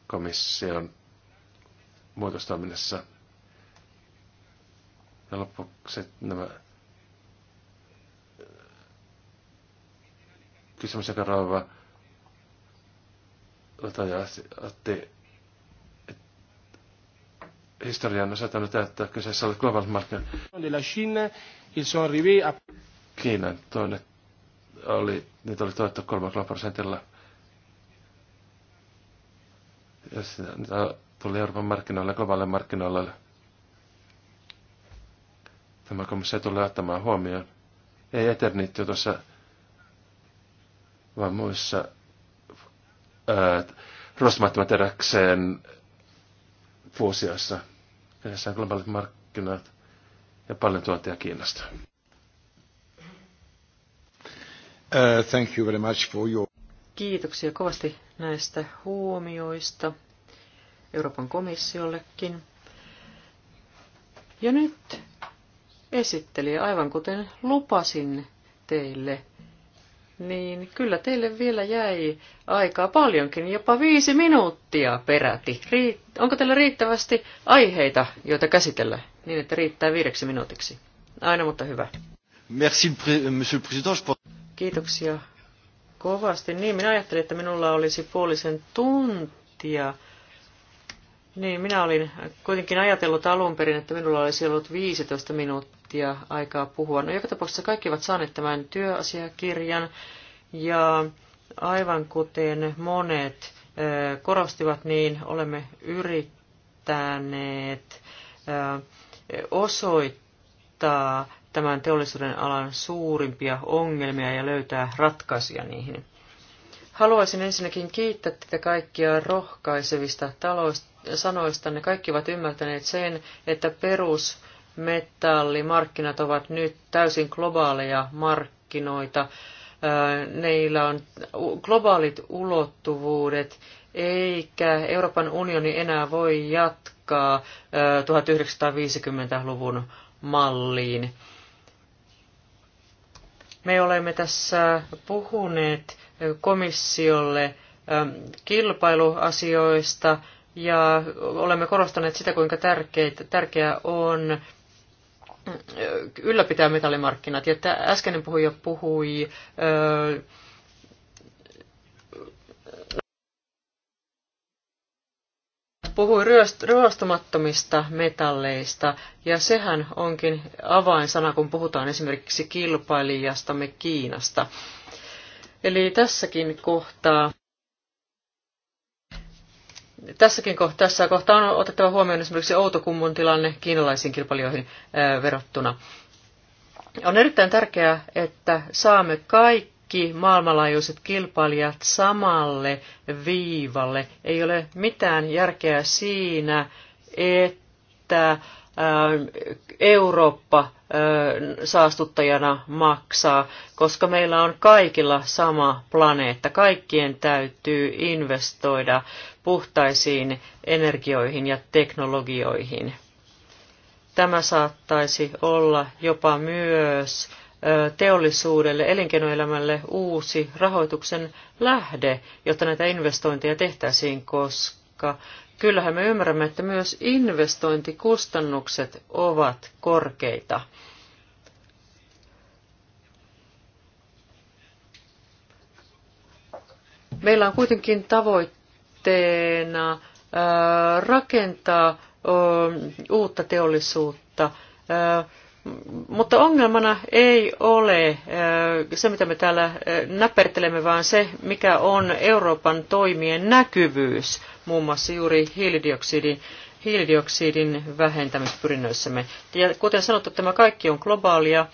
komission muutostoiminnassa. Ja lopuksi nämä kysymys, joka rouva otti Historian on saattanut täyttää kyseessä ole globaalit markkinat. Kiinan toinen oli, niitä oli tuettu kolmella prosentilla. Ja sitä tuli Euroopan markkinoille, globaaleille markkinoille. Tämä komissio tulee ottamaan huomioon. Ei jo tuossa, vaan muissa ruostumattoman eräkseen fuusiossa. Tässä on globaalit markkinat ja paljon tuontia Kiinasta. Uh, thank you very much for your... Kiitoksia kovasti näistä huomioista Euroopan komissiollekin. Ja nyt esittelijä, aivan kuten lupasin teille, niin kyllä teille vielä jäi aikaa paljonkin, jopa viisi minuuttia peräti. Riit- Onko teillä riittävästi aiheita, joita käsitellä, niin että riittää viideksi minuutiksi? Aina, mutta hyvä. Merci, monsieur le président. Kiitoksia kovasti. Niin, minä ajattelin, että minulla olisi puolisen tuntia. Niin, minä olin kuitenkin ajatellut alun perin, että minulla olisi ollut 15 minuuttia minuuttia aikaa puhua. No joka tapauksessa kaikki ovat saaneet tämän työasiakirjan ja aivan kuten monet korostivat, niin olemme yrittäneet osoittaa tämän teollisuuden alan suurimpia ongelmia ja löytää ratkaisuja niihin. Haluaisin ensinnäkin kiittää teitä kaikkia rohkaisevista taloista, sanoista. Ne kaikki ovat ymmärtäneet sen, että perus metallimarkkinat ovat nyt täysin globaaleja markkinoita. Neillä on globaalit ulottuvuudet, eikä Euroopan unioni enää voi jatkaa 1950-luvun malliin. Me olemme tässä puhuneet komissiolle kilpailuasioista ja olemme korostaneet sitä, kuinka tärkeää on ylläpitää metallimarkkinat. Ja äskeinen puhuja puhui ö, puhui ryöstämättömistä metalleista, ja sehän onkin avainsana, kun puhutaan esimerkiksi kilpailijastamme Kiinasta. Eli tässäkin kohtaa tässäkin kohtaa, tässä kohtaa on otettava huomioon esimerkiksi Outokummun tilanne kiinalaisiin kilpailijoihin verrattuna. On erittäin tärkeää, että saamme kaikki maailmanlaajuiset kilpailijat samalle viivalle. Ei ole mitään järkeä siinä, että Eurooppa saastuttajana maksaa, koska meillä on kaikilla sama planeetta. Kaikkien täytyy investoida puhtaisiin energioihin ja teknologioihin. Tämä saattaisi olla jopa myös teollisuudelle, elinkeinoelämälle uusi rahoituksen lähde, jotta näitä investointeja tehtäisiin, koska kyllähän me ymmärrämme, että myös investointikustannukset ovat korkeita. Meillä on kuitenkin tavoitteet tavoitteena rakentaa uutta teollisuutta, mutta ongelmana ei ole se, mitä me täällä näpertelemme, vaan se, mikä on Euroopan toimien näkyvyys, muun muassa juuri hiilidioksidin hiilidioksidin vähentämispyrinnöissämme. Ja kuten sanottu, tämä kaikki on globaalia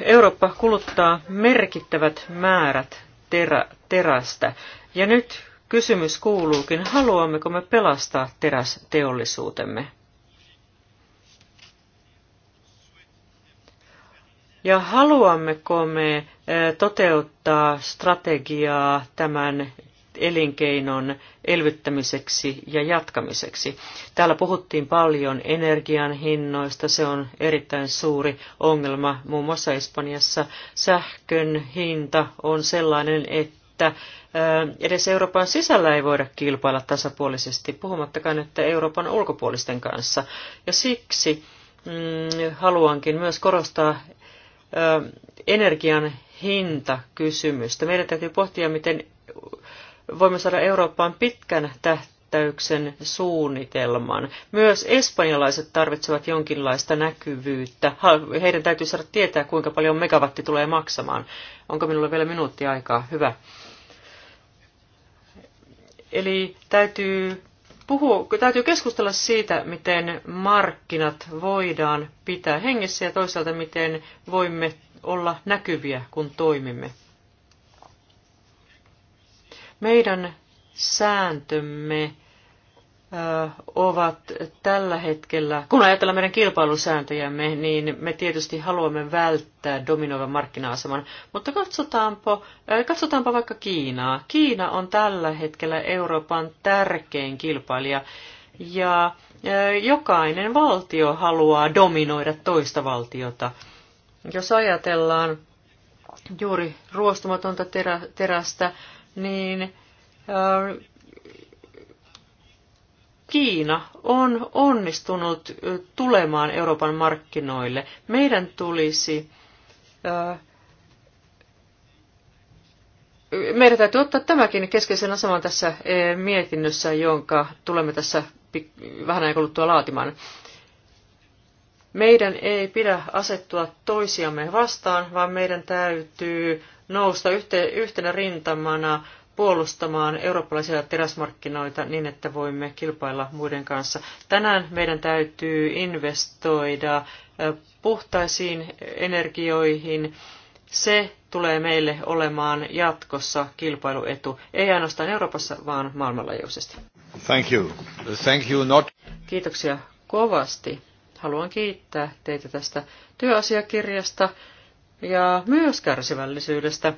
Eurooppa kuluttaa merkittävät määrät terä, terästä. Ja nyt kysymys kuuluukin, haluammeko me pelastaa terästeollisuutemme? Ja haluammeko me toteuttaa strategiaa tämän elinkeinon elvyttämiseksi ja jatkamiseksi. Täällä puhuttiin paljon energian hinnoista, se on erittäin suuri ongelma. Muun muassa Espanjassa sähkön hinta on sellainen, että äh, edes Euroopan sisällä ei voida kilpailla tasapuolisesti, puhumattakaan että Euroopan ulkopuolisten kanssa. Ja siksi mm, haluankin myös korostaa ö, äh, energian hintakysymystä. Meidän täytyy pohtia, miten voimme saada Eurooppaan pitkän tähtäyksen suunnitelman. Myös espanjalaiset tarvitsevat jonkinlaista näkyvyyttä. Heidän täytyy saada tietää, kuinka paljon megawatti tulee maksamaan. Onko minulla vielä minuutti aikaa? Hyvä. Eli täytyy, puhua, täytyy keskustella siitä, miten markkinat voidaan pitää hengissä ja toisaalta miten voimme olla näkyviä, kun toimimme. Meidän sääntömme ovat tällä hetkellä, kun ajatellaan meidän kilpailusääntöjämme, niin me tietysti haluamme välttää dominoivan markkina-aseman. Mutta katsotaanpa, katsotaanpa vaikka Kiinaa. Kiina on tällä hetkellä Euroopan tärkein kilpailija ja jokainen valtio haluaa dominoida toista valtiota. Jos ajatellaan juuri ruostumatonta terä, terästä, niin Kiina on onnistunut tulemaan Euroopan markkinoille. Meidän tulisi meidän täytyy ottaa tämäkin keskeisen aseman tässä mietinnössä, jonka tulemme tässä vähän ajan kuluttua laatimaan. Meidän ei pidä asettua toisiamme vastaan, vaan meidän täytyy nousta yhtenä rintamana puolustamaan eurooppalaisia teräsmarkkinoita niin, että voimme kilpailla muiden kanssa. Tänään meidän täytyy investoida puhtaisiin energioihin. Se tulee meille olemaan jatkossa kilpailuetu, ei ainoastaan Euroopassa, vaan maailmanlaajuisesti. Thank you. Thank you not... Kiitoksia kovasti. Haluan kiittää teitä tästä työasiakirjasta ja myös kärsivällisyydestä.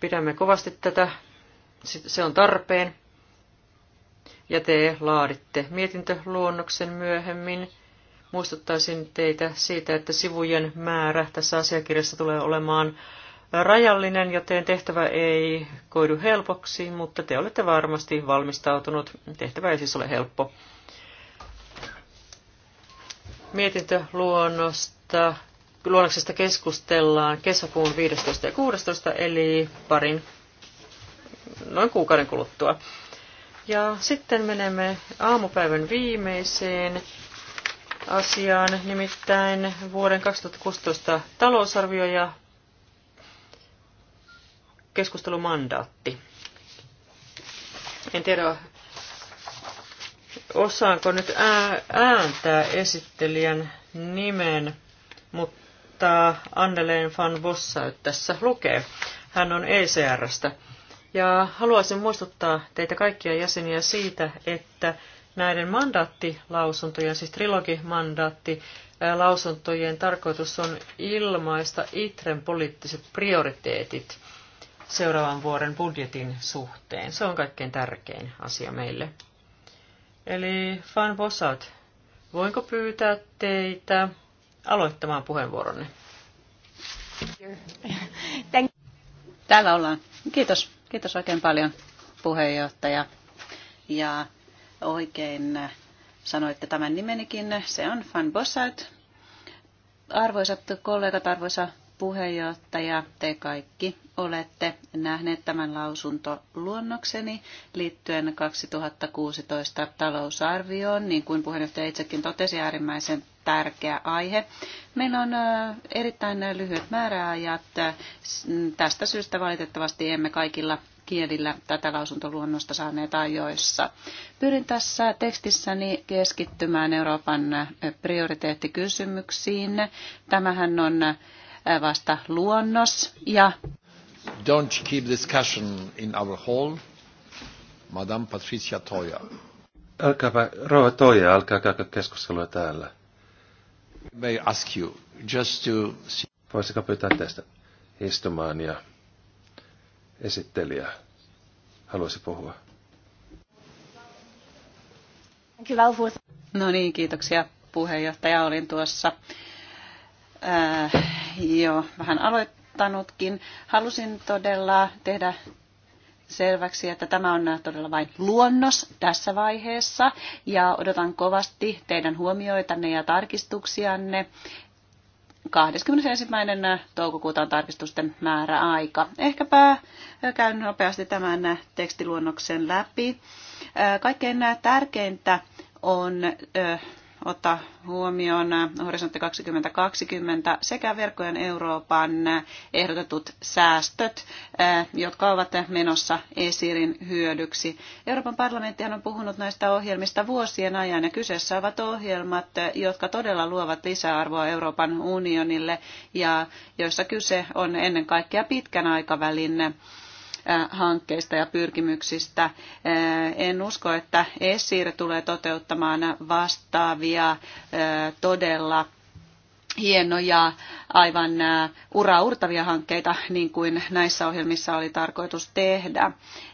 Pidämme kovasti tätä, se on tarpeen. Ja te laaditte mietintöluonnoksen myöhemmin. Muistuttaisin teitä siitä, että sivujen määrä tässä asiakirjassa tulee olemaan rajallinen, joten tehtävä ei koidu helpoksi, mutta te olette varmasti valmistautunut. Tehtävä ei siis ole helppo. Mietintöluonnosta luonnoksesta keskustellaan kesäkuun 15. ja 16. eli parin noin kuukauden kuluttua. Ja sitten menemme aamupäivän viimeiseen asiaan, nimittäin vuoden 2016 talousarvio ja keskustelumandaatti. En tiedä, osaanko nyt ääntää esittelijän nimen, mutta tota, Anneleen van Vossäyt tässä lukee. Hän on ECRstä. Ja haluaisin muistuttaa teitä kaikkia jäseniä siitä, että näiden mandaattilausuntojen, siis trilogimandaatti, lausuntojen tarkoitus on ilmaista ITREn poliittiset prioriteetit seuraavan vuoden budjetin suhteen. Se on kaikkein tärkein asia meille. Eli Van Bossat, voinko pyytää teitä aloittamaan puheenvuoronne. Täällä ollaan. Kiitos. Kiitos oikein paljon puheenjohtaja. Ja oikein äh, sanoitte tämän nimenikin. Se on Van Bossart. Arvoisat kollegat, arvoisa puheenjohtaja, te kaikki olette nähneet tämän lausuntoluonnokseni liittyen 2016 talousarvioon. Niin kuin puheenjohtaja itsekin totesi, äärimmäisen tärkeä aihe. Meillä on erittäin lyhyet määräajat. Tästä syystä valitettavasti emme kaikilla kielillä tätä lausuntoluonnosta saaneet ajoissa. Pyrin tässä tekstissäni keskittymään Euroopan prioriteettikysymyksiin. Tämähän on vasta luonnos ja Don't keep discussion in our hall. Madame Patricia Toja. Älkääpä, rouva alkaa älkääkä keskustelua täällä. May ask you just to see. Voisiko pyytää tästä istumaan ja esittelijä haluaisi puhua. No niin, kiitoksia puheenjohtaja. Olin tuossa äh, jo vähän aloittanutkin. Halusin todella tehdä selväksi, että tämä on todella vain luonnos tässä vaiheessa ja odotan kovasti teidän huomioitanne ja tarkistuksianne. 21. toukokuuta on tarkistusten määräaika. Ehkäpä käyn nopeasti tämän tekstiluonnoksen läpi. Kaikkein tärkeintä on ottaa huomioon horisontti 2020 sekä verkkojen Euroopan ehdotetut säästöt, eh, jotka ovat menossa esirin hyödyksi. Euroopan parlamentti on puhunut näistä ohjelmista vuosien ajan ja kyseessä ovat ohjelmat, jotka todella luovat lisäarvoa Euroopan unionille ja joissa kyse on ennen kaikkea pitkän aikavälin hankkeista ja pyrkimyksistä. Eh, en usko, että ESIR tulee toteuttamaan vastaavia eh, todella hienoja, aivan eh, uraa urtavia hankkeita, niin kuin näissä ohjelmissa oli tarkoitus tehdä.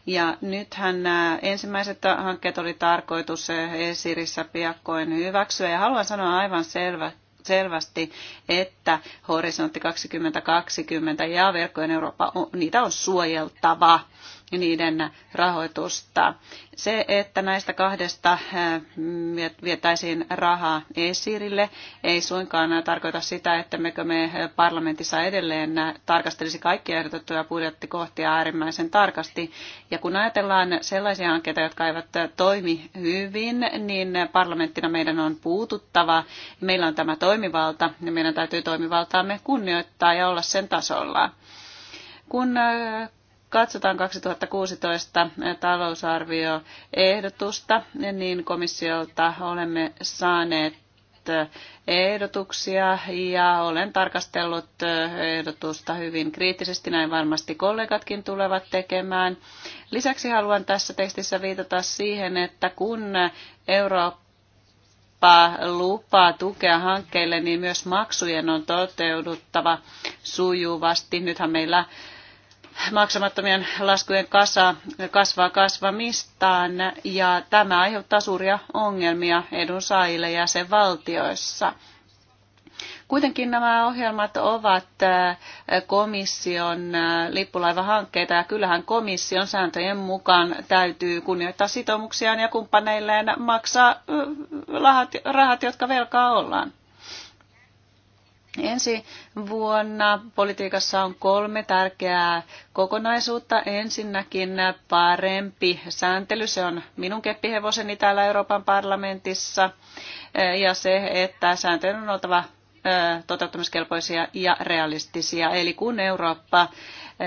Ja nythän nämä ensimmäiset hankkeet oli tarkoitus esirissä piakkoin hyväksyä, ja haluan sanoa aivan selvä, selvästi, että horisontti 2020 ja verkkojen Eurooppa, niitä on suojeltava niiden rahoitusta. Se, että näistä kahdesta äh, vietäisiin rahaa esirille, ei suinkaan tarkoita sitä, että mekö me parlamentissa edelleen tarkastelisi kaikkia ehdotettuja budjettikohtia äärimmäisen tarkasti. Ja kun ajatellaan sellaisia hankkeita, jotka eivät toimi hyvin, niin parlamenttina meidän on puututtava. Meillä on tämä toimivalta ja meidän täytyy toimivaltaamme kunnioittaa ja olla sen tasolla. Kun äh, katsotaan 2016 talousarvioehdotusta, niin komissiolta olemme saaneet ehdotuksia ja olen tarkastellut ehdotusta hyvin kriittisesti, näin varmasti kollegatkin tulevat tekemään. Lisäksi haluan tässä tekstissä viitata siihen, että kun Eurooppa lupaa tukea hankkeille, niin myös maksujen on toteuduttava sujuvasti. Nythän meillä maksamattomien laskujen kasa kasvaa kasvamistaan ja tämä aiheuttaa suuria ongelmia edunsaajille jäsenvaltioissa. Kuitenkin nämä ohjelmat ovat äh, komission äh, lippulaivahankkeita ja kyllähän komission sääntöjen mukaan täytyy kunnioittaa sitoumuksiaan ja kumppaneilleen maksaa äh, rahat, rahat jotka velkaa ollaan. Ensi vuonna politiikassa on kolme tärkeää kokonaisuutta. Ensinnäkin parempi sääntely, se on minun keppihevoseni täällä Euroopan parlamentissa, ja se, että sääntelyn on oltava toteuttamiskelpoisia ja realistisia. Eli kun Eurooppa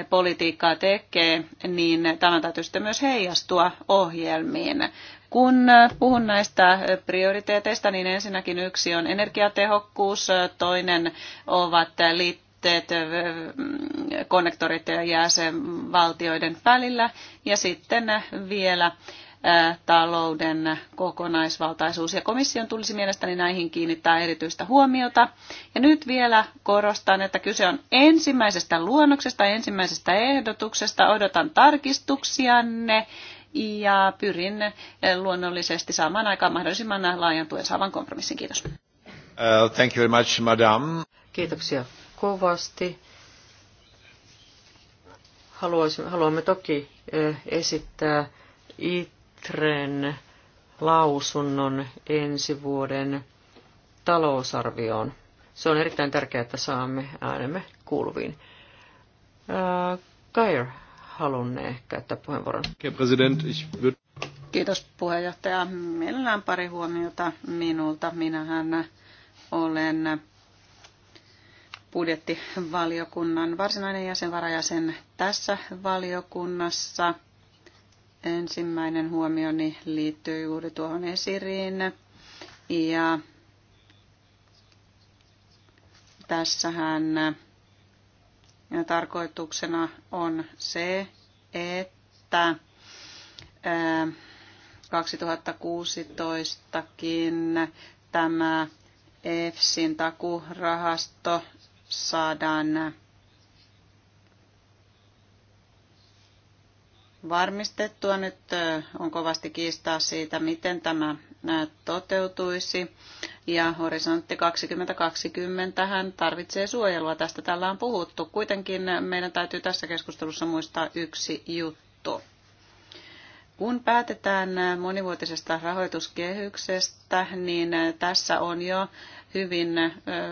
politiikkaa tekee, niin tämä täytyy sitten myös heijastua ohjelmiin. Kun puhun näistä prioriteeteista, niin ensinnäkin yksi on energiatehokkuus, toinen ovat liitteet, konnektorit ja jäsenvaltioiden välillä ja sitten vielä talouden kokonaisvaltaisuus. Ja komission tulisi mielestäni näihin kiinnittää erityistä huomiota. Ja nyt vielä korostan, että kyse on ensimmäisestä luonnoksesta, ensimmäisestä ehdotuksesta. Odotan tarkistuksianne ja pyrin luonnollisesti saamaan aikaan mahdollisimman laajan tuen saavan kompromissin. Kiitos. Uh, thank you very much, madam. Kiitoksia kovasti. Haluaisin, haluamme toki esittää it, ITREn lausunnon ensi vuoden talousarvioon. Se on erittäin tärkeää, että saamme äänemme kuuluviin. Kair äh, halunnee käyttää puheenvuoron. Kiitos puheenjohtaja. Mielellään pari huomiota minulta. Minähän olen budjettivaliokunnan varsinainen jäsen, varajäsen tässä valiokunnassa. Ensimmäinen huomioni liittyy juuri tuohon esiriin. Ja tässähän tarkoituksena on se, että 2016kin äh, tämä EFSin takurahasto saadaan varmistettua. Nyt on kovasti kiistaa siitä, miten tämä toteutuisi. Ja horisontti 2020 hän tarvitsee suojelua. Tästä tällä on puhuttu. Kuitenkin meidän täytyy tässä keskustelussa muistaa yksi juttu. Kun päätetään monivuotisesta rahoituskehyksestä, niin tässä on jo hyvin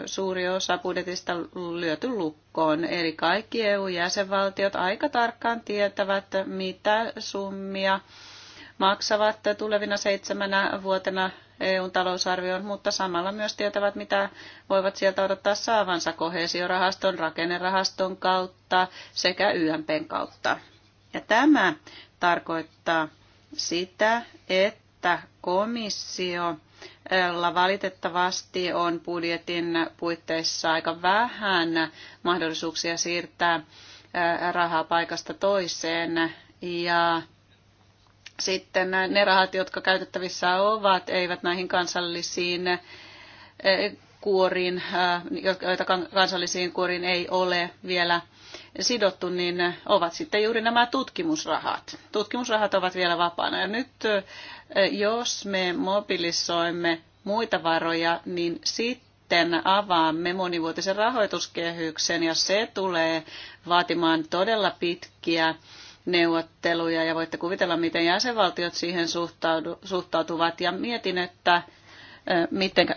suuri osa budjetista lyöty lukkoon. Eli kaikki EU-jäsenvaltiot aika tarkkaan tietävät, mitä summia maksavat tulevina seitsemänä vuotena EUn talousarvioon, mutta samalla myös tietävät, mitä voivat sieltä odottaa saavansa kohesiorahaston, rakennerahaston kautta sekä YMPn kautta. Ja tämä tarkoittaa sitä, että komissio valitettavasti on budjetin puitteissa aika vähän mahdollisuuksia siirtää rahaa paikasta toiseen ja sitten ne rahat, jotka käytettävissä ovat, eivät näihin kansallisiin kuoriin, joita kansallisiin kuoriin ei ole vielä sidottu, niin ovat sitten juuri nämä tutkimusrahat. Tutkimusrahat ovat vielä vapaana. Ja nyt jos me mobilisoimme muita varoja, niin sitten avaamme monivuotisen rahoituskehyksen ja se tulee vaatimaan todella pitkiä neuvotteluja ja voitte kuvitella, miten jäsenvaltiot siihen suhtautuvat ja mietin, että miten...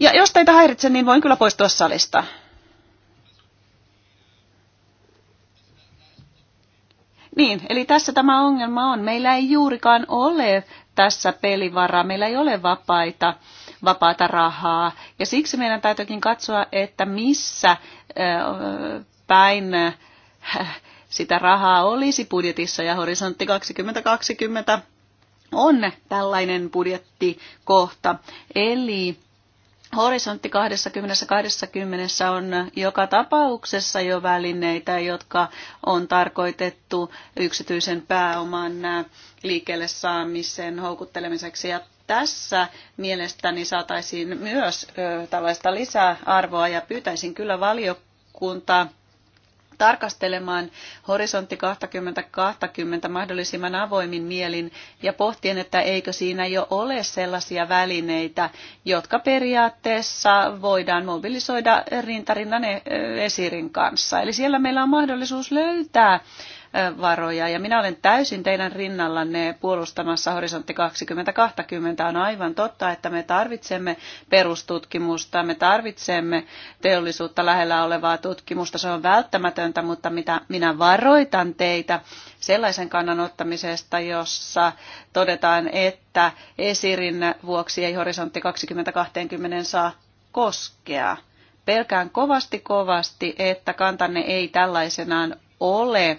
Ja jos teitä häiritse, niin voin kyllä poistua salista. Niin, eli tässä tämä ongelma on. Meillä ei juurikaan ole tässä pelivaraa, meillä ei ole vapaita, vapaata rahaa. Ja siksi meidän täytyykin katsoa, että missä päin sitä rahaa olisi budjetissa ja horisontti 2020 on tällainen budjettikohta. Eli Horisontti 2020 on joka tapauksessa jo välineitä, jotka on tarkoitettu yksityisen pääoman liikkeelle saamisen houkuttelemiseksi. Ja tässä mielestäni saataisiin myös tällaista lisäarvoa ja pyytäisin kyllä valiokuntaa tarkastelemaan horisontti 2020 mahdollisimman avoimin mielin ja pohtien, että eikö siinä jo ole sellaisia välineitä, jotka periaatteessa voidaan mobilisoida rintarinnan e- esirin kanssa. Eli siellä meillä on mahdollisuus löytää varoja. Ja minä olen täysin teidän rinnallanne puolustamassa Horisontti 2020. On aivan totta, että me tarvitsemme perustutkimusta, me tarvitsemme teollisuutta lähellä olevaa tutkimusta. Se on välttämätöntä, mutta mitä minä varoitan teitä sellaisen kannan ottamisesta, jossa todetaan, että esirin vuoksi ei Horisontti 2020 saa koskea. Pelkään kovasti kovasti, että kantanne ei tällaisenaan ole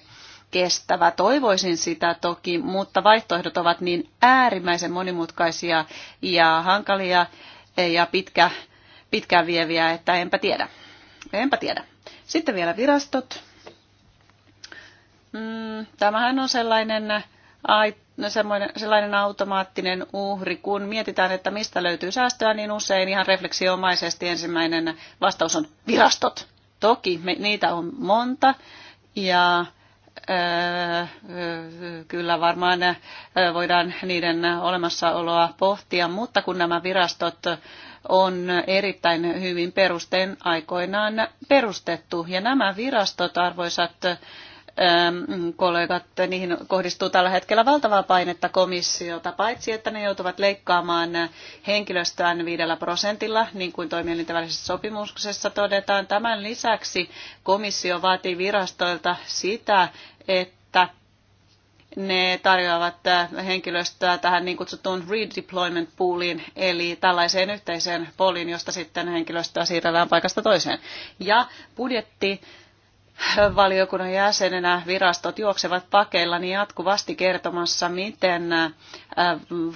kestävä. Toivoisin sitä toki, mutta vaihtoehdot ovat niin äärimmäisen monimutkaisia ja hankalia ja pitkä, pitkään vieviä, että enpä tiedä. Enpä tiedä. Sitten vielä virastot. Mm, tämähän on sellainen, sellainen automaattinen uhri, kun mietitään, että mistä löytyy säästöä, niin usein ihan refleksiomaisesti ensimmäinen vastaus on virastot. Toki me, niitä on monta ja kyllä varmaan voidaan niiden olemassaoloa pohtia, mutta kun nämä virastot on erittäin hyvin perusten aikoinaan perustettu. Ja nämä virastot, arvoisat Ähm, kollegat, niihin kohdistuu tällä hetkellä valtavaa painetta komissiota, paitsi että ne joutuvat leikkaamaan henkilöstöään viidellä prosentilla, niin kuin toimielinten välisessä sopimuksessa todetaan. Tämän lisäksi komissio vaatii virastoilta sitä, että ne tarjoavat henkilöstöä tähän niin kutsuttuun redeployment pooliin, eli tällaiseen yhteiseen pooliin, josta sitten henkilöstöä siirrellään paikasta toiseen. Ja budjetti valiokunnan jäsenenä virastot juoksevat pakeilla niin jatkuvasti kertomassa, miten äh,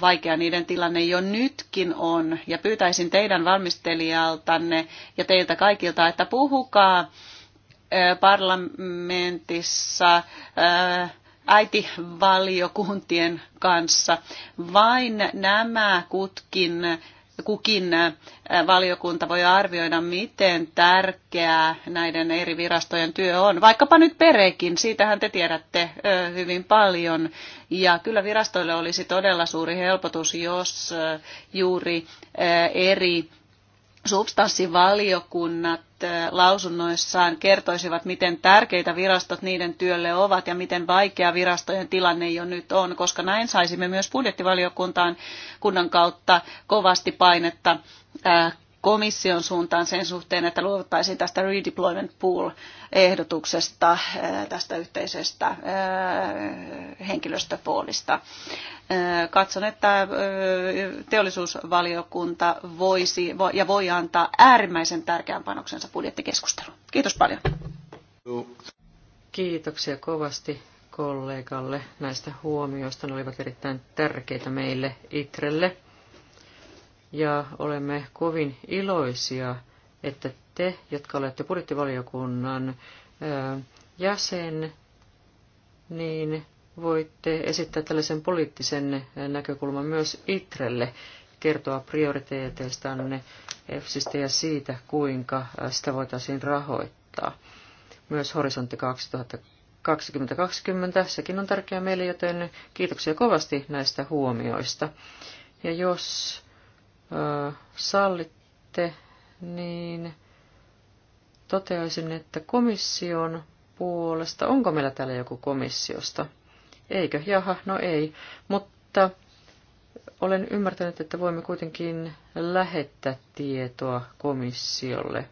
vaikea niiden tilanne jo nytkin on. Ja pyytäisin teidän valmistelijaltanne ja teiltä kaikilta, että puhukaa äh, parlamentissa äh, äitivaliokuntien kanssa. Vain nämä kutkin kukin äh, valiokunta voi arvioida, miten tärkeää näiden eri virastojen työ on. Vaikkapa nyt perekin, siitähän te tiedätte hyvin paljon. Ja kyllä virastoille olisi todella suuri helpotus, jos juuri eri substanssivaliokunnat lausunnoissaan kertoisivat, miten tärkeitä virastot niiden työlle ovat ja miten vaikea virastojen tilanne jo nyt on, koska näin saisimme myös budjettivaliokuntaan kunnan kautta kovasti painetta komission suuntaan sen suhteen, että luovuttaisiin tästä redeployment pool-ehdotuksesta, äh, tästä yhteisestä äh, henkilöstöpoolista. Äh, katson, että teollisuusvaliokunta voisi ja voi antaa äärimmäisen tärkeän panoksensa budjettikeskusteluun. Kiitos paljon. Kiitoksia kovasti kollegalle näistä huomioista. Ne olivat erittäin tärkeitä meille itrelle ja olemme kovin iloisia, että te, jotka olette budjettivaliokunnan jäsen, niin voitte esittää tällaisen poliittisen näkökulman myös Itrelle, kertoa prioriteeteistanne EFSistä ja siitä, kuinka sitä voitaisiin rahoittaa. Myös Horisontti 2020, sekin on tärkeää meille, joten kiitoksia kovasti näistä huomioista. Ja jos sallitte, niin toteaisin, että komission puolesta, onko meillä täällä joku komissiosta? Eikö? Jaha, no ei. Mutta olen ymmärtänyt, että voimme kuitenkin lähettää tietoa komissiolle.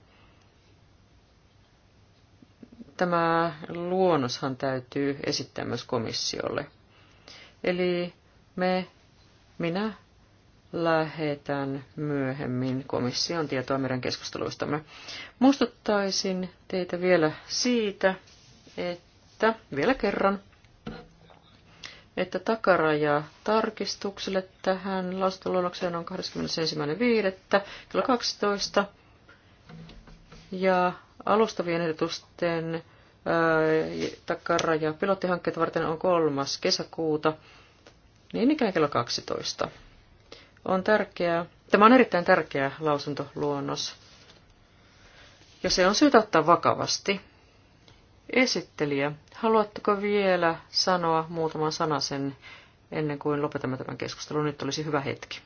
Tämä luonnoshan täytyy esittää myös komissiolle. Eli me, minä lähetän myöhemmin komission tietoa meidän keskusteluistamme. Muistuttaisin teitä vielä siitä, että vielä kerran, että takaraja tarkistukselle tähän lausuntoluonnokseen on 21.5. kello 12. Ja alustavien ehdotusten takaraja pilottihankkeet varten on 3. kesäkuuta, niin ikään kello 12 on tärkeää, tämä on erittäin tärkeä lausuntoluonnos, ja se on syytä ottaa vakavasti. Esittelijä, haluatteko vielä sanoa muutaman sen ennen kuin lopetamme tämän keskustelun? Nyt olisi hyvä hetki.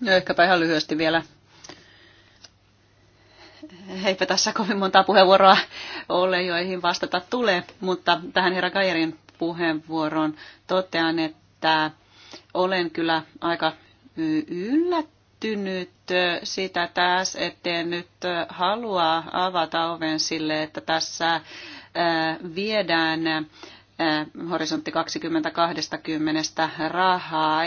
No ehkäpä ihan lyhyesti vielä. Eipä tässä kovin monta puheenvuoroa ole, joihin vastata tulee, mutta tähän herra Kajerin puheenvuoroon totean, että olen kyllä aika yllättynyt sitä tässä, ettei nyt halua avata oven sille, että tässä viedään horisontti 2020 rahaa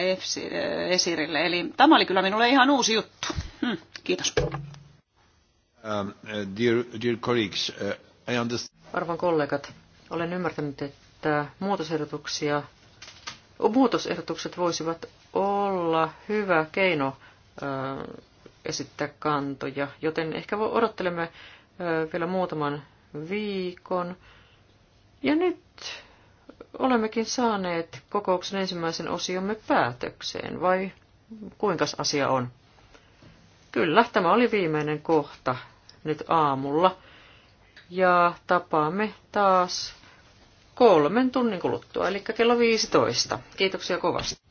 esirille. Eli tämä oli kyllä minulle ihan uusi juttu. Hmm, kiitos. Um, uh, dear, dear colleagues, uh, I understand. Arvon kollegat, olen ymmärtänyt, että muutosehdotuksia muutosehdotukset voisivat olla hyvä keino esittää kantoja, joten ehkä odottelemme vielä muutaman viikon. Ja nyt olemmekin saaneet kokouksen ensimmäisen osiomme päätökseen, vai kuinka asia on? Kyllä, tämä oli viimeinen kohta nyt aamulla. Ja tapaamme taas kolmen tunnin kuluttua, eli kello 15. Kiitoksia kovasti.